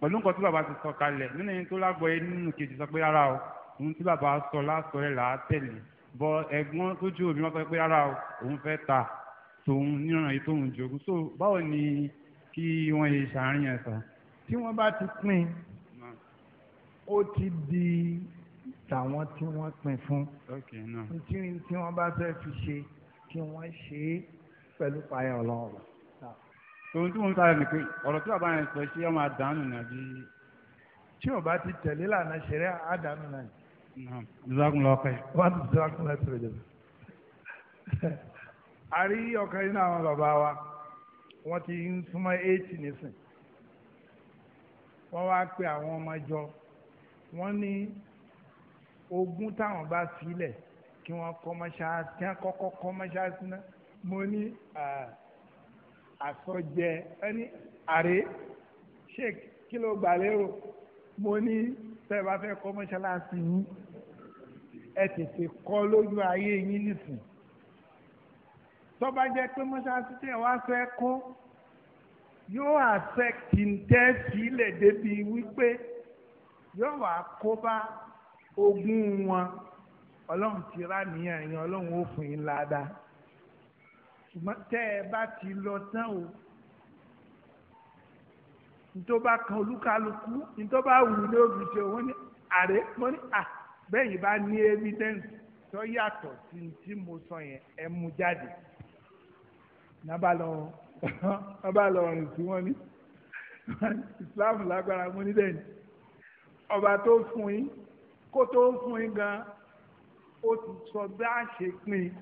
pẹ̀lú nǹkan tí bàbá ti sọ kalẹ̀ nínú ẹni tó lágbọ́ ẹ nínú kejì sọ pé rárá o òun tí bàbá sọ lásọ ẹ là tẹ̀lé bọ ẹ̀gbọ́n tó òbí wọn sọ pé rárá o òun fẹ́ ta tòun níran yìí tóun jogún so báwo ni kí wọ́n yẹ ṣàárín ẹ̀sán. tí wọ́n bá ti pín ó ti di tàwọn tí wọ́n pín fún tí tí wọ́n bá fẹ́ fi ṣe kí wọ́n ṣe é pẹ̀lú payà ọlọ́run. tòun tí wọ́n ń sáré ni pé ọ̀rọ̀ tí bàbá yẹn sọ ṣé ọmọ àdánù nàbí. tí ò bá ti tẹ̀lé lànà ṣẹ̀rẹ́ àdánù nàbí. jazakumullahu khairan. wọ́n ti jazakumullahu khairan a rí ọ̀kan nínú àwọn bàbá wa wọ́n ti ń súnmọ́ eighty nísìn wọ́n wá pe àwọn ọmọ jọ wọ́n ní ogún táwọn bá sílẹ̀ kí wọ́n kọ́ mọ́ṣáláṣí kí wọ́n kọ́kọ́ kọ́ mọ́ṣáláṣí náà mo ní àsọjẹ ẹni àrè sheik kí ló gbà lérò mo ní tẹ́ ẹ bá fẹ́ kọ́ yín ẹ tètè kọ́ lójú ayé yín nísìn tọ́ba jẹ́ pé mọ́ṣáláṣí tẹ̀ wá fẹ́ kọ́ yóò àfẹ́kì tẹ́ sílẹ̀ débi wípé yóò wá kó bá ogún wọn ọlọ́run ti rà níyàn yẹn ọlọ́run ó fún yín ládàá ṣùgbọ́n tẹ́ ẹ bá ti lọ tán o nítọ́ba kan olúkálukú nítọ́ba wù ní òbí ṣe wọ́n ní àrẹ wọ́n ní à bẹ́ẹ̀ yìí bá ní evidence tó yàtọ̀ sí ti mo sọ yẹn ẹ mú jáde nàbà lọ nàbà lọ rìn sí wọn ní islam lágbára mú níbẹ̀ ni ọba tó fún yín kó tó fún yín gan ó ti sọ bí a ṣe pín in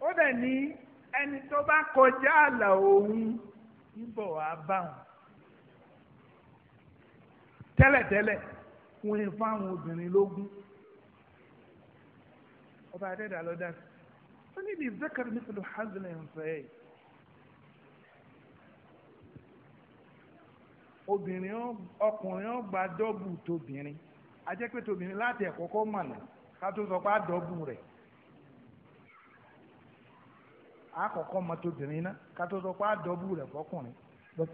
ó dẹ̀ ní ẹni tó bá kọjá àlà òun níbọ̀ wá bá wọn tẹ́lẹ̀tẹ́lẹ̀ wọn fáwọn obìnrin lógún ọba adẹ́dàá lọ́dà sí. فللذكر مثل حزن الأنثيين obìnrin ọkùnrin ọgbà dọ́bù tóbìnrin ajẹ́pẹ́ tóbìnrin láti ẹ̀kọ́kọ́ mọ̀nà ká tó sọ pé rẹ̀ àkọ́kọ́ mọ tóbìnrin náà ká tó sọ rẹ̀ fọkùnrin but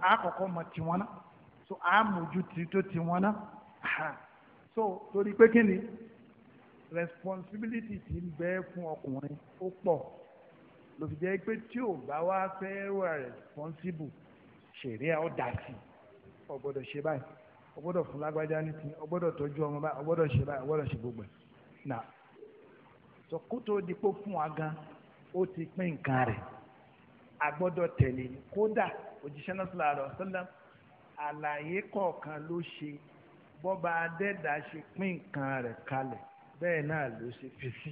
mọ tiwọn so tó tiwọn so torí pé kí ni responsibility ti ń bẹ fún ọkùnrin ó pọ̀ ló fi jẹ́ pé tí ò bá wá fẹ́ wà responsible ṣẹ̀ríà ó dà sí ó gbọ́dọ̀ ṣe báyìí ó gbọ́dọ̀ fún lágbájá ní ti ó gbọ́dọ̀ tọ́jú ọmọ báyìí ó gbọ́dọ̀ ṣe báyìí ó gbọ́dọ̀ ṣe gbogbo ẹ̀ nà sọ kó tó di pé fún wa gan ó ti pín nǹkan rẹ̀ a gbọ́dọ̀ tẹ̀lé e. kódà òjíṣẹ́ náà sọ̀rọ̀ àrọ̀ sọ́lá àlàyé kọ̀ọ̀kan ló ṣe bọ́ba adẹ́dàá ṣe pín nǹkan rẹ̀ kalẹ̀ bẹ́ẹ̀ náà ló ṣe fi sí.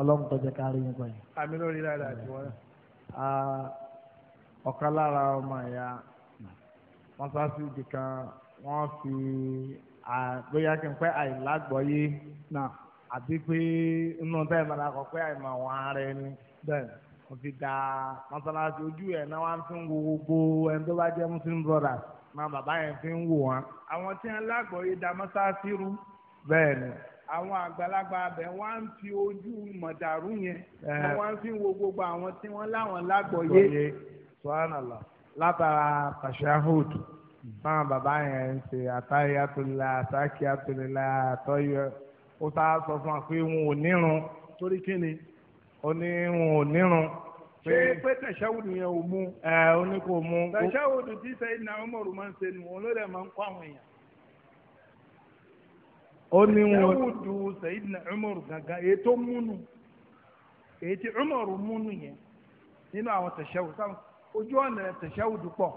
ọlọ́run tó jẹ́ ká rí yín ọmọ ẹ̀yà wọ́n sáfì dị kan wọ́n fi bóyá kí n pẹ́ àìlágbọ́yé náà àti pé inú táyà máa kọ pé àìmọ̀ ara ẹni wọ́n fi da mọ́sálásí ojú ẹ̀ náà wọ́n fi máa bàbá yẹn fi ń wò wọn. àwọn tí wọn lágbọ̀ọ́yé da mọ́sáàsì rú bẹ́ẹ̀ ni àwọn àgbàlagbà abẹ wọn á ń fi ojú mọ̀dàrú yẹn wọn á ń fi wo gbogbo àwọn tí wọn láwọn lágbọ̀ọ́yé subhanallah látara tashahud máa bàbá yẹn ń ṣe àtàyàtúlá àtàkìyàtúlá àtọ́yọ ó sá sọ fún wa pé wọn ò nírun torí kí ni ó ní wọn ò nírun pé pé tẹ̀síáwùdù yẹn ò mú. ẹ ó ní kò mú. tẹ̀síáwùdù tí sẹ́yìn náà ọmọ òrùn máa ń ṣe nù wọn ló máa ń kọ́ àwọn èèyàn. ó ní wọn. tẹ̀síáwùdù sẹ́yìn náà ọmọ òrùn gangan èyí tó múnu èyí tí ọmọ òrùn múnu yẹn nínú àwọn tẹ̀síáwùdù ojú ọ̀nà tẹ̀síáwùdù pọ̀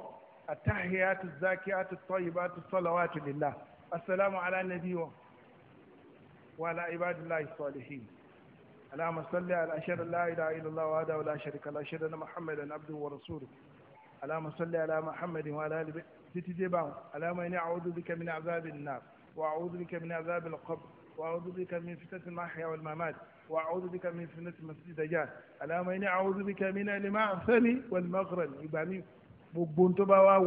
àtàhíyàtú zákíyàtú tọ́yìbàtú sọ́làwàtú lillah assalamu ala nabiyyi wa ala ibadillahi salihin. اللهم صل على أشهد أن لا إله إلا الله وحده لا شريك له أشهد أن محمدا عبده ورسوله اللهم صل على محمد وعلى آل بيته اللهم إني أعوذ بك من عذاب النار وأعوذ بك من عذاب القبر وأعوذ بك من فتنة المحيا والممات وأعوذ بك من فتنة المسجد الدجال اللهم إني أعوذ بك من المعثل والمغرل يباني gbogbo ń tó bá wà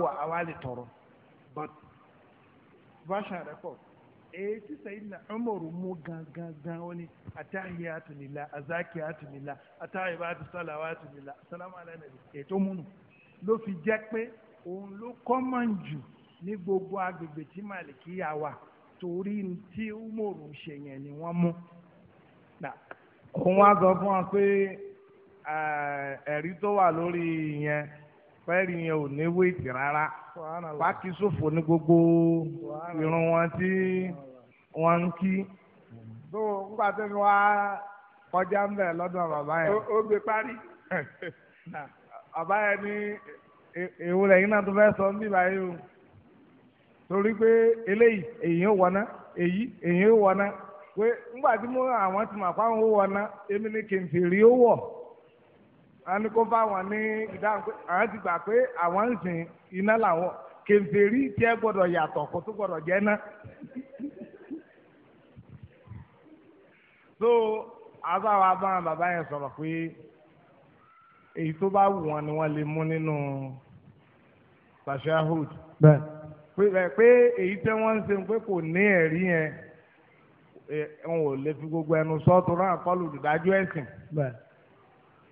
wà á èyí eh, tí sẹ́yìn náà ọmọrù mú gangan ó ní atahiyatu lillah azakiyatu lillah atahibatu salawatu lillah salamu ala nabi èyí tó múnu ló fi jẹ́ pé òun ló kọ́mọ̀n jù ní gbogbo agbègbè tí màlìkíyà wà torí tí ọmọrù ṣe yẹn ni wọ́n mú. òun wá sọ fún wa pé ẹ̀rí tó wà lórí yẹn. fẹ́ẹ̀rì yẹn ò ní wéètì rárá pákí ní gbogbo irun wọn tí wọn ń kí. tó kọjá ń bẹ̀ lọ́dọ̀ bàbá yẹn. gbé parí. bàbá yẹn ní e, èwo lẹ́yìn náà tó fẹ́ sọ ń o torí pé eléyìí èyí wọná èyí wọná pé tí mo wọná èmi ni kìntìrì ó àwọn ní kó bá wọn ní ìdáhùn pé àwọn ti gbà pé àwọn ń sìn iná làwọn kèfèrí tí ẹ gbọ́dọ̀ kó tó gbọ́dọ̀ jẹ́ ná. so àbáwá báwọn bàbá yẹn sọ̀rọ̀ pé èyí tó bá wù wọn ni wọ́n lè mú nínú tashahud. bẹ́ẹ̀ pé èyí tí wọ́n ń ṣe pé kò ní ẹ̀rí yẹn n ò lè fi gbogbo ẹnu sọ tó náà kọlù olùdájọ́ ẹ̀sìn. bẹ́ẹ̀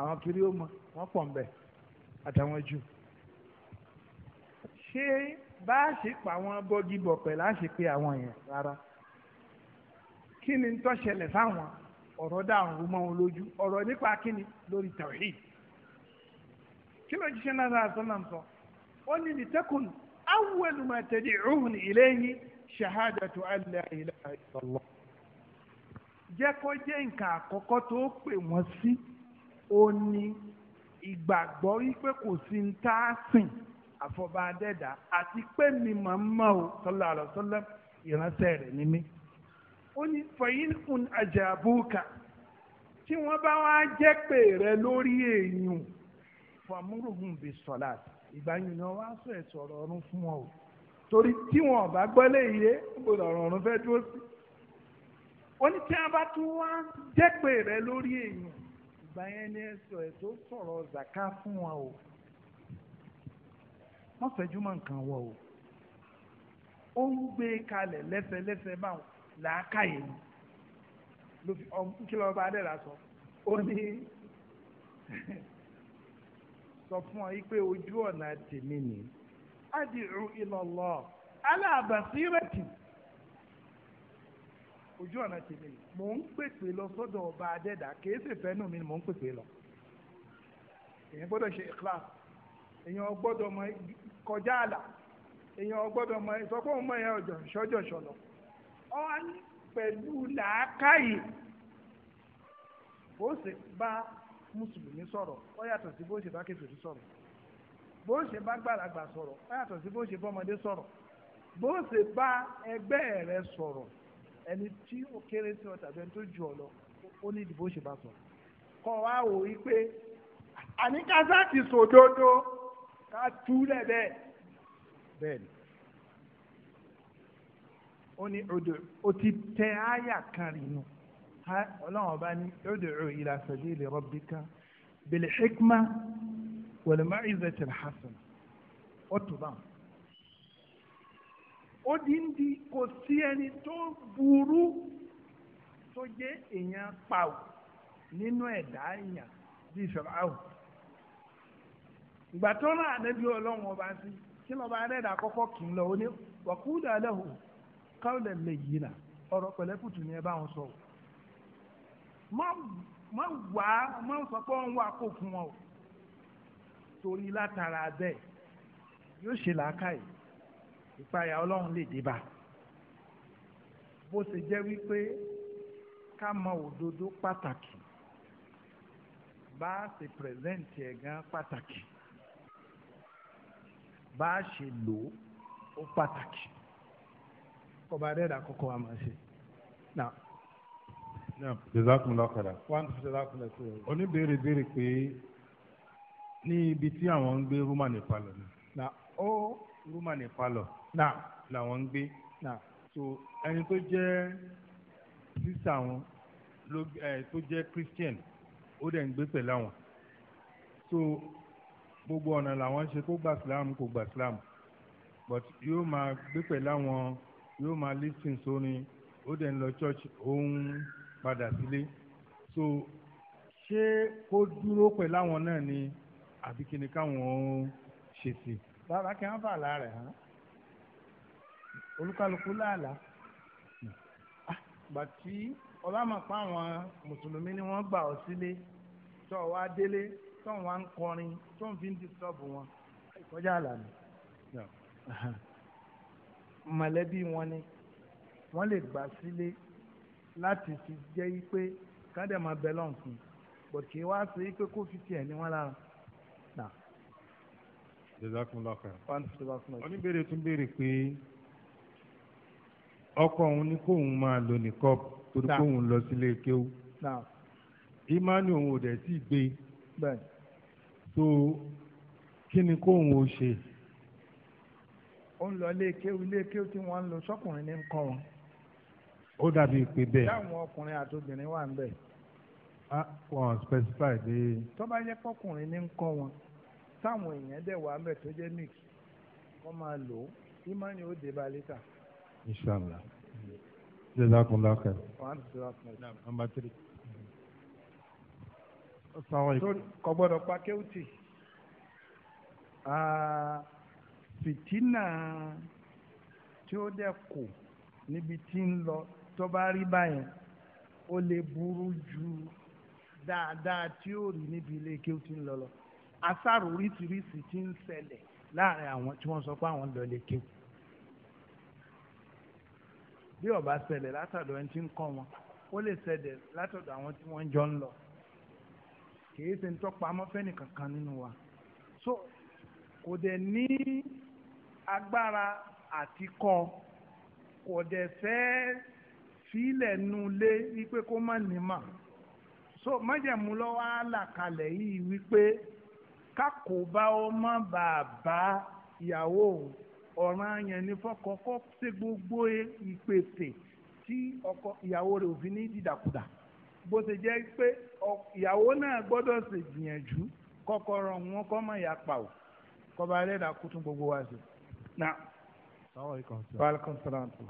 àwọn kiri ó mọ pọ̀ nbẹ àtàwọn jù ṣé bá a ṣe pa àwọn bọ́gí bọ̀pẹ̀ láṣẹ pé àwọn yẹn rárá kí ni tó ṣẹlẹ̀ sáwọn ọ̀rọ̀ dàrú mọ́ wọn lójú ọ̀rọ̀ nípa kíni lórí kí ló náà sọ ó ní ma tad'uhum ilayhi shahadatu an la ilaha illallah jẹ́ jẹ́ nǹkan àkọ́kọ́ tó pè wọ́n sí. ó ní ìgbàgbọ́ wípé kò sí ń tá a sìn àfọba adẹ́dà àti pé mi máa ń mọ̀ ọ́ sallallahu alaihi wasallam ìránṣẹ́ rẹ̀ ní mí. ó ní fẹ̀yìn un àjàbùkà tí wọ́n bá wá jẹ́ pé rẹ lórí èèyàn fàmúrùhùn bí sọ̀lá ìgbàyìn náà wá sọ ẹ̀sọ̀ ọ̀rọ̀ fún wọn torí tí wọn ò bá gbọ́ léyìí ó ọ̀rọ̀ fẹ́ dúró sí. ó ní tí a bá tún wá jẹ́ pé rẹ lórí èèyàn banyere yẹn ni ẹsọ tó zaka fún wọn o wọn fẹjú mọ́ nǹkan o ó ń gbé kalẹ̀ lẹ́sẹlẹ́sẹ báwọn làákàyè ni ló fi sọ ó ní sọ fún ọ yìí pé ojú ọ̀nà tèmi ojú ọ̀nà tèmi mò ń pèpè lọ sọ́dọ̀ ọba adẹ́dà kìí sì fẹ́nu mi mò ń pèpè lọ. èèyàn gbọ́dọ̀ ṣe ikhlas èèyàn gbọ́dọ̀ mọ kọjá àlà èèyàn gbọ́dọ̀ mọ ìsọkóhùn mọ èèyàn ọ̀jọ̀ ṣọ́jọ̀ ṣọ̀lọ̀ ọ́n pẹ̀lú làákàyè bó ṣe bá mùsùlùmí sọ̀rọ̀ ó yàtọ̀ sí bó ṣe bá kèfèrí sọ̀rọ̀ bó ṣe bá gbàlagbà sọ̀rọ̀ ó yàtọ̀ sí bó ṣe bọ́mọdé sọ̀rọ̀ bó ṣe bá ẹgbẹ́ rẹ sọ̀rọ̀ ẹni tí ó kéré sí ọ tàbí ẹni tó jù ọ lọ ó ní ìdìbò ṣe bá sọ kọ́ wa wò yí pé àní kásá ti sòdodo ká túlẹ̀ bẹ́ẹ̀ bẹ́ẹ̀ ni ó ní odò ó ti tẹ àyà kan rìnnú ọlọ́run ọba ní odò ila sabili rabbika bil hikma wal ma'izati al hasana ó tó báwọn ó di ń di kò sí ẹni tó burú tó jẹ́ èèyàn pàwò nínú ẹ̀dá èèyàn bíi fìràwò ìgbà tó náà ànábi ọlọ́run ọba sí kí lọ́ba adẹ́dà kọ́kọ́ kì í lọ ó ní wàkúùdà lẹ́hùn káwọlẹ̀ lè yí nà ọ̀rọ̀ pẹ̀lẹ́kùtù ni ẹ bá wọn sọ̀rọ̀ má wà á má sọ pé wọn wà kó fún wọn o torí látara bẹ́ẹ̀ yóò ṣe làákàyè ìpayà ọlọ́run lè dé bá bó ṣe jẹ́ wípé ká mọ òdodo pàtàkì bá a ṣe pẹ̀sẹ̀ǹtì ẹ̀ gan pàtàkì bá a ṣe lò ó pàtàkì ọba adẹ́dà kọ́kọ́ wa máa ṣe. jazakumullahu khairan. wọ́n ti jazakumullahu khairan. oníbèrè béèrè pé ní ibi tí àwọn ń gbé rúmà nípa lọ ó rúmà nípa lọ náà làwọn ń gbé náà so ẹni tó jẹ́ sísà wọn ló ẹ tó jẹ́ christian ó dẹ̀ ń gbé pẹ̀lú àwọn so gbogbo ọ̀nà làwọn ṣe kó gba islam kó gba islam but yóò máa gbé pẹ̀lú àwọn yóò máa listen sórin ó dẹ̀ ń lọ church ó ń padà sílé so ṣé kó dúró pẹ̀lú àwọn náà ni àbí kí ni káwọn ó ṣe sí. bàbá kí wọ́n fà lára ẹ̀ hàn olúkálukú láàlá ah, gbàtí ọba mọ̀ pé àwọn mùsùlùmí ni wọ́n gbà ọ́ sílé tó ọ wá délé tó ń wá ń kọrin tó ń fi ń disọ́ọ̀bù wọn ìkọjá àlà ni mọ̀lẹ́bí wọn ni wọ́n lè gbà sílé láti fi jẹ́ pé kádẹ́ máa bẹ lọ́n fún wá sí pé kó fi tiẹ̀ ní wọn lára. jazakumullahu oníbèrè tún béèrè pé ọkọ òun ní kóun máa lò nìkọ torí kóun lọ sílé kéwú imani òun ò dẹ̀ tí gbé so kí ni kóun ó ṣe. ó ń lọ ilé kéwú ilé kéwú tí wọ́n ń lọ sọ́kùnrin ní kọ́ wọn. ó dàbí pé bẹ́ẹ̀. táwọn ọkùnrin àti obìnrin wà ń bẹ̀. wọn specify dé. tó bá yẹ kọkùnrin ní kọ́ wọn táwọn èèyàn dẹ̀ wà ń bẹ̀ tó jẹ́ mix wọ́n máa lò ó imani ó dé ba lẹ́tà inshallah jazakumullah khair. number three. kò gbọ́dọ̀ pa kéwùtì ah, fìtínà tí ó dẹ̀ kù níbi tí ń lọ tó bá rí báyẹn ó lè burú ju dáadáa tí ó rí níbi ilé kéwùtì ń lọ lọ àṣàrò oríṣiríṣi tí ń ṣẹlẹ̀ láàrin àwọn tí wọ́n sọ pé àwọn lọ lè kéwù bí ó bá ṣẹlẹ̀ látọ̀dọ̀ ẹni tí ń kọ́ wọn ó lè ṣẹlẹ̀ látọ̀dọ̀ àwọn tí wọ́n jọ ń lọ kìí ṣe ń tọ́pa amọ́fẹ́nì kankan nínú wa so kò dẹ̀ ní agbára àti kọ́ kò dẹ̀ fẹ́ fílẹ̀ nu lé wípé kó má ní mà so májẹ̀mú lọ́wọ́ á là kalẹ̀ yìí wípé kákòóbá ó má bàa bá ìyàwó òun ọ̀ràn yẹn ni fọkọ̀ọ́kọ́ ṣe gbogbo ìpèsè tí ọkọ ìyàwó rẹ̀ òfin ní dìdàkudà bó ṣe jẹ́ pé ìyàwó náà gbọ́dọ̀ ṣe gbìyànjú kọ́kọ́rọ́ wọn kọ́ mọ̀ ìyá pa ò kọ́ba ẹlẹ́dàá kú tún gbogbo wa ṣe. na welcome salam to.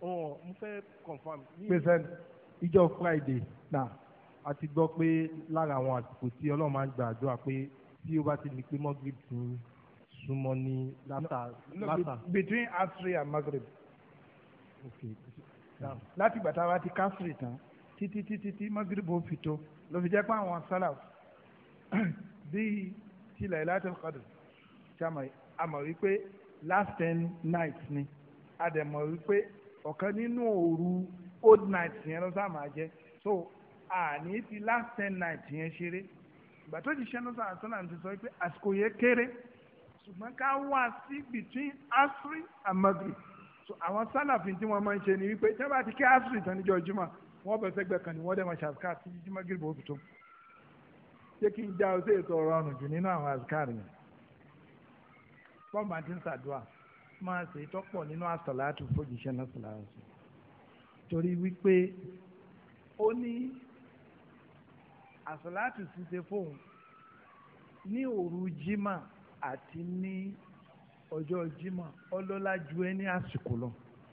ọ mo fẹ́ confam. pèsè ìjọ friday na a ti gbọ́ pé lára àwọn àsìkò tí ọlọ́run máa ń gbàdúrà pé tí ó bá ti di pé mọ́gìrì tún súnmọ́ ní látà. no between asri and maghreb. láti gbàtà wa ti kásìrì tán títí títí tí maghreb ó fi tó ló fi jẹ́ pé àwọn salaf bíi tilẹ̀ láti kọ́dù àmọ̀ wípé last ten nights ni àdẹ̀mọ̀ wípé ọ̀kan nínú òru old night yẹn ló sáà máa jẹ́ so àní ti last ten nights yẹn ṣeré ìgbà tó ti ṣe ló sáà sọ́nà ti sọ pé àsìkò yẹn kéré ṣùgbọ́n ká wá sí between asri and maghrib so àwọn sálàfin tí wọ́n máa ń ṣe ni wípé tí wọ́n bá ti kí asri tán níjọ́ jimá wọ́n bẹ̀ sẹ́gbẹ̀ kan ní wọ́n dẹ̀ máa ṣàfikà sí jimá gírígbó òbí tó ṣé kí n já ọ sí ètò ọ̀rọ̀ ọ̀run jù nínú àwọn àzikárì yẹn pọ́ǹbà ti ń ṣàdúrà máa ṣe ìtọ́pọ̀ nínú àsàlátù fòjìṣẹ́ náà sàlátù torí wípé ó ní àsàlátù ṣiṣẹ́ fóun ní òru jimá àti ní ọjọ́ Jímọ̀ ọlọ́lá ju ẹ àsìkò lọ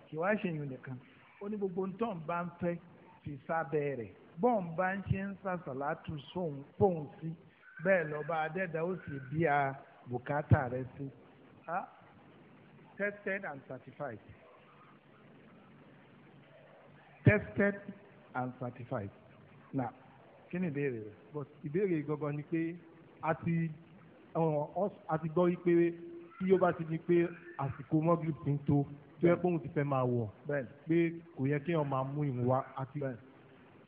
kì wá ṣèyàn nìkan ó ní gbogbo ń bá ń fẹ́ fi sábẹ́ rẹ̀ bọ́ọ̀n bá ń ṣe ń sàṣàlátù sóun pòun sí bẹ́ẹ̀ lọ́ba adẹ́dàá ó sì bí a bùkátà rẹ̀ sí tested and certified tested and certified na kí ni ìbéèrè rẹ but ìbéèrè gangan ni pé a ti àti gbọ́ wípé tí yóò bá ti di pé àsìkò mọ́gìlì ti ń tó tó yẹ kóun ti fẹ́ máa wọ̀ pé kò yẹ kéèyàn máa mú ìmú wa àti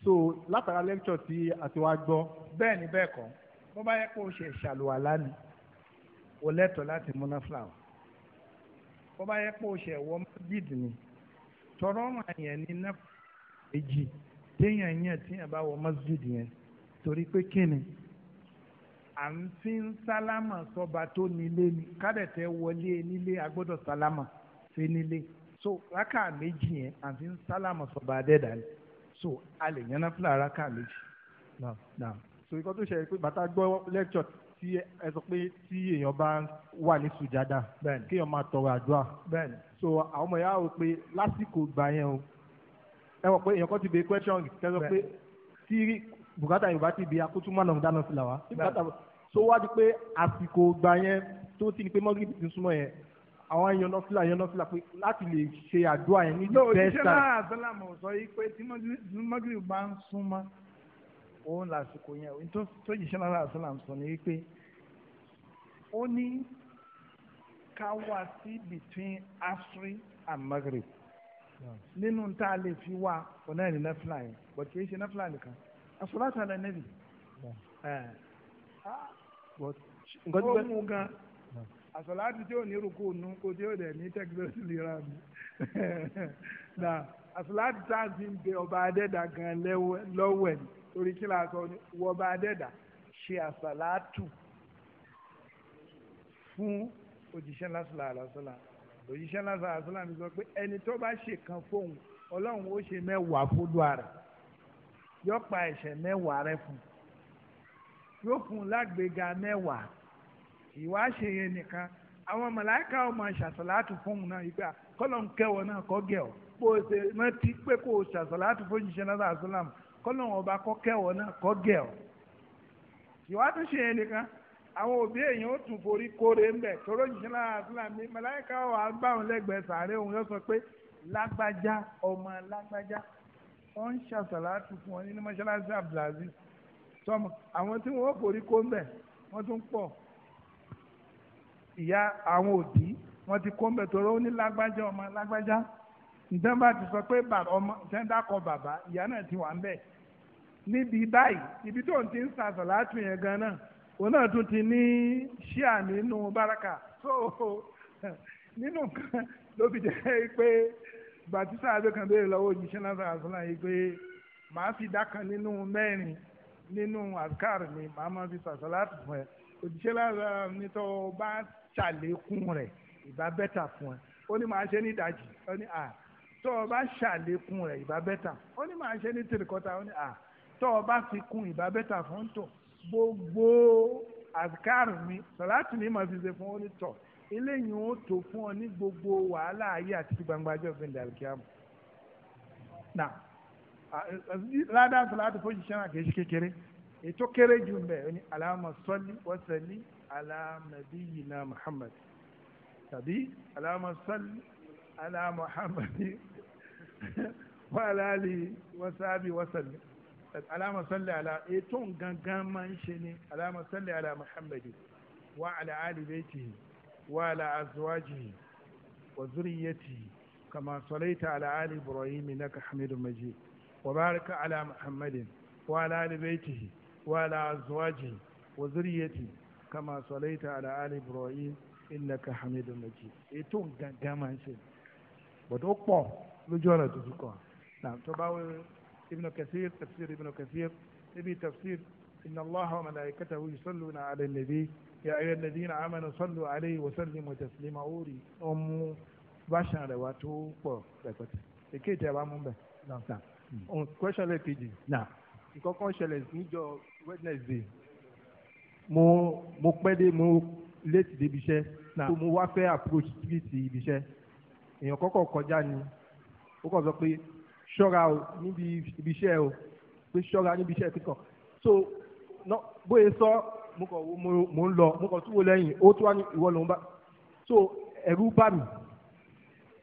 so látara lẹ́kítọ̀ tí a ti wá gbọ́. bẹ́ẹ̀ ni bẹ́ẹ̀ kọ́ bó bá yẹ kó o ṣe ṣàlùwàlá ni o lẹ́tọ̀ọ́ láti múná fúláwà bó bá yẹ pé o ṣe wọ masjid ni tọrọ ọrùn àyàn ní náà èjì téèyàn yẹn téèyàn bá wọ masjid yẹn torí pé kíni à ń fi ń sálámà sọba tó nílé ni kádẹ̀tẹ̀ wọlé nílé agbọ́dọ̀ sálámà sí nílé so raka méjì yẹn à ń fi ń sálámà sọba adẹ́dà ni so a lè yànnà fúlà rákà méjì. so nǹkan tó ṣẹlẹ̀ pé bàtà gbọ́ lẹ́kṣọ̀ tí ẹ sọ pé tí èèyàn bá wà ní sùjádà kéèyàn máa tọrọ àdúrà so àwọn ọmọ yàrá rò pé lásìkò gbà yẹn o ẹ wọ pé èèyàn kan ti bèè question tẹ pé bùkátà yorùbá ti bi akutumanu dáná sílá wa bùkátà so wá di pé àsìkò gbà yẹn tó ti ni pé mọ́gìrì ti súnmọ́ yẹn àwọn èèyàn nọ́fìlà èèyàn nọ́fìlà pé láti lè ṣe àdúrà yẹn ní the best time. òṣìṣẹ́ àbẹ́làmọ̀ sọ yìí pé tí mọ́gìrì bá ń súnmọ́ òun làsìkò yẹn òun tó yìí ṣẹlẹ̀ àbẹ́làmọ̀ sọ ni wípé ó ní ká wá sí between asri and maghrib nínú tá a lè fi wá ọ̀nà ìrìn nọ́fìlà yẹn bọ̀ kì í ṣe nọ́fìlà nìkan àfọlátà náà nẹ́bì ó mú gan àsọláàtì tí ò ní rúkú nù kó tí ò dẹ̀ ní tẹ́kílẹ́sì lera mi na àsọláàtì tá a ti ń bẹ ọba adẹ́dà gan lọ́wọ́ ẹ̀ torí kí la sọ wọ ọba adẹ́dà ṣe àsọláàtù fún òjíṣẹ́ lásìlá àlásọ́là òjíṣẹ́ lásìlá àlásọ́là mi sọ pé ẹni tó bá ṣe kan fóun ọlọ́run ó ṣe mẹ́wàá fún dùn yóò pa ẹ̀ṣẹ̀ mẹ́wàá rẹ fún yóò fún lágbèga mẹ́wàá ìwà ṣe yẹn nìkan àwọn màláìka ọmọ ṣàṣàlátù fún un náà ìgbà kọlọ́n kẹwọ́ náà kọ́ gẹ̀ ọ́ bó o ṣe rántí pé kó o ṣàṣàlátù fún jíṣẹ́ náà àṣàlámù kọlọ́n ọba kọ́ kẹwọ́ náà kọ́ gẹ̀ ọ́ ìwà tún ṣe yẹn nìkan àwọn òbí èèyàn ó tún forí kóore ń tóró jíṣẹ́ náà àṣàlámù màláìka ọ̀ àgbà lẹ́gbẹ̀ẹ́ sàárẹ̀ òun yóò sọ pé lágbájá ọmọ lágbájá wọ́n ń ṣàṣàlátù fún wọn nínú mọ́ṣáláṣí abdulaziz sọmọ àwọn tí wọ́n forí kó ń bẹ̀ wọ́n tún pọ̀ ìyá àwọn òbí wọ́n ti kó ń bẹ̀ torí ó ní lágbájá ọmọ lágbájá ǹjẹ́ bá ti sọ pé ọmọ sẹ́ńdá kọ bàbá ìyá náà ti wà ń bẹ̀ níbi báyìí ibi tó ń ti ń ṣàṣàlátù yẹn gan náà òun náà tún ti ní ṣíà nínú báraka so nínú nǹkan ló fi jẹ́ pé gbàtí sáàbẹ kan béèrè lọ́wọ́ òjíṣẹ́ lásán àṣọlá yìí pé màá fi dá kan nínú mẹ́rin nínú azkar mi màá máa fi sàṣọláàtì fún ẹ òjíṣẹ́ lásán nítọ bá ṣàlékún rẹ ìbá bẹta fún ẹ ó ní màá ṣe ní ìdajì ó ní à tọ ọ bá ṣàlékún rẹ ìbá bẹta ó ní màá ṣe ní tìrìkọta ó ní à tọ ọ bá fi kún ìbá bẹta fún tọ gbogbo azkar mi sàlátì mi màá fi ṣe fún ó ní tọ eléyìí ó tó fún ọ ní gbogbo wàhálà ayé àti gbangba ajọ́ ìfẹ́ ìdàlùkíyàmù nà ládàá sọlá àti fojìṣẹ́ náà kìí ṣe kékeré ètò kéré jù ń bẹ̀ ọ ní aláàmà sọ́lí wọ́sẹ̀lí aláàmà bíyì náà Muhammad tàbí aláàmà sọ́lí aláàmà Muhammad wàhálà àlè wọ́sàbí wọ́sẹ̀lí alama salli ala eton gangan ma ń ṣe ni alama salli ala Muhammad, wa ala ali baitihi وعلى أزواجه وذريته كما صليت على آل إبراهيم إنك حميد مجيد وبارك على محمد وعلى آل بيته وعلى أزواجه وذريته كما صليت على آل إبراهيم إنك حميد مجيد إتون جامان سين بدو قو لجولة تذكر نعم تباوي ابن كثير تفسير ابن كثير ابي تفسير إن الله وملائكته يصلون على النبي يا أيها الذين آمنوا صلوا عليه وسلموا تسليما أوري أم باشا رواتو بو ركوتي èké tẹ wàá mú bẹ. question le kejì. ìkọ́kọ́ ṣẹlẹ̀ níjọ́ wednesday mo mo pẹ́ dé mo late débi iṣẹ́ tó mo wá fẹ́ approach street ibi iṣẹ́ èèyàn kọ́kọ́ kọjá ni ó kàn sọ pé ṣọ́ra o níbi ibi iṣẹ́ o pé ṣọ́ra níbi iṣẹ́ kíkan so bóyá sọ mo kàn wo mo ń lọ mo kàn túwò lẹ́yìn ó tún wá ní ìwọ lòún bá so ẹ̀rú bá mi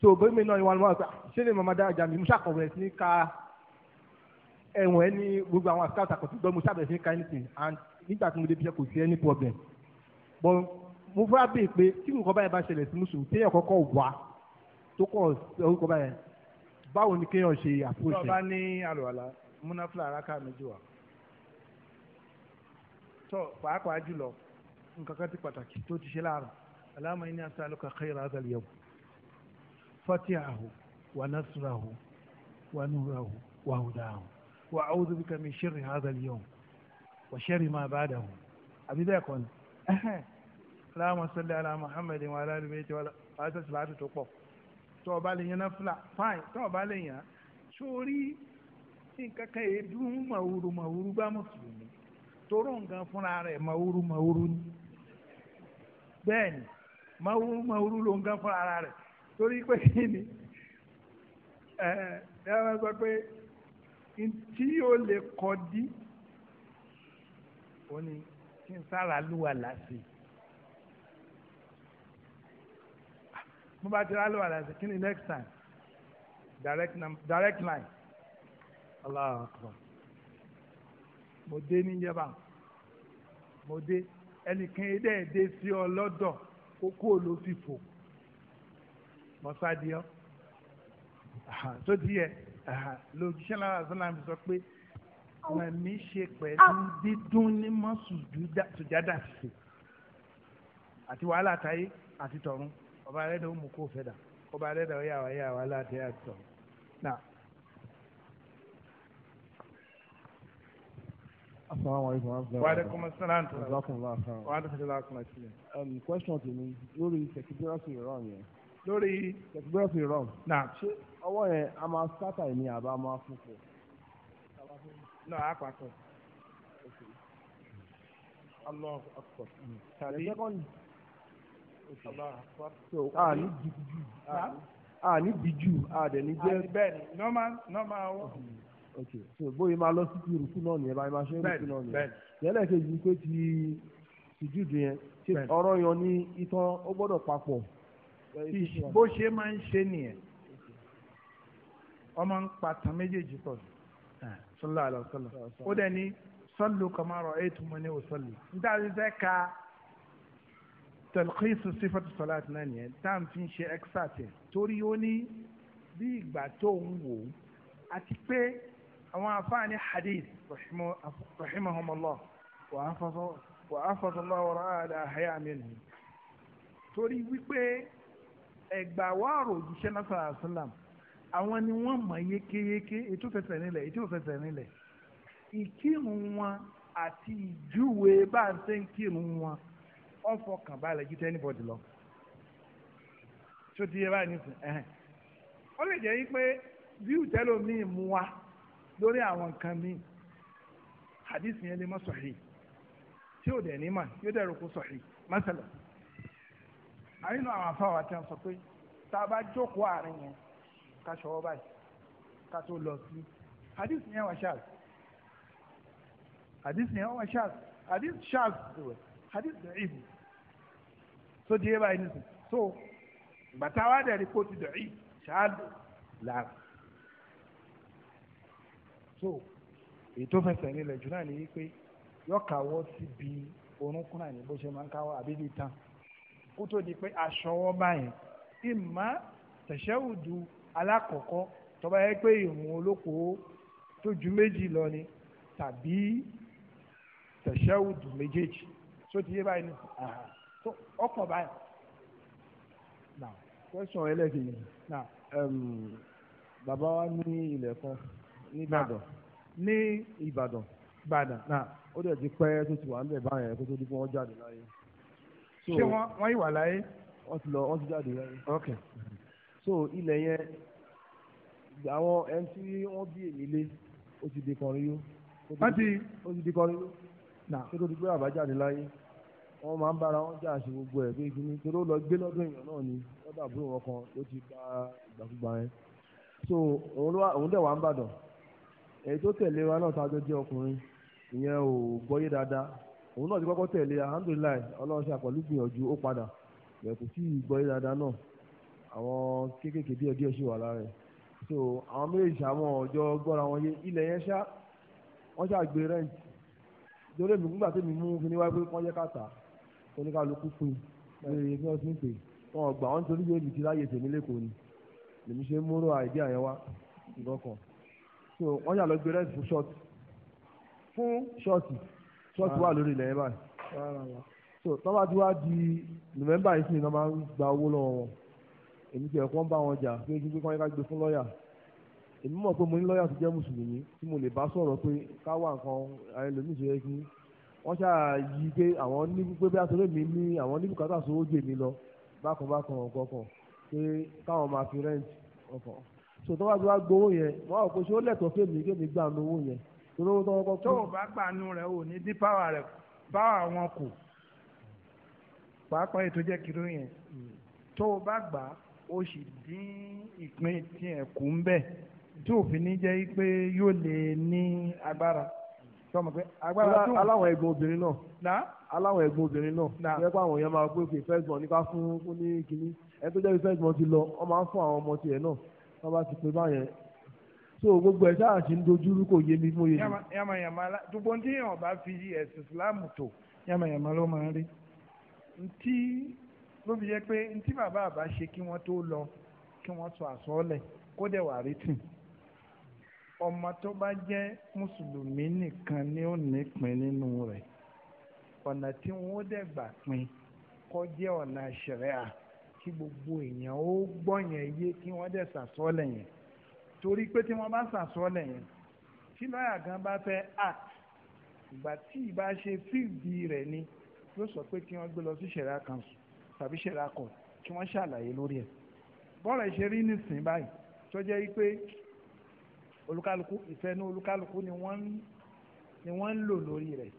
so bẹ́ẹ̀mi náà ni wọn wá pé ṣé lè mọ̀mọ́ dára jà mí mo ṣàkọ̀wé sí ká ẹ̀wọ̀n ẹni gbogbo àwọn àkáǹtì àkọ́tù gbọ́ mo ṣàbẹ̀ sí ká anything and nígbà tí mo dé bíṣẹ́ kò sí any problem but mo fẹ́ bèè pé tí nǹkan báyìí bá ṣẹlẹ̀ sí mùsùlùmí téèyàn kọ́kọ́ wà tó kọ̀ orúkọ báyìí báwo ni kéèyàn ṣe àpòṣe. tó o bá ní àlùwàlà múnáfíà araka méjì wà tọ́ pàápàá jùlọ nǹkan kan ti pàtàkì tó ti ṣe láàrọ̀ aláàmọ̀ iná sálùkà khayra hadha al-yawm fatihahu wa nasrahu wa nurahu wa hudahu wa a'udhu bika min sharri hadha al-yawm wa sharri ma ba'dahu àbí bẹ́ẹ̀ kọ́ ni aláàmọ̀ sọ́lẹ̀ ala Muhammadin wa ala alihi wa sọ́lẹ̀ láti tó pọ̀ tọ́ ọba lè yan fúlà fáìn tọ́ ọba lè yan sórí nǹkan kan èédú màwúrú màwúrú bá mùsùlùmí toró nǹkan fúnra rẹ̀ màwúrú màwúrú ni bẹ́ẹ̀ ni màwúrú màwúrú ló ń gan fúnra rẹ̀ torí pé kí ni ẹ ẹ ẹ sọ pé tí yóò lè kọ́ dí ó ní kí n sára lúwa láti mo bá ti rá lúwa láti kí ni next time direct, direct line. Allah akbar mo dé níjẹba mo dé ẹnìkan dẹ̀ dé sí ọ lọ́dọ̀ kókó ló fi fò mọ́sádìọ́ tó di yẹ lòjíṣẹ́ lára sọ́nà mi sọ pé wọn mi ṣe pẹ̀lú dídún ní mọ́ sùjádà ṣe àti wàhálà táyé àti tọ̀run ọba rẹ̀ ló mú kó fẹ́ dà ọba rẹ̀ ló yà wá yà wá láti ẹ̀ náà. asalaamualeykum waaleykum asalaam jazakumullah khairan waaleykum asalaam um question ti mi lórí sẹkibirasi iran yẹn. lórí sẹkibirasi iran. na ṣé ọwọ́ yẹn a máa sátà ní àbá máa fún pọ̀. no àpapọ̀. allah akbar. tàbí allah akbar. so a ní biju a ní biju a dẹ̀ ní jẹ́. bẹ́ẹ̀ ni normal normal ok so bóyá máa lọ sí ti rùkú náà nìyẹn báyìí máa ṣe rùkú náà nìyẹn yẹlẹ kejì pé ti sùjúdù yẹn ṣe ọ̀rọ̀ yan ní itan ó gbọ́dọ̀ papọ̀. bó ṣe máa ń ṣe nìyẹn ọmọ ń pa tán méjèèjì pọ̀ ah. sallallahu alaihi wasallam ó dẹ̀ ní sallu kama ra'aytumuni usalli níta ti fẹ́ ka talkhis sifatu salat náà nìyẹn tá à ń fi ṣe ẹ́ksáàtì torí ó ní bí ìgbà tó ń wò àti pé àwọn afáàní hadith rahimahumallah wà á fọsọlá ọ̀rọ̀ àdá àhẹ́yà mẹ́rin torí wípé ẹgbà wàrò òjíṣẹ́ lásán àṣìlám àwọn ni wọ́n mọ̀ yékéyéké ètò fẹsẹ̀ nílẹ̀ ètò fẹsẹ̀ nílẹ̀ ìkírun wọn àti ìjúwe bá ń ṣe ń kírun wọn wọ́n fọkàn balẹ̀ ju tẹ́nibọ̀dì lọ tó di ẹ báyìí nìsín ẹ̀hẹ́n lè jẹ́ wípé bíi tẹ́lómi mú wa lórí àwọn nǹkan mi hadith yẹn lè má sahih tí ò dẹ̀ ní mà yóò dẹ̀ rúkú sahih masala àyìn náà àwọn afáwà tí wọn sọ pé tá a bá jókòó àárín yẹn ká ṣọwọ́ báyìí ká tó lọ sí hadith yẹn wà ṣáàz hadith yẹn wà ṣáàz hadith ṣáàz rẹ hadith da'if tó di ẹ báyìí nìsín so gbàtà wa dẹ̀ rí kó ti da'if ṣáàz lára so èyí tó fẹsẹ̀ nílẹ̀ jù náà nìyí pé yọkàwọ́ síbi orúnkún náà ní bó ṣe máa ń káwọ́ àbí bíi tán kó tó di pé aṣọwọ́ báyìí ìmọ̀ tẹ̀sẹ̀wùdù alákọ̀ọ́kọ́ tọ́ba yẹ pé ìrùn olóko tó ju méjì lọ ni tàbí tẹ̀sẹ̀wùdù méjèèjì tó ti yé báyìí nù tó ọkọ̀ báyìí. now question um, bàbá wa ní ilẹ̀ kan ní Ìbàdàn ní Ìbàdàn Ìbàdàn náà ó dẹ̀ ti pẹ́ tó ti wà ń bẹ̀ báyẹn kó tó di fún wọn jáde láyé. ṣé wọ́n wọ́n yìí wà láyé. wọ́n ti lọ wọ́n ti jáde láyé. ok so ilẹ̀ yẹn àwọn ẹni tí wọ́n bí èmi lé ó ti di kọrin yó. wọ́n ó ti di kọrin yó. náà kó tó di pé àbájáde láyé wọ́n máa ń bára wọn jà ṣe gbogbo ẹ̀ pé kí ni torí ó lọ gbé lọ́dún èèyàn náà ni wọ́n dàbúrò wọn kan ló ti gba ìgbàkúgbà yẹn so òun dẹ̀ wà ń bàdàn èyí tó tẹ̀lé wa náà sáájú jẹ́ ọkùnrin ìyẹn ò gbọ́yé dáadáa òun náà ti kọ́kọ́ tẹ̀lé alhamdulilayi ọlọ́run ṣe àpọ̀lú gbìyànjú ó padà bẹ̀rẹ̀ kò sí ìgbọ́yé dáadáa náà àwọn kéékèèké díẹ̀ díẹ̀ ṣì wà lára ẹ̀ so àwọn méjèèjì àwọn ọ̀jọ́ gbọ́ra wọn yé ilẹ̀ yẹn ṣá wọ́n ṣáà gbé rent torí èmi nígbà tèmi mú fi níwájú pé wọ́n yẹ ká tà oníkàlùkù pin lórí iye tí wọ́n ti ń pè wọn gbà wọ́n torí yóò lùtí láyè tèmi lẹ́kọ̀ọ́ ni lèmi ṣe ń múrò àìdí àyẹ̀wá ìgbọ́kàn so wọ́n yà lọ gbé rẹ́sì fún ṣọ́ọ̀tì fún ṣọ́ọ̀tì ṣọ́ọ̀tì wà lórí ilẹ̀ yẹn báyìí so tọ́ba tí wàá di nùmẹ́mbà yìí sì ni wọ́n máa ń gba owó lọ́wọ́ wọn èmi tiẹ̀ kọ́ ń bá wọn jà pé kí n kọ́ ká gbé fún lọ́ọ̀yà èmi mọ̀ pé mo ní lọ́ọ̀yà tó jẹ́ mùsùlùmí tí mo lè bá sọ̀rọ̀ pé ká wà nǹkan ẹlòmíì tó yẹ kí wọ́n ṣáà pé àwọn ní pé bí atọ́lé mi ní àwọn ní bùkátà sówó jè mí lọ bákan bákan ọ̀kọ̀ọ̀kan pé káwọn máa fi rẹ́ǹtì ọkàn so tó wá ti wá gbowó yẹn wọn ò kó ṣe ó lẹ́tọ̀ọ́ fèmí kémi gbà nu owó yẹn lóró tó kọ́kọ́ kú. tó o bá gbàánu rẹ o ní dín páwà rẹ páwà wọn kù pàápàá ètò jẹ́ kiri yẹn tó o bá gbà o sì dín ìpín tiẹ̀ kù ń bẹ̀ tí òfin ní jẹ́ pé yóò lè ní agbára sọmọ pé agbára tó. aláwọ̀ ẹ̀gbọ́n obìnrin náà. na aláwọ̀ ẹ̀gbọ́n obìnrin náà. na ìyẹn pé àwọn èèyàn máa gbé òkè first born nípa fún fún ní kínní ẹni tó jẹ́ bí first born ti lọ wọ́n máa ń fún àwọn ọmọ tiẹ̀ náà wọ́n bá ti pè báyẹn so gbogbo ẹ̀ sáà ti ń dojúrú kò yé mi mo yé mi. yamayama dùgbò tí èèyàn bá fi ẹ̀sìn Islam tó yamayama ló máa ń rí ntí ló fi jẹ́ pé ntí bàbá àbá ṣe kí wọ́n tó lọ kí wọ́n sọ àsọ́ọ́lẹ̀ kó dẹ̀ wà rí tì ọmọ tó bá jẹ́ mùsùlùmí nìkan ni ó nípìn nínú rẹ̀ ọ̀nà tí wọ́n dẹ̀ gbà pin kó jẹ́ ọ̀nà ṣẹ̀rẹ́ kí gbogbo èèyàn ó gbọ́ yẹn yé kí wọ́n dẹ̀ sàsọ́ọ̀lẹ̀ yẹn torí pé tí wọ́n bá sàsọ́ọ̀lẹ̀ yẹn tí lọ́ọ̀yà gan bá fẹ́ act ìgbà tí ìbá ṣe fíìdì rẹ̀ ni yóò sọ pé kí wọ́n gbé lọ sí ṣẹ̀rá kanṣu tàbí ṣẹ̀rá kọ̀ kí wọ́n ṣàlàyé lórí ẹ̀ bọ́ọ̀lù ṣe rí nísìnyí báyìí tó jẹ́ pé olúkálukú ìfẹ́nu olúkálukú ni wọ́n ni wọ́n ń lò lórí rẹ̀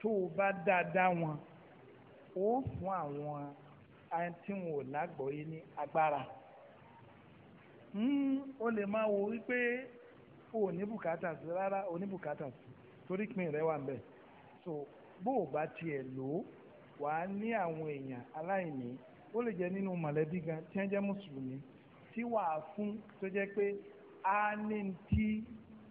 tó o bá dáadáa wọn ó fún àwọn àti wọn ò lágbọ̀ọ́yé ní agbára hmm, o lè máa wo wípé o ò ní bùkátà sí rárá o ní bùkátà sí torí pin rẹ wà ń bẹ so bó o bá tiẹ̀ lò ó wà á ní àwọn èèyàn aláìní ó lè jẹ́ nínú mọ̀lẹ́bí gan tí wọ́n jẹ́ mùsùlùmí tí wà á fún tó jẹ́ pé a ní tí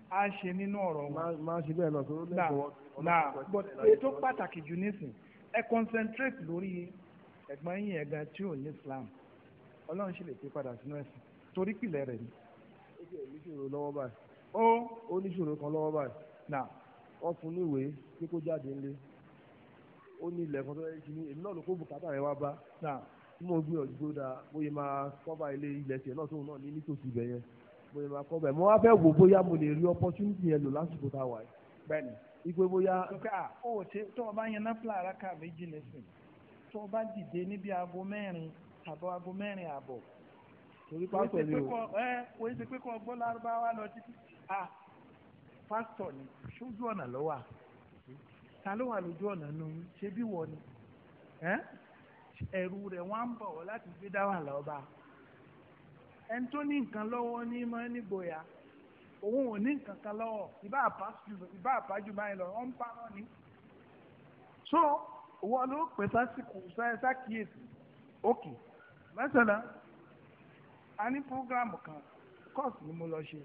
a ṣe nínú ọ̀rọ̀ wọn. máa ṣe bẹ́ẹ̀ lọ sórí lẹ́kọ̀ọ́. na na but ètò pàtàkì jù nísìn ẹ concentrate lórí ẹ̀gbọ́n yín yẹn gan tí ò ní Islam ọlọ́run ṣe lè pé padà sínú ẹ̀sìn torí ni ó ti ẹ̀ níṣòro na báyìí ó ó kan lọ́wọ́ báyìí nà wọ́n fún ní ìwé pé kó jáde ńlé ó ní ilẹ̀ èmi náà ló kó bùkátà wá bá tí mo dáa bóyá máa kọ́ba ilé ilẹ̀ tiẹ̀ náà náà ní nítòsí ibẹ̀ yẹn bóyá máa kọ́ba ẹ̀ mo wá fẹ́ wò a wà yìí. tó bá dìde níbi aago mẹ́rin àbọ̀ aago mẹ́rin àbọ̀ torí pásítọ̀ ni o ẹ wọ́n ṣe pé kọ́ ọgbọ́n lárúbáwá lọ títí à pásítọ̀ ni ṣojú ọ̀nà ló wà ta ló wà lójú ọ̀nà nù ṣé bí wọ ni ẹ̀rù rẹ̀ wọ́n á ń bọ̀ wọ́ láti gbé dáwà lọ́ba ẹni tó ní nǹkan lọ́wọ́ ní máa ní gboyà òun ò ní nǹkan kan lọ́wọ́ ìbá àpájù báyìí lọ ọ́n ń parọ́ ni. so wọ́n ló pè sásìkò sákìyèsí òkè mẹ́sàn-án a ní prógrámù kan kọ́ọ̀sì ni mo lọ ṣe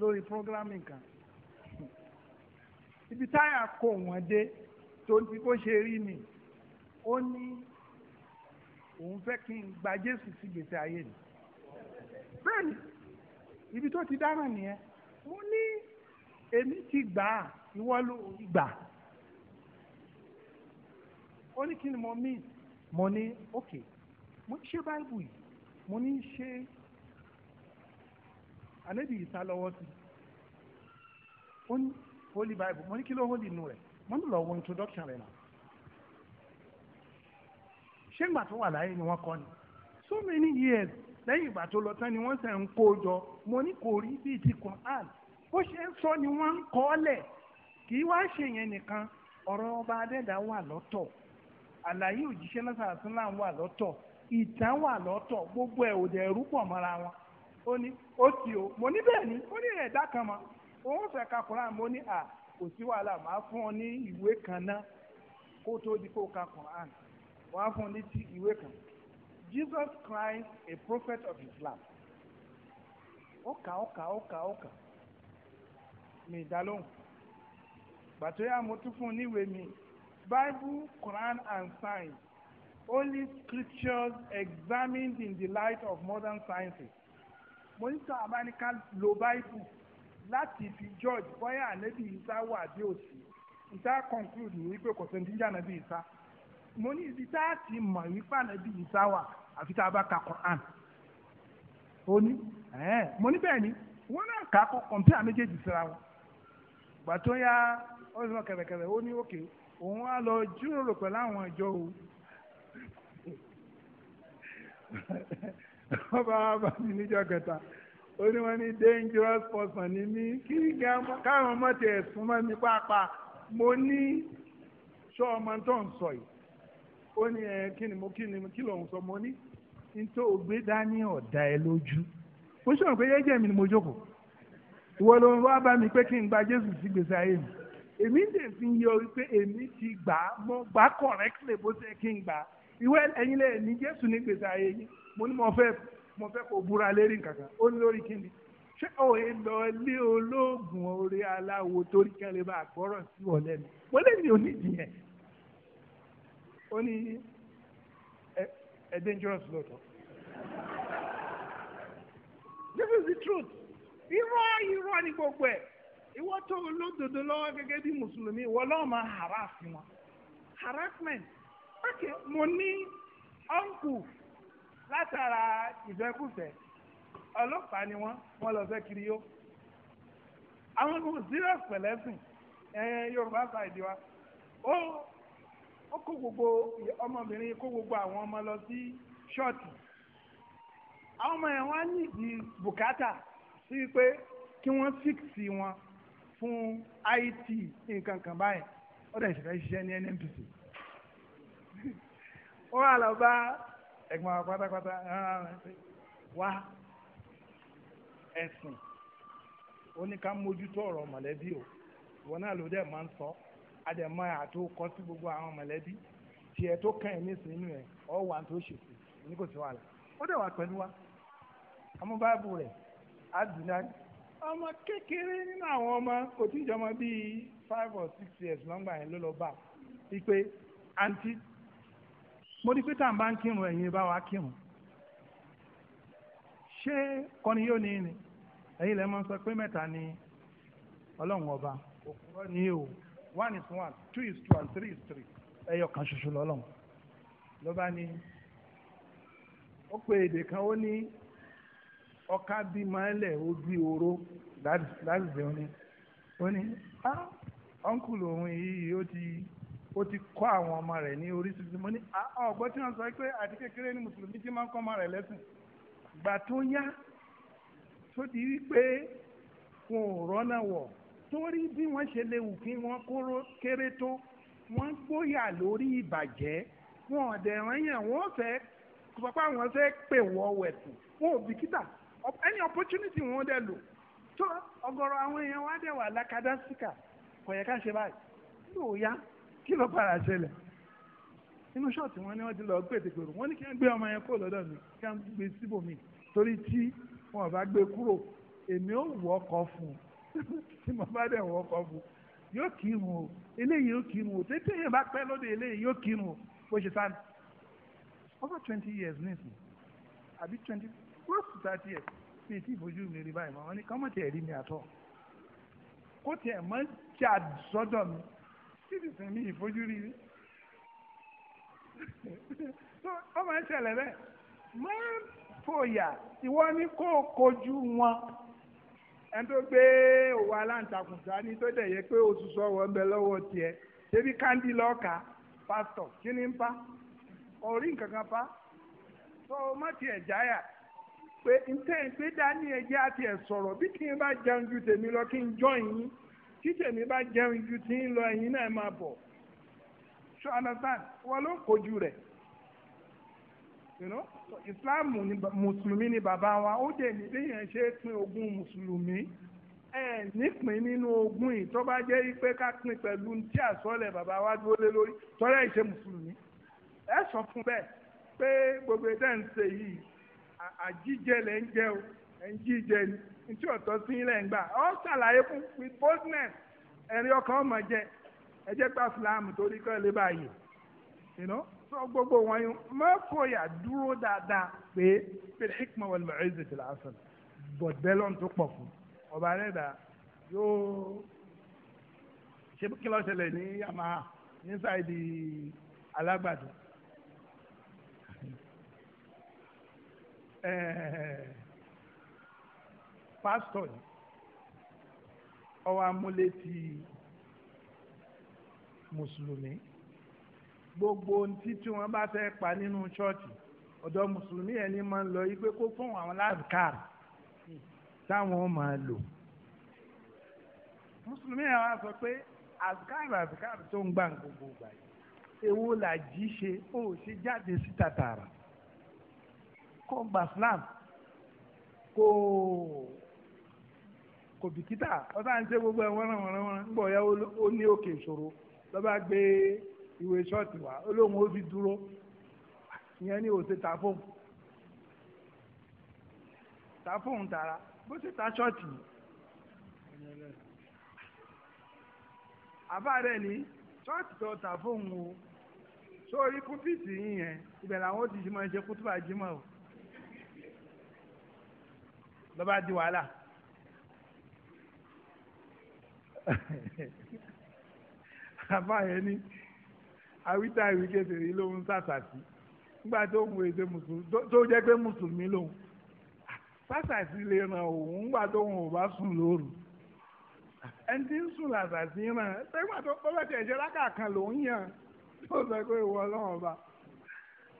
lórí prógrámù kan ibi táyà kó wọn dé tó ti bó ṣe rí ni ó ní òun fẹ́ kí n gba Jésù sí gbèsè ayé mi bẹ́ẹ̀ ni ibi tó ti dára nìyẹn mo ní èmi ti gbà á ìwọ ló gbà á ó ní kí ni mo mí mo ní ok mo ní ṣe báìbù yìí mo ní ṣe ànábì ìta lọ́wọ́ sí ó ní holy bible mo ní kí ló holy inú rẹ̀ mo ní lọ́wọ́ introduction rẹ̀ náà ṣé ìgbà tó wà láyé ni wọ́n kọ́ ni so many years lẹ́yìn ìgbà tó lọ tán ni wọ́n sẹ̀ ń kó jọ mo ní kò rí bíi ti Quran bó ṣe ń sọ ni wọ́n ń kọ́ lẹ̀ kì í wá ṣe yẹn nìkan ọ̀rọ̀ ọba adẹ́dá wà lọ́tọ̀ àlàyé òjíṣẹ́ náà sàásùn náà wà lọ́tọ̀ ìtàn wà lọ́tọ̀ gbogbo ẹ̀ ò dẹ̀ rú pọ̀ mọ́ra wọn ó ní ó ti o mo ní bẹ́ẹ̀ ni ó ní ẹ̀dá kan mọ́ òun fẹ́ ka Kùránì mo ní à kò sí wàhálà màá fún ọ ní ìwé kan náà kó tó di kó ka Kùránì wọ́n fún ọ ní ti ìwé kan Jesus Christ a prophet of Islam ó kà ó kà ó kà ó kà mi ìdálóhùn gbàtó mo tún fún un níwèé mi. Bible, Quran, and science. Only scriptures examined in the light of modern sciences. Mo ní sọ Amẹ́ríkà lo Bible láti fi judge bóyá ànábì Isa wà bí òsì. Isa conclude ní wípé kò sẹ́ni jíjà ànábì Isa. Mo ní ibi tá a ti mọ̀ wípé ànábì Isa wà àfi tá a bá ka Quran. Ó ní mo ní bẹ́ẹ̀ ni wọ́n náà kà á kọ́ kọ̀ǹpútà méjèèjì síra wọn. Gbàtó ya ó sọ kẹ̀rẹ̀kẹ̀rẹ̀ ó ní òkè. Okay òun á lọ jíròrò pẹ̀lú àwọn ìjọ o wọ́n bá bá mi níjọ́ kẹta ó ní wọ́n ní dangerous person ni mí kí káwọn ọmọ tiẹ̀ súnmọ́ mi pàápàá mo ní sọ ọmọ tó ń sọ yìí ó ní ẹ kí ni mo kí ni mo kí lòun sọ mo ní nítorí ògbé dání ọ̀dà ẹ lójú ó ṣe wọn pé yẹ́jẹ̀ mi ni mo jókòó ìwọ ló ń wá bá mi pé kí n gba Jésù sí gbèsè ayé mi èmi ń dèfi yọ wípé èmi ti gbà á mo gbà á correctly bó ṣe kí n gbà á ìwé ẹ̀yin lè ní Jésù ní gbèsè ayé yín mo ní mo fẹ́ mo fẹ́ kó búra lérí nǹkankan ó ní lórí kíni ṣé òye lọ lé olóògùn orí aláwo torí kí wọn lè bá àgbọràn sí wọn lẹ́nu mo lè ní onídìí ó ní ẹ dangerous lọ́tọ̀ this is the truth irọ́ irọ́ ni gbogbo ẹ̀ ìwọ tó olódodo lọ́wọ́ gẹ́gẹ́ bí mùsùlùmí ìwọ lọ́wọ́ máa harass wọn harassment ok mo ní uncle, látara ìfẹ́kùfẹ́ ọlọ́pàá ni wọ́n wọ́n lọ fẹ́ kiri yó àwọn kò serious pẹ̀lẹ́sìn ẹ̀yẹn yorùbá fàìdí wa ó ó kó gbogbo ọmọbìnrin kó gbogbo àwọn ọmọ lọ sí ṣọ́ọ̀tì àwọn ọmọ yẹn wọ́n á nídìí bùkátà sí pé kí wọ́n fíksì wọn fún IT nǹkan kan báyìí ó dẹ̀ ṣẹ̀fẹ̀ ṣiṣẹ́ ní NNPC ó wà lọ bá ẹ̀gbọ́n wa pátápátá wá ẹ̀sìn ó ní ká mójútó ọ̀rọ̀ mọ̀lẹ́bí o ìwọ náà ló dẹ̀ máa ń sọ á dẹ̀ mọ àtó kọ́ sí gbogbo àwọn mọ̀lẹ́bí tiẹ̀ tó kàn ẹ́ nísìnyí nù ẹ̀ ọ́ wà tó ṣètò ní kò sí wàhálà ó dẹ̀ wà pẹ̀lú wa amúbáàbò rẹ̀ á dùn náà. ọmọ kékeré nínú àwọn ọmọ kò tí ì jọ ọmọ bíi five or six years lọ́ngbà yẹn ló lọ bá wípé àǹtí mo ní pé tá à ń bá ń kírun ẹ̀yin bá wa kírun ṣé kọ́ni yóò ní ni ẹ̀yin lẹ́ mọ́ sọ pé mẹ́ta ni ọlọ́run ọba òkúrọ́ ní o one is one two is two and three is three ẹyọ kan ṣoṣo lọ́lọ́run ló bá ní ó pe èdè kan ó ní ọ̀ka bí mọ́lẹ̀ ó bí oró láti ṣe oní oní á ọ́nkùlù òun yìí ó ti ó ti kọ́ àwọn ọmọ rẹ̀ ní oríṣiríṣi mo ní ah, ọ̀gbọ́n tí wọ́n sọ pé àti kékeré ni mùsùlùmí ti máa ń kọ́ ọmọ rẹ̀ lẹ́sìn gbà tó yá tó ti rí pé wọn ò rọ́nà wọ̀ torí bí wọ́n ṣe léwu kí wọ́n kóró kéré tó wọ́n gbóyà lórí ìbàjẹ́ wọn ò dẹ̀ rán yàn wọ́n fẹ́ sọ pé pè wọ́ wẹ̀sùn wọn ò bìkítà any opportunity wọn dẹ̀ lò tó ọ̀gọ̀rọ̀ àwọn èèyàn wa dẹ̀ wà lákàdásíkà kò yẹ ká ṣe báyìí yóò yá kí ló para ṣẹlẹ̀ inú ṣọ́ọ̀tì wọn ni wọ́n ti lọ gbé tètèrò wọ́n ní kí wọ́n gbé ọmọ yẹn kó lọ́dọ̀ mi kí wọ́n gbé síbòmí torí tí wọn bá gbé kúrò èmi ò wọ́ ọkọ̀ fún un tí mo bá dẹ̀ wọ́ ọkọ̀ fún un yóò kírun o eléyìí yóò kírun o tètè yẹn bá pẹ́ lóde eléyìí yóò kírun o bó ṣe sáà over twenty years nísìnyí àbí twenty close to thirty years mi ti fojú mi rí báyìí wọn ni kọ́mọ̀ tiẹ̀ rí mi àtọ̀ kó tiẹ̀ mọ́ jà sọ́dọ̀ mi títí sìn mi ìfojú rí rí so ọmọ ẹ ṣẹlẹ̀ bẹ́ẹ̀ má fòyà ìwọ ni kó kojú wọn ẹni tó gbé òwò aláǹtakùn tó pé ntẹ́ ìgbé dání ẹ̀jẹ̀ àti ẹ̀ sọ̀rọ̀ bí kí n bá jẹun ju tèmi lọ kí n jọ yín tí tèmi bá jẹun ju tí ń lọ ẹ̀yin náà máa bọ̀ so understand wọn ló kojú rẹ̀ you know Islam ni mùsùlùmí ni bàbá wa ó dẹ̀ ní bí yẹn ṣe pín ogun. mùsùlùmí ẹ nípìn nínú ogún yìí tó bá jẹ́ pé ká pín pẹ̀lú tí àsọlẹ̀ bàbá wa dúró lé lórí tọ́lá ìṣe mùsùlùmí ẹ sọ fún bẹ́ẹ̀ pé gbogbo ẹ̀dá ń ṣe yìí àjíjẹ lẹ̀ ń jẹ o ẹ̀ ń jíjẹ ni ntí ọ̀tọ̀ sí ilẹ̀ ń gbà ọ́ ṣàlàyé fún with boldness ẹ̀rí ọkàn ọmọ jẹ ẹ jẹ́ gba fúlàmù torí kọ́ ẹ lè báyìí sọ gbogbo wọn yìí má fòyà dúró dáadáa pé bil hikma wal mau'izati al hasana bọ̀dẹ́lọ́n tó pọ̀ fún ọba rẹ̀ dà yóò ṣe kí lọ́ọ́ ṣẹlẹ̀ ní yamaha ní sáìdì Eh, pastor, ni ọwọ́ amúlé ti mùsùlùmí gbogbo ntí tí wọ́n bá fẹ́ pa nínú ṣọ́ọ̀ṣì ọ̀dọ̀ mùsùlùmí yẹn ni máa ń lọ yìí pé kó fún àwọn láàbùkàr táwọn máa lò mùsùlùmí yẹn wá sọ pé àbùkàr àbùkàr tó ń gbà gbogbo gbà yìí èwo là ṣe ó ṣe jáde síta tààrà kó gba Islam kó kò bìkítà ọ̀tá ń ṣe gbogbo ẹ̀ wọ́nrán wọ́nrán wọ́nrán ń bọ̀ ya ó ní òkè ìṣòro lọ́ba gbé ìwé ṣọ́ọ̀tì wá olóhùn ó fi dúró ìyẹn ni òsè ta fóun ta fóun tara bó ṣe ta ṣọ́ọ̀tì àbá rẹ̀ ní ṣọ́ọ̀tì tó ta fóun o sórí kúfíìsì yìí yẹn ibẹ̀ làwọn ó ti jí máa ṣe kútùbà jímọ̀ o lọ́ba di wàhálà àbáyé ni àwítà ìwé kékeré ló ń sàṣàṣì nígbà tó ń wèé ṣe mùsùlùmí tó jẹ́ pé mùsùlùmí lòun sàṣàṣì lè ràn òun nígbà tó ń bá sùn lóru ẹni tí ń sùn làṣàṣì ràn ṣẹ́gbà tó bọ́lá tiẹ̀ ṣe lákàkàn lòun yàn tó sọ pé ìwọ ọlọ́run ọba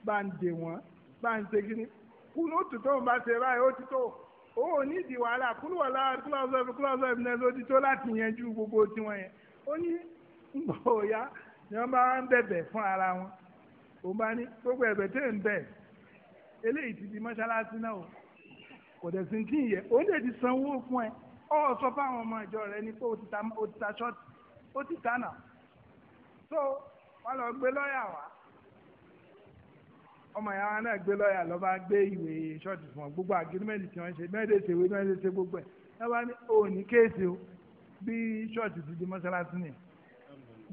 bá ń dè wọ́n bá ń ṣe kíní kùnú òtútù bá ṣe báyìí ó ti tó òun ò ní ìdí wàhálà kúlùwàlà close up náà ló tó láti yanjú gbogbo tiwọn yẹn ó ní ńgbà òya ni wọ́n bá ń bẹ̀bẹ̀ fún ara wọn òun bá ní gbogbo ẹ̀bẹ̀ tẹ̀ ń bẹ̀ eléyìí ti di mọ́ṣáláṣí náà o kò dẹ̀ sí kí n yẹ òun lè ti sanwó fún ẹ ọ sọ fáwọn ọmọ ìjọ rẹ ní pé o ti ta ṣọ́ọ̀tì o ti ta so wọ́n lọ gbé lọ́ọ̀yà wá ọmọ yàrá náà gbé lọ́ọ̀yà ló bá gbé ìwé ṣọ́ọ̀tì fún ọ gbogbo àgírímẹ́ǹtì tí wọ́n ṣe mẹ́ẹ̀ẹ́dẹ́sẹ̀ ìwé mẹ́ẹ̀ẹ́dẹ́sẹ̀ gbogbo ẹ̀ ẹ wá ní òní kéèsì o bí ṣọ́ọ̀tì ti di mọ́ṣáláṣí ni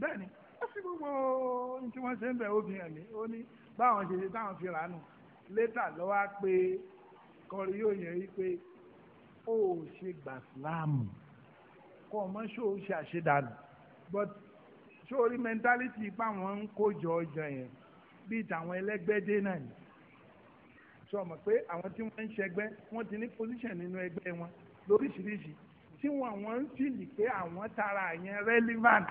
bẹ́ẹ̀ ni ó fi gbogbo ohun tí wọ́n ṣe ń bẹ̀ ó fi hàn mí ó ní báwọn ṣe ṣe táwọn fi ràánù létà lọ́wọ́ pé kọrí yóò yẹ rí pé ó ṣe gbà síláàmù kọ́ ọmọ ṣó ṣe àṣedànù but ṣó rí mẹ́ńtálítì ipá wọn ń kó jọ ọjà yẹn bíi tàwọn ẹlẹ́gbẹ́dé náà ni sọ ma pé àwọn tí wọ́n ń ṣẹgbẹ́ wọ́n ti ní position nínú ẹgbẹ́ wọn lóríṣiríṣi tí wọ́n àwọn ń fìlì pé àwọn tara yẹn relevant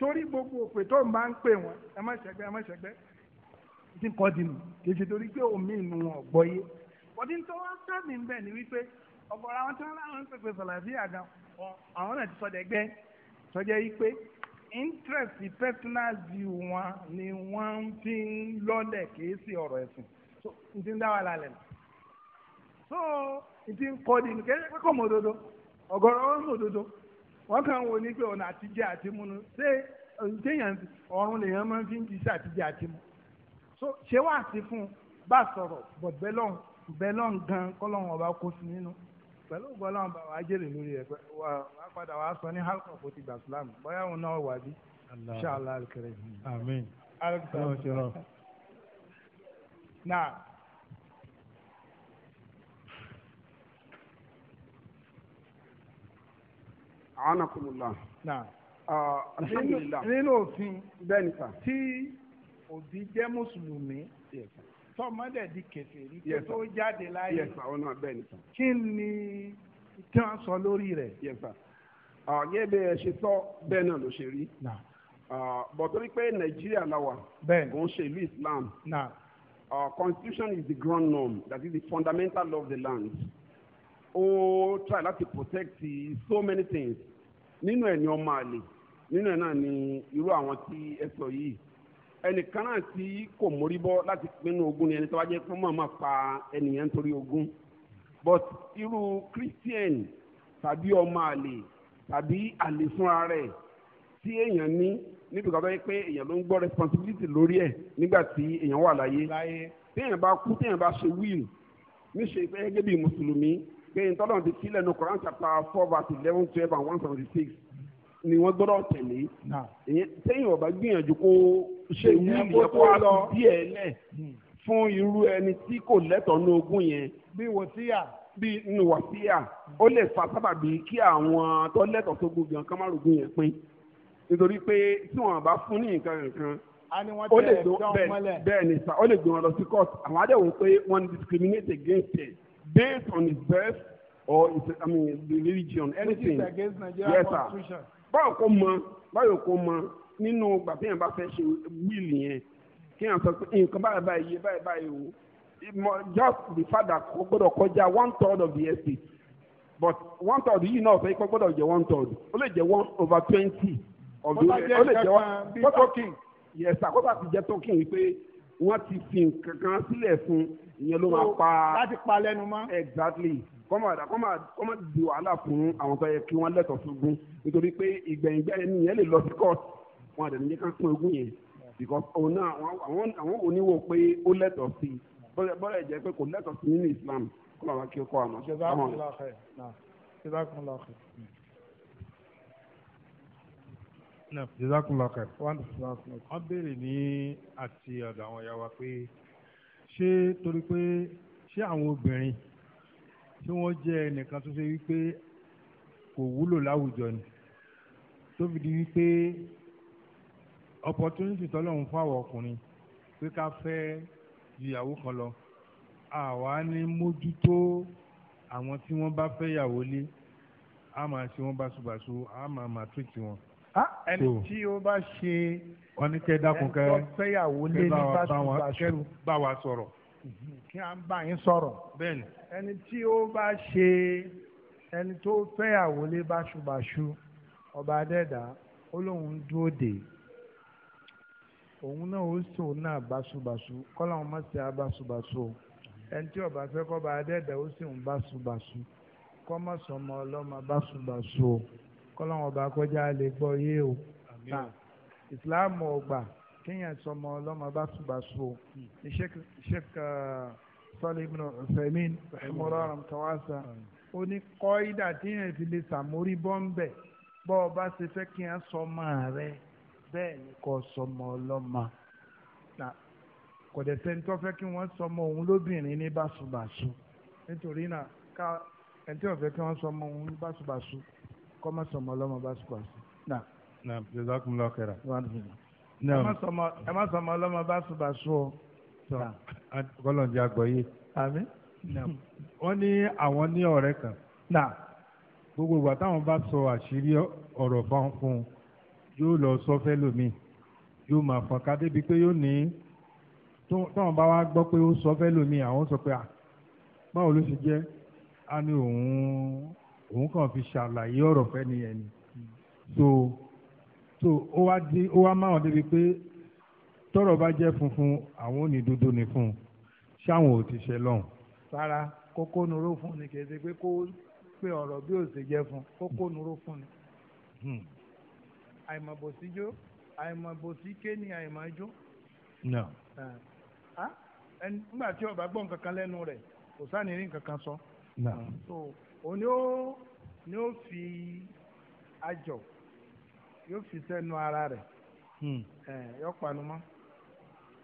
torí gbogbo òpè tó ń bá ń pè wọ́n ẹ má ṣẹgbẹ́ ẹ má ṣẹgbẹ́ ti ń kọ́ dinu kì í ṣe torí pé omi ìnù wọn ọ̀gbọ́ yé ọdí tó wá sáàmì ń bẹ̀ ni wípé ọ̀gọ̀rọ̀ àwọn tí wọ́n láwọn ń pèpè sọ̀làfíà gan àwọn náà ti sọdẹ̀ gbẹ́ sọjẹ́ yí pé interest personal view wọn ni wọ́n fi ń lọ́lẹ̀ kìí sí ọ̀rọ̀ ẹ̀sìn so n ti ń dá wa lálẹ́ nù so n ti ń kọ́ di ní kẹ́kẹ́ kọ́ mọ òdodo ọ̀gọ̀rọ̀ ọ̀rọ̀ mọ òdodo wọ́n kàn wò ní pé ọ̀nà àtijẹ́ àti múnu ṣé ǹjẹ́yàn ọ̀run lèèyàn máa fi ń jíṣẹ́ àtijẹ́ àti mú so ṣé wàá sí fún un bá sọ̀rọ̀ bọ̀ bẹ́lọ̀n bẹ́lọ̀n gan kọ́lọ́run ọba kó sí nínú. No? pẹ̀lú ìgbọ́lá ọba wa jèrè lórí ẹ̀ wà á padà wà á sọ ní halqa kò ti gbà sílámù bóyá òun náà wà bí ṣáàlá alkẹrẹ. àmín ọlọ́run ti na náà anakumula. náà ah, alhamdulilah. nínú òfin bẹ́ẹ̀ nìkan. tí òbí jẹ́ mùsùlùmí tọmọdé di kèfèrí kó tó jáde láyé. yes sir ọ̀nà bẹ́ẹ̀ ni sir. kí ni tí wọ́n sọ lórí rẹ̀. yes sir ọ̀gẹ́ bí ẹ ṣe sọ bẹ́ẹ̀ náà ló ṣe rí. bọ̀tọ́rí pé nàìjíríà la wà. bẹ́ẹ̀ kò ń ṣe ìlú islam. Nah. Uh, constitution is the ground norm that is the fundamental law of the land. ó try láti protect so many things nínú ẹ̀ ní ọmọ àlè nínú ẹ̀ náà ní irú àwọn tí ẹ sọ yìí ẹnìkan náà tí kò mórí bọ́ láti pinnu ogun ni ẹni tó wá jẹ́ pé mọ̀ máa pa ẹnìyẹn nítorí ogun but irú christian tàbí ọmọ àlè tàbí àlè fúnra rẹ̀ tí èèyàn ní níbi kan tó yẹ pé èèyàn ló ń gbọ́ responsibility lórí ẹ̀ nígbà tí èèyàn wà láyé téèyàn bá kú téèyàn bá ṣe wíìlì níṣe pé gẹ́gẹ́ bí mùsùlùmí pé ìtọ́lọ́run ti sílẹ̀ ní Quran chapter four verse eleven twelve and one seventy six ni wọ́n gbọ́dọ̀ tẹ̀lé téèyàn ò bá gbìyànjú kó ṣe ìyẹn kó tó lọ díẹ̀ lẹ̀ hmm. fún irú ẹni tí kò lẹ́tọ̀ọ́ ní ogún yẹn. bí wòsíyà. bí nù wòsíyà ó lè fa sábàbí kí àwọn tó lẹ́tọ̀ọ́ tó gbogbo yẹn má rògbò yẹn pín nítorí pé tí wọn bá fún ní nǹkan nǹkan ó lè gbé bẹ́ẹ̀ ni sá ó lè gbé wọn lọ sí court àwọn adéwòn pé wọ́n discriminate against it based on his birth or his I mean the religion anything yes sir báwo kò mọ báwo kò mọ nínú ìgbà tí èèyàn bá fẹ́ ṣe wíìlì yẹn kí èèyàn sọ pé nǹkan báyìí báyìí yé báyìí báyìí o just the father kò gbọ́dọ̀ kọjá one third of the estate but one third yìí náà fẹ́ kó gbọ́dọ̀ jẹ́ one third ó lè jẹ́ one over twenty of the ó lè jẹ́ one bí token yes àkókò àti jẹ́ token wípé wọ́n ti fi nǹkan kan sílẹ̀ fún ìyẹn ló máa pa láti pa lẹ́nu mọ́ exactly kọ́mọ̀ àdá kọ́mọ̀ kọ́mọ̀ di wàhálà fún àwọn tó yẹ kí wọ́n lẹ́tọ̀ọ́ sógun nítorí pé ìgbẹ̀yìngbẹ̀yìn nìyẹn lè lọ sí court wọn àdàní jẹ́ ká pín ogún yẹn because òun náà àwọn oníwò pé ó lẹ́tọ̀ọ́ sí i bọ́lá ìjẹ́ pé kò lẹ́tọ̀ọ́ sí nínú Islam kó bàbá kí ó kọ́ àmọ́. Jazakumullah khair. Wọ́n béèrè ní àti ọ̀dọ̀ àwọn ìyá wa pé ṣé torí pé ṣé àwọn obìnrin tí wọ́n jẹ́ ẹnìkan tó ṣe wípé kò wúlò láwùjọ ni tó fi di wípé opportunity tọ́lọ́run fún àwọn ọkùnrin pé ká fẹ́ ìyàwó kan lọ àwa ní mójútó àwọn tí wọ́n bá fẹ́ yàwó lé a máa ṣe wọ́n báṣubàṣu a máa máa treat wọn. Ah, ẹni tí ó bá ṣe wọ́n ní kẹ́ dákun kẹ́ fẹ́yàwó lé ní báṣubàṣu bá wa sọ̀rọ̀. Mhm. kí a ń bá yín sọ̀rọ̀. bẹ́ẹ̀ni. ẹni tí ó bá ṣe ẹni tó fẹ́yàwó lé báṣubàṣu ọba adẹ́dà ó lóun dúró dè òun náà ó sùn òun náà báṣubàṣu kọ́lá wọn má ṣe abáṣubàṣu o ẹni tí ọba fẹ́ kọ́ bá adẹ́ẹ̀dẹ́ ó sì ń báṣubàṣu kọ́ má sọmọ ọlọ́mọ báṣubàṣu o kọ́lá wọn bá kọjá lè gbọ́ yé o náà ìsìláàmù ọgbà kéèyàn sọmọ ọlọ́mọ báṣubàṣu o hmm. sheikh sọlá uh, ibn Uthaymeen ìmọ̀ràn ọ̀rọ̀ tọ́wọ́sà ó ní kọ́ ìdá tí yẹn fi lè sàmórí bọ́ńbẹ̀ bọ́ ọba ṣe fẹ́ kí wọ́n sọ ọmọ rẹ̀ bẹ́ẹ̀ ni kò sọmọ ọlọ́mọ kò dẹ̀ sẹ́ni tó fẹ́ kí wọ́n sọmọ òun lóbìnrin ní báṣubàṣu nítorí náà ká ẹni tí wọ́n fẹ́ kí wọ́n sọmọ òun ní báṣubàṣu kọ́ má sọmọ ọlọ́mọ báṣubàṣu. naam jazakumullahu khairan. ẹ má sọmọ ọlọ́mọ báṣubàṣu o. kọ́lọ́njì àgbọ̀ yìí. àmín. wọ́n ní àwọn ní ọ̀rẹ́ kan. gbogbo ìgbà táwọn bá sọ àṣírí ọ̀rọ̀ fún un yóò lọ sọfẹ́ lómi yóò máa fọ́n ká débi pé yóò ní tóun bá wá gbọ́ pé ó sọfẹ́ lómi àwọn sọ pé à báwo ló ṣe jẹ́ á ní òun òun kàn fi ṣàlàyé ọ̀rọ̀ fẹ́ nìyẹn ni so so ó wá di ó wá máa hàn débi pé tọ́rọ̀ bá jẹ́ funfun àwọn ò ní dúdú ni fún un ṣáwọn ò ti ṣe lọ́hùn. sára kókó nuró fún ni kì í ṣe pé kó pé ọ̀rọ̀ bí ó ṣe jẹ́ fún kókó nuró fún ni. Hmm. àìmọ̀bòsíjó àìmọ̀bòsíké ni àìmọ̀jó. nà. a ẹni nígbà tí ọba gbọ́ nǹkan lẹ́nu rẹ̀ kò sáni rí nǹkan sọ. òní ó ní ó fi àjọ yóò fi sẹ́nu ara rẹ̀. Hmm. panu mọ́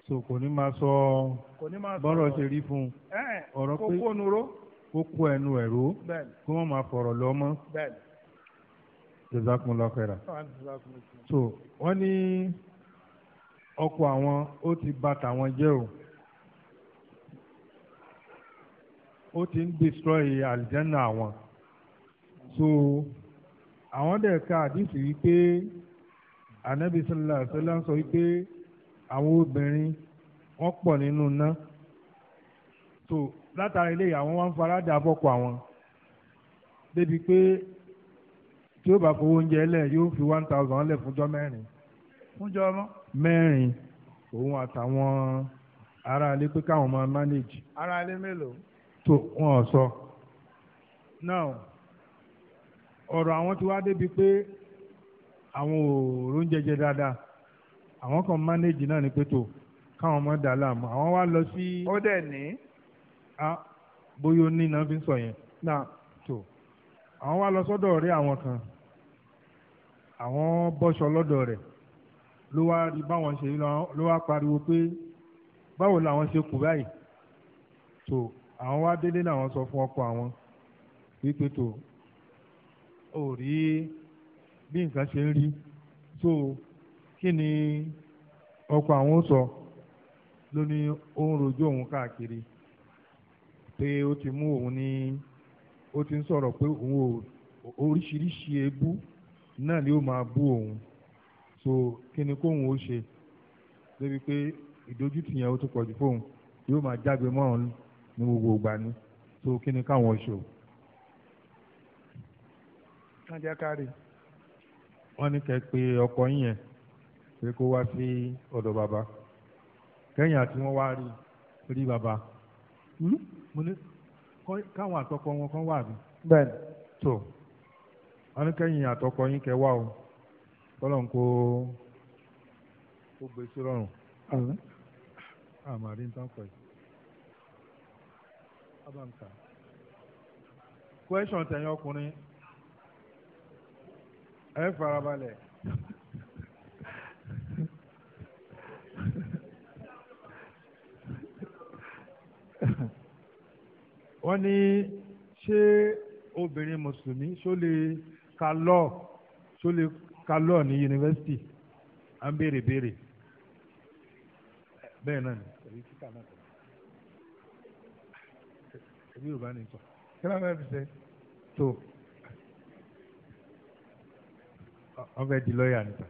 so kò ní máa sọ bọ́rọ̀ ṣe rí fún un ọ̀rọ̀ pé ẹnu ẹ̀rọ wọ́n máa fọ̀rọ̀ lọ jazakumullahu khairan. so wọ́n ní ọkọ àwọn ó ti bà tàwọn jẹ́ o ó ti ń destroy àlìjẹ́nà àwọn so àwọn dẹ̀ ka àdìsí wípé anabi sallallahu alaihi wasallam sọ wípé àwọn obìnrin wọ́n pọ̀ nínú ná so látara eléyìí àwọn wá ń faradà fọ́kọ àwọn débi pé tí ó bá fowó oúnjẹ lẹ̀ yóò fi one thousand lẹ̀ fúnjọ́ mẹ́rin fúnjọ́ mẹ́rin òun àtàwọn aráalé pé káwọn máa manage. aráalé mélòó. tó wọn ò sọ. now ọ̀rọ̀ àwọn tí wá débi pé àwọn ò róúnjẹ jẹ dáadáa àwọn kan manage náà ni pé tó káwọn máa dà láàmú àwọn wá lọ sí. ó dẹ̀ ní. a bóyá ó ní iná fi ń sọ yẹn. náà tó àwọn wá lọ sọ́dọ̀ ọ̀rẹ́ àwọn kan àwọn bọ́ṣọ lọ́dọ̀ rẹ̀ ló wá rí báwọn ṣe ló wá pariwo pé báwo làwọn ṣe kù báyìí tó àwọn wá délé làwọn sọ fún ọkọ àwọn wípé tó ò rí bí nǹkan ṣe ń rí tó kí ni ọkọ àwọn sọ ló ní ó ń rojọ́ òun káàkiri pé ó ti mú òun ní ó ti ń sọ̀rọ̀ pé òun ò oríṣiríṣi ebú náà ni ó máa bú òun so kí ni kóun ó ṣe débi pé ìdójútì yẹn ó tún pọ̀ fóun yóò máa jágbe mọ́ òun ní gbogbo ìgbà ni so kí ni káwọn ṣe o. kájà kárí. wọ́n ní kẹ́ pé ọkọ yín yẹn pé kó wá sí ọ̀dọ̀ bàbá kẹ́yìn àti wọ́n wá rí rí bàbá hmm? mo ní káwọn àtọkọ wọn kan wà mí. bẹ́ẹ̀ni. So, wọn kẹ́yìn àtọkọ yín kẹ́ wá o kọ́lọ́n kó kó gbé sí rọrùn. àmàlí ń tán pẹ̀. abanka kwẹ́sọ̀n tẹ̀yìn ọkùnrin ẹ farabalẹ̀. wọ́n ní ṣé obìnrin mùsùlùmí ṣó lè ka lọ́ọ̀ tó lè ka lọ́ọ̀ ní yunifásitì à ń béèrè béèrè bẹ́ẹ̀ náà ni èyí kíkà náà kọ́ èyí yorùbá ni sọ kí ló máa fi ṣe tó wọ́n di lọ́ọ̀yà níta.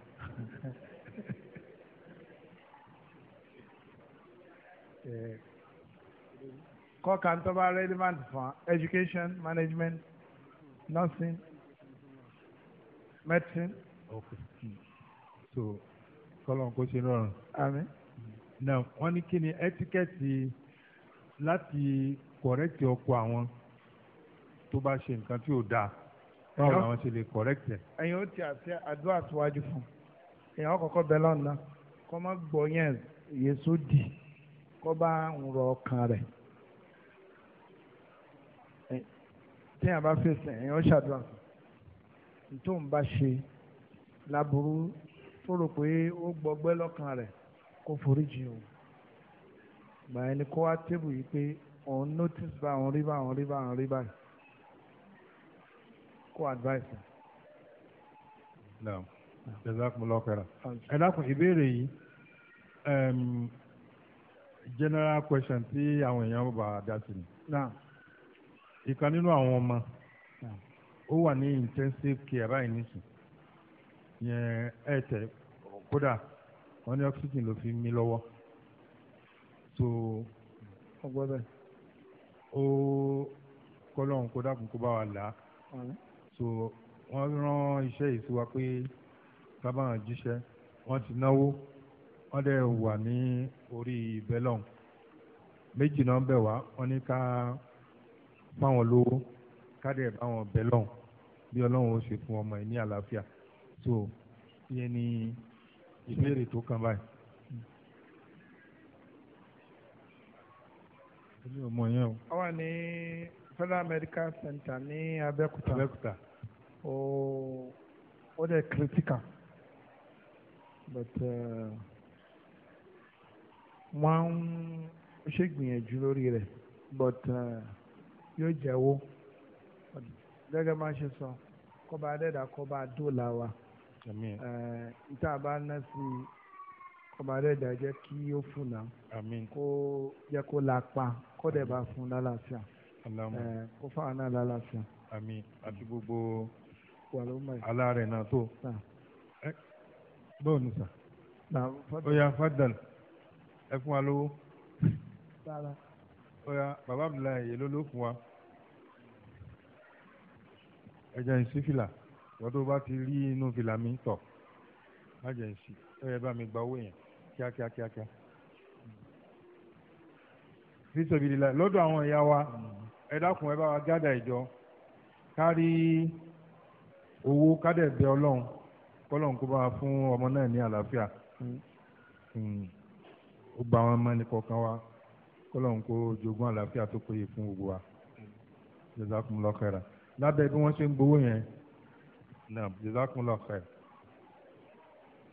kọ́ka ń tọ́ relevant for education management nursing medicine. okay so kọ́lọ́n kó ṣe rọrùn. àmín. now wọ́n ní kí ni etiquette láti correct ọkọ àwọn tó bá ṣe nǹkan tí ò dáa báwo làwọn ṣe lè correct ẹ̀yin ó ti àti àdúrà síwájú fún èèyàn kọ́kọ́ bẹ lọ́nà kó má gbọ́ yẹn yéṣu dì kó bá ń rọ ọkàn rẹ̀ téèyàn bá fèsì èèyàn ó ṣàdúrà fún tó ń bá ṣe láburú tó rò pé ó gbọgbẹ́ lọ́kàn rẹ̀ kó foríjì o gbà yẹn ni kó wá tébù yìí pé òun notice bá òun rí bá òun rí bá òun rí báyìí kó advice. naam jazakumullahu khairan ẹ dákun ìbéèrè yìí general question tí àwọn èèyàn bá dá sí ni. ìkan nínú àwọn ọmọ ó wà ní intensive care báyìí nìsín yẹn ẹ tẹ kódà wọ́n ní oxygen ló fi mí lọ́wọ́ so ọgbọ́n bẹ́ẹ̀ ó kọ́lọ́hún kó dákun kó bá wa là á so wọ́n rán iṣẹ́ yìí sí wa pé sábàá jíṣẹ́ wọ́n ti náwó wọ́n dẹ̀ wà ní orí bẹ́lọ̀n méjì náà bẹ̀ wá wọ́n ní ká fáwọn lówó kádẹ̀ báwọn bẹ̀ lọ́hùn bí ọlọ́run ó ṣe fún ọmọ ẹ̀ ní àlàáfíà so ìyẹn ni ìbéèrè tó kàn báyìí. èmi o. a wà ní Federal Medical Center ní Abẹ́òkúta. ó ó dẹ̀ critical but uh, wọ́n ń ṣègbìyànjú lórí rẹ̀ but uh, yóò jẹ́wọ́. Uh, gẹ́gẹ́ bá ṣe sọ kọ́ba adẹ́dà kọ́ba dóòlà wa níta bá ná sí kọ́ba adẹ́dà jẹ́ kí ó fúnà kó jẹ́ kó lápá kó dẹ̀ bá fún lálàáfíà kó fáwọn náà lálàáfíà. àmín àti gbogbo aláàrẹ̀ náà tó bọ́ọ̀ sà ó fadal ẹ fún wa lówó ó yá Abdullahi èlò ló fún wa ẹ̀jẹ̀ ń sí fìlà wọ́n tó bá ti rí inú fìlà mi tọ̀ ẹ̀jẹ̀ ń sí ẹ̀yẹ bá mi gba owó yẹn kíákíá kíákíá. fisabilillah lọ́dọ̀ àwọn ìyá wa ẹ dákun ẹ bá wa gádà ìjọ kárí owó kádẹ̀ bẹ ọlọ́run kọ́lọ́run kó bá wa fún ọmọ náà ní àlàáfíà hmm. ó gba àwọn ọmọ ẹni kọ̀ọ̀kan wa kọ́lọ́run kó jogún àlàáfíà tó péye fún gbogbo wa jazakumullahu khairan lábẹ́ bí wọ́n ṣe ń gbowó yẹn náà jazakumullah khair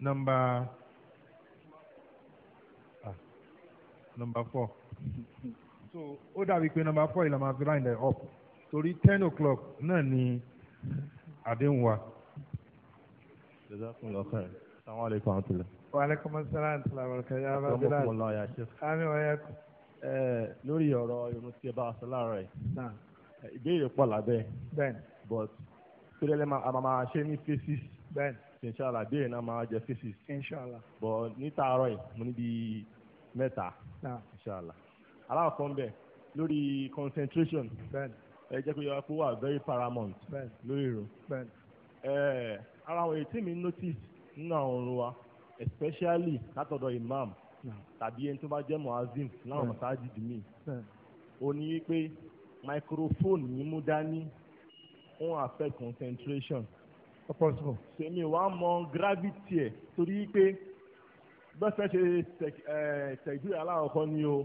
nọ́mbà ah, nọ́mbà four so ó dàbí pé nọ́mbà four yìí la máa fi round it up torí ten o'clock náà ni àdéhùn wa. jazakumullah khair assalamu alaikum wa alaikum eh, lórí ọ̀rọ̀ irun tí ẹ ìbéèrè pọ̀ lábẹ́. but torí ẹlẹ́mà a ni ṣe ní faces. bẹ́ẹ̀ni. inshallah but nita tààrọ̀ yìí di meta. mẹ́ta. inshallah. aláàfọ̀ concentration. ben ẹ jẹ́ very paramount. bẹ́ẹ̀ni. lórí ara àwọn èyí notice nna àwọn òrùn especially imam tàbí ẹni tó bá jẹ́ muazim láwọn microphone yìí mú dání wọ́n affect concentration. possible. sèmi wàá mọ gravity ẹ̀ torí pé bẹ́sẹ̀ ṣe tẹ̀gbìrì aláwọ̀kọ́ ni o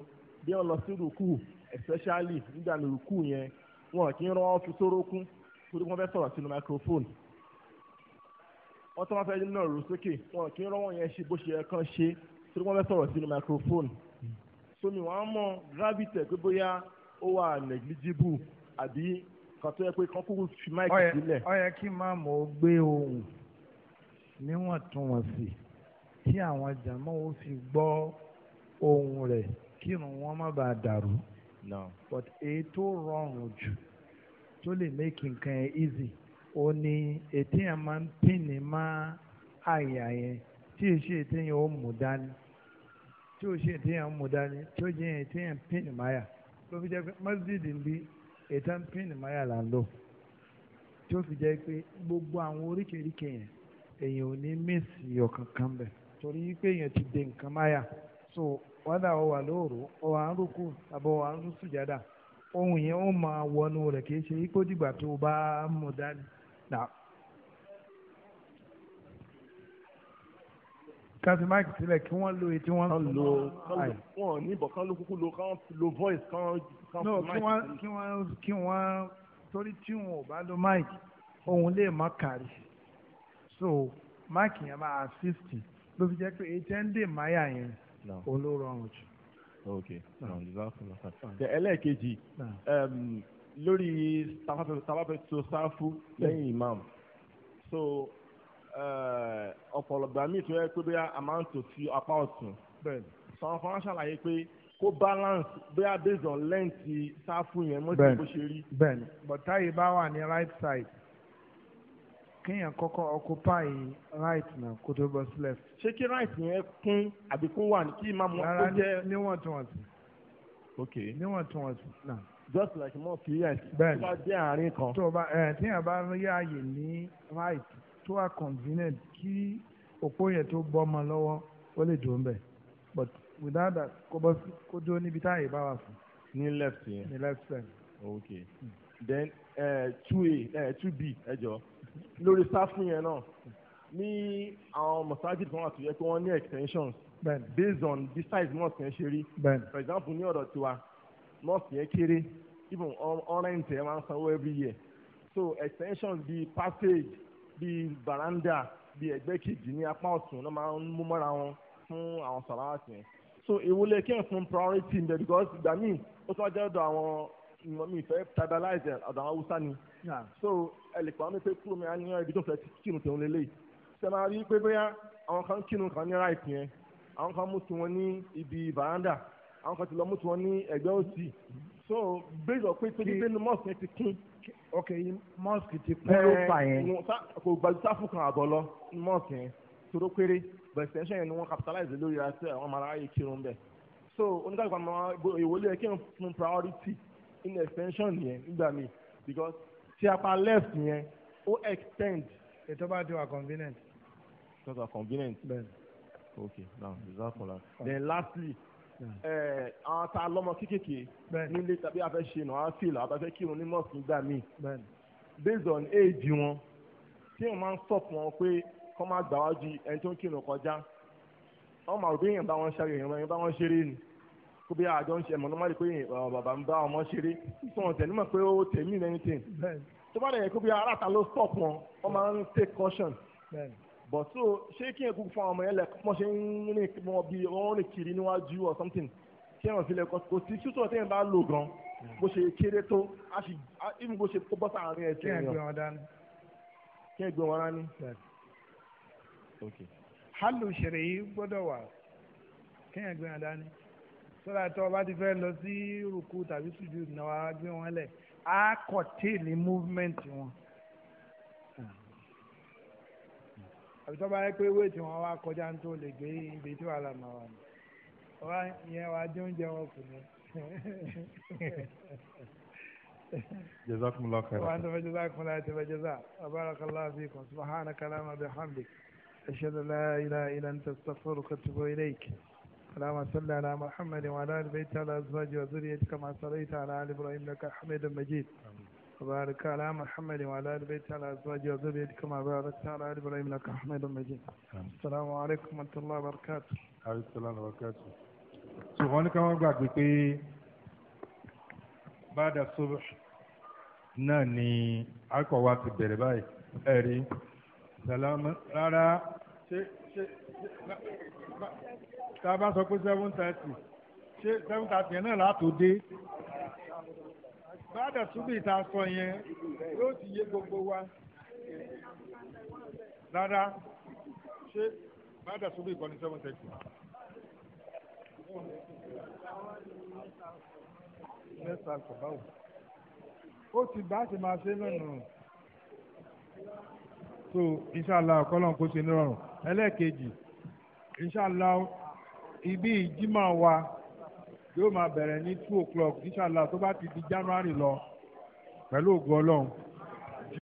bí wọ́n lọ sí rúkú especially nígbà ní rúkú yẹn wọn kì í rán ọ́ fi torí wọ́n fẹ́ sọ̀rọ̀ sínú microphone wọ́n tún wá fẹ́ náà rò sókè wọn kì í rán wọn yẹn ṣe bó ṣe yẹ kán ṣe torí wọ́n fẹ́ sọ̀rọ̀ sínú microphone sómi wàá mọ gravity pé bóyá ó wà negligible àbí kan tó yẹ pé kan kúrú fi máìkì sílẹ̀. ó yẹ kí máàmù ó gbé ohùn níwọ̀ntúnwọ̀nsì tí àwọn jàmọ́ ó fi gbọ́ ohùn rẹ̀ kírun wọn má bàa dàrú. No. but èyí tó rọrùn jù tó lè make nǹkan easy ó ní ètí yẹn máa ń pínì má àyà yẹn tí èsì ètí yẹn ó mú dání tí òsì ètí yẹn ó mú dání tí ó jẹ́ ètí yẹn pínì má yà. ló fi jẹ́ pé mọ́sídìdì ń bí ètò ń pín ní máyà tí ó fi jẹ́ pé gbogbo àwọn oríkèéríkèé yẹn èèyàn ò ní mísì ọ̀kan kan bẹ̀ torí pé èèyàn ti dé nǹkan so wádà ọ wà lóòrò ọ ń rúkú àbọ̀ wà ń ohun yẹn káfí máìkì sílẹ̀ kí wọ́n lo etí wọ́n lo àì. wọn ní ìbọn kan ló kúkú lo kan lo voice kan. no kí wọ́n kí wọ́n kí wọ́n torí tí wọn ò bá lo máìkì ohun lè má kárí so máìkì yẹn máa assist ló fi jẹ́ pé etí ẹ̀ ń dè máyà yẹn òun ló rọrùn jù. ok ẹlẹ́ẹ̀kejì um, lórí tàbá fẹ́ tó sáfù lẹ́yìn imam so. Eh, ọ̀pọ̀lọpọ̀ àmì tó yẹ pé bí a máa ń tò sí apá ọ̀tún sọ̀rọ̀ kan ṣàlàyé pé kó balance bí a based on length sáfù yẹn mo ti bó ṣe rí. bẹ́ẹ̀ni bọtá yìí bá wà ní right side kéèyàn kọ́kọ́ occupy right náà kó tó bọ́ sí left. ṣé kí right yẹn kún àbí kún wà ní kí ìmáàmù ọkọ jẹ. rárá níwọ̀ntúnwọ̀nsì. ok níwọ̀ntúnwọ̀nsì náà. just like mọ́ọ̀kì yẹn. bẹ́ẹ̀ni tó bá dé àárín kan. tó bá ẹ eh, tíyẹn bá rí ní right tó wà convenient kí òpó yẹn tó bọ́ ọmọ lọ́wọ́ ó lè dùn bẹ́ẹ̀ but without that kó bọ́ kó dúró níbi táyé bá wà fún. ní left yẹn ní left side. ok then two a two b ẹ jọ lórí sáfù yẹn náà ní àwọn masajid kan wà tó yẹ pé wọ́n ní extensions ben. based on the size mosque yẹn ṣe rí for example ní ọ̀dọ̀ tiwa mosque yẹn kéré even ọ̀rẹ́ǹtẹ̀ máa ń sanwó every year so extensions bíi passage bíi baranda bíi ẹgbẹ́ kejì ní apá ọ̀tún ló máa ń mú mọ́ra wọn fún àwọn sàláwàtì yẹn so ìwúlẹ̀ kí n fún priority ń because ìgbà míì ó tún wá jẹ́ ọ̀dọ̀ àwọn mi fẹ́ tribalize ọ̀dọ̀ àwọn haúsá ni so ẹlẹ́pàá wọn pé kúrò mi á ní ibi tó fẹ́ kírun tòun lélẹ̀ ṣe máa rí pé bóyá àwọn kan kírun kan ní right yẹn àwọn kan mú tiwọn ní ibi baranda àwọn kan ti lọ mú tiwọn ní ẹgbẹ́ òsì so based on pé torí pé mosque ti kún. ok mosque ti kún ló fà yẹn. kò gbàdúrà sáfù kan àbọ̀ lọ mosque yẹn tóró péré but extension yẹn ni wọ́n capitalize lórí ra sí àwọn ọmọ aráyè kírun bẹ́ẹ̀ so oníkàlùkù àwọn ìwọlé yẹn kírun fún priority in extension yẹn nígbà míì because ti apá left yẹn ó extend. ètò bá ti wà convenient. ètò bá convenient. bẹ́ẹ̀ ok now is that all then lastly. Hmm. Eh, àwọn tá a lọ́mọ kéékèèké nílé tàbí a fẹ́ ṣe nà á fìlà a bá fẹ́ kírun ní mọ́ọ̀sì gbà míì based on age wọn tí wọ́n máa ń stop wọn pé kọ́ máa gbà wá ju ẹni tó ń kírun kọjá wọ́n máa bí èèyàn bá wọn ṣàrẹ̀ èèyàn bá wọn ṣeré ni kó bí àjọ ń ṣe ẹ̀mọ́ ló má rí pé bàbá ń bá ọmọ ṣeré tí wọ́n tẹ̀lé mọ̀ pé ó tẹ̀ mí lẹ́yìn tẹ̀ tó bá dẹ̀ yẹ kó bí aráta ló stop wọn wọ́n máa ń take caution but so ṣé kí n kú fún ọmọ yẹn lẹ kọ́ ṣe ń rìn mọ́ bí wọ́n rìn kiri níwájú or something kí ẹ̀ràn sílẹ̀ kò sí tútù tí n bá lò gan hmm. bó ṣe kéré tó a sì even bó ṣe kó bọ́ sàárín ẹ̀jẹ̀ yẹn. kí ẹ gbé wọn dání. kí ẹ gbé wọn dání. hálù ṣẹlẹ̀ yìí gbọ́dọ̀ wà kí ẹ gbé wọn dání. sọ́dà tó o bá ti fẹ́ lọ sí rúkú tàbí sùjú náà wàá gbé wọn lẹ̀ á kọ̀ téèlì movement wọn. àbí tó bá yẹ pé wéètì wọn wá kọjá tó lè gbé ibi tí wàhálà máa wà ní wá yẹn wá dín oúnjẹ wọn kù ní. jazakumullahu khairan. wàá tẹ̀fẹ̀ jazakumullahu tẹ̀fẹ̀ jaza abarakallahu fiikum subhanaka allahumma wa bihamdik ashhadu an la ilaha illa anta astaghfiruka wa atubu ilayk. اللهم صل على محمد وعلى ال بيت على ازواجه وذريته كما صليت على ال ابراهيم انك حميد مجيد آمين. وبارك على محمد وعلى آل بيته على أزواجه وذريته كما باركت على آل إبراهيم إنك حميد مجيد السلام عليكم ورحمة الله وبركاته عليكم السلام وبركاته ṣùgbọ́n ní ká wọ́n gbàgbé pé báàdà sóbù náà ni akọ̀ wa ti bẹ̀rẹ̀ báyìí ẹ̀rí sàlámù rárá ṣé ṣé tá a bá sọ pé seven thirty ṣé seven thirty yẹn náà látò dé bàdà túbí ìta sọ yẹn yóò ti yé gbogbo wa rárá ṣé bàdà túbí ìkọ́ni seven thirty. mẹ́ta kò báwò ó ti bá ti máa ṣe lọ́nà so inṣàlá ọ̀kọ́lọ́n kó ṣe nírọ̀rùn ẹlẹ́ẹ̀kejì inṣàlá ibi ìjímọ̀ wa yóò máa bẹ̀rẹ̀ ní two o'clock inshallah tó bá ti di January lọ pẹ̀lú ògùn ọlọ́run.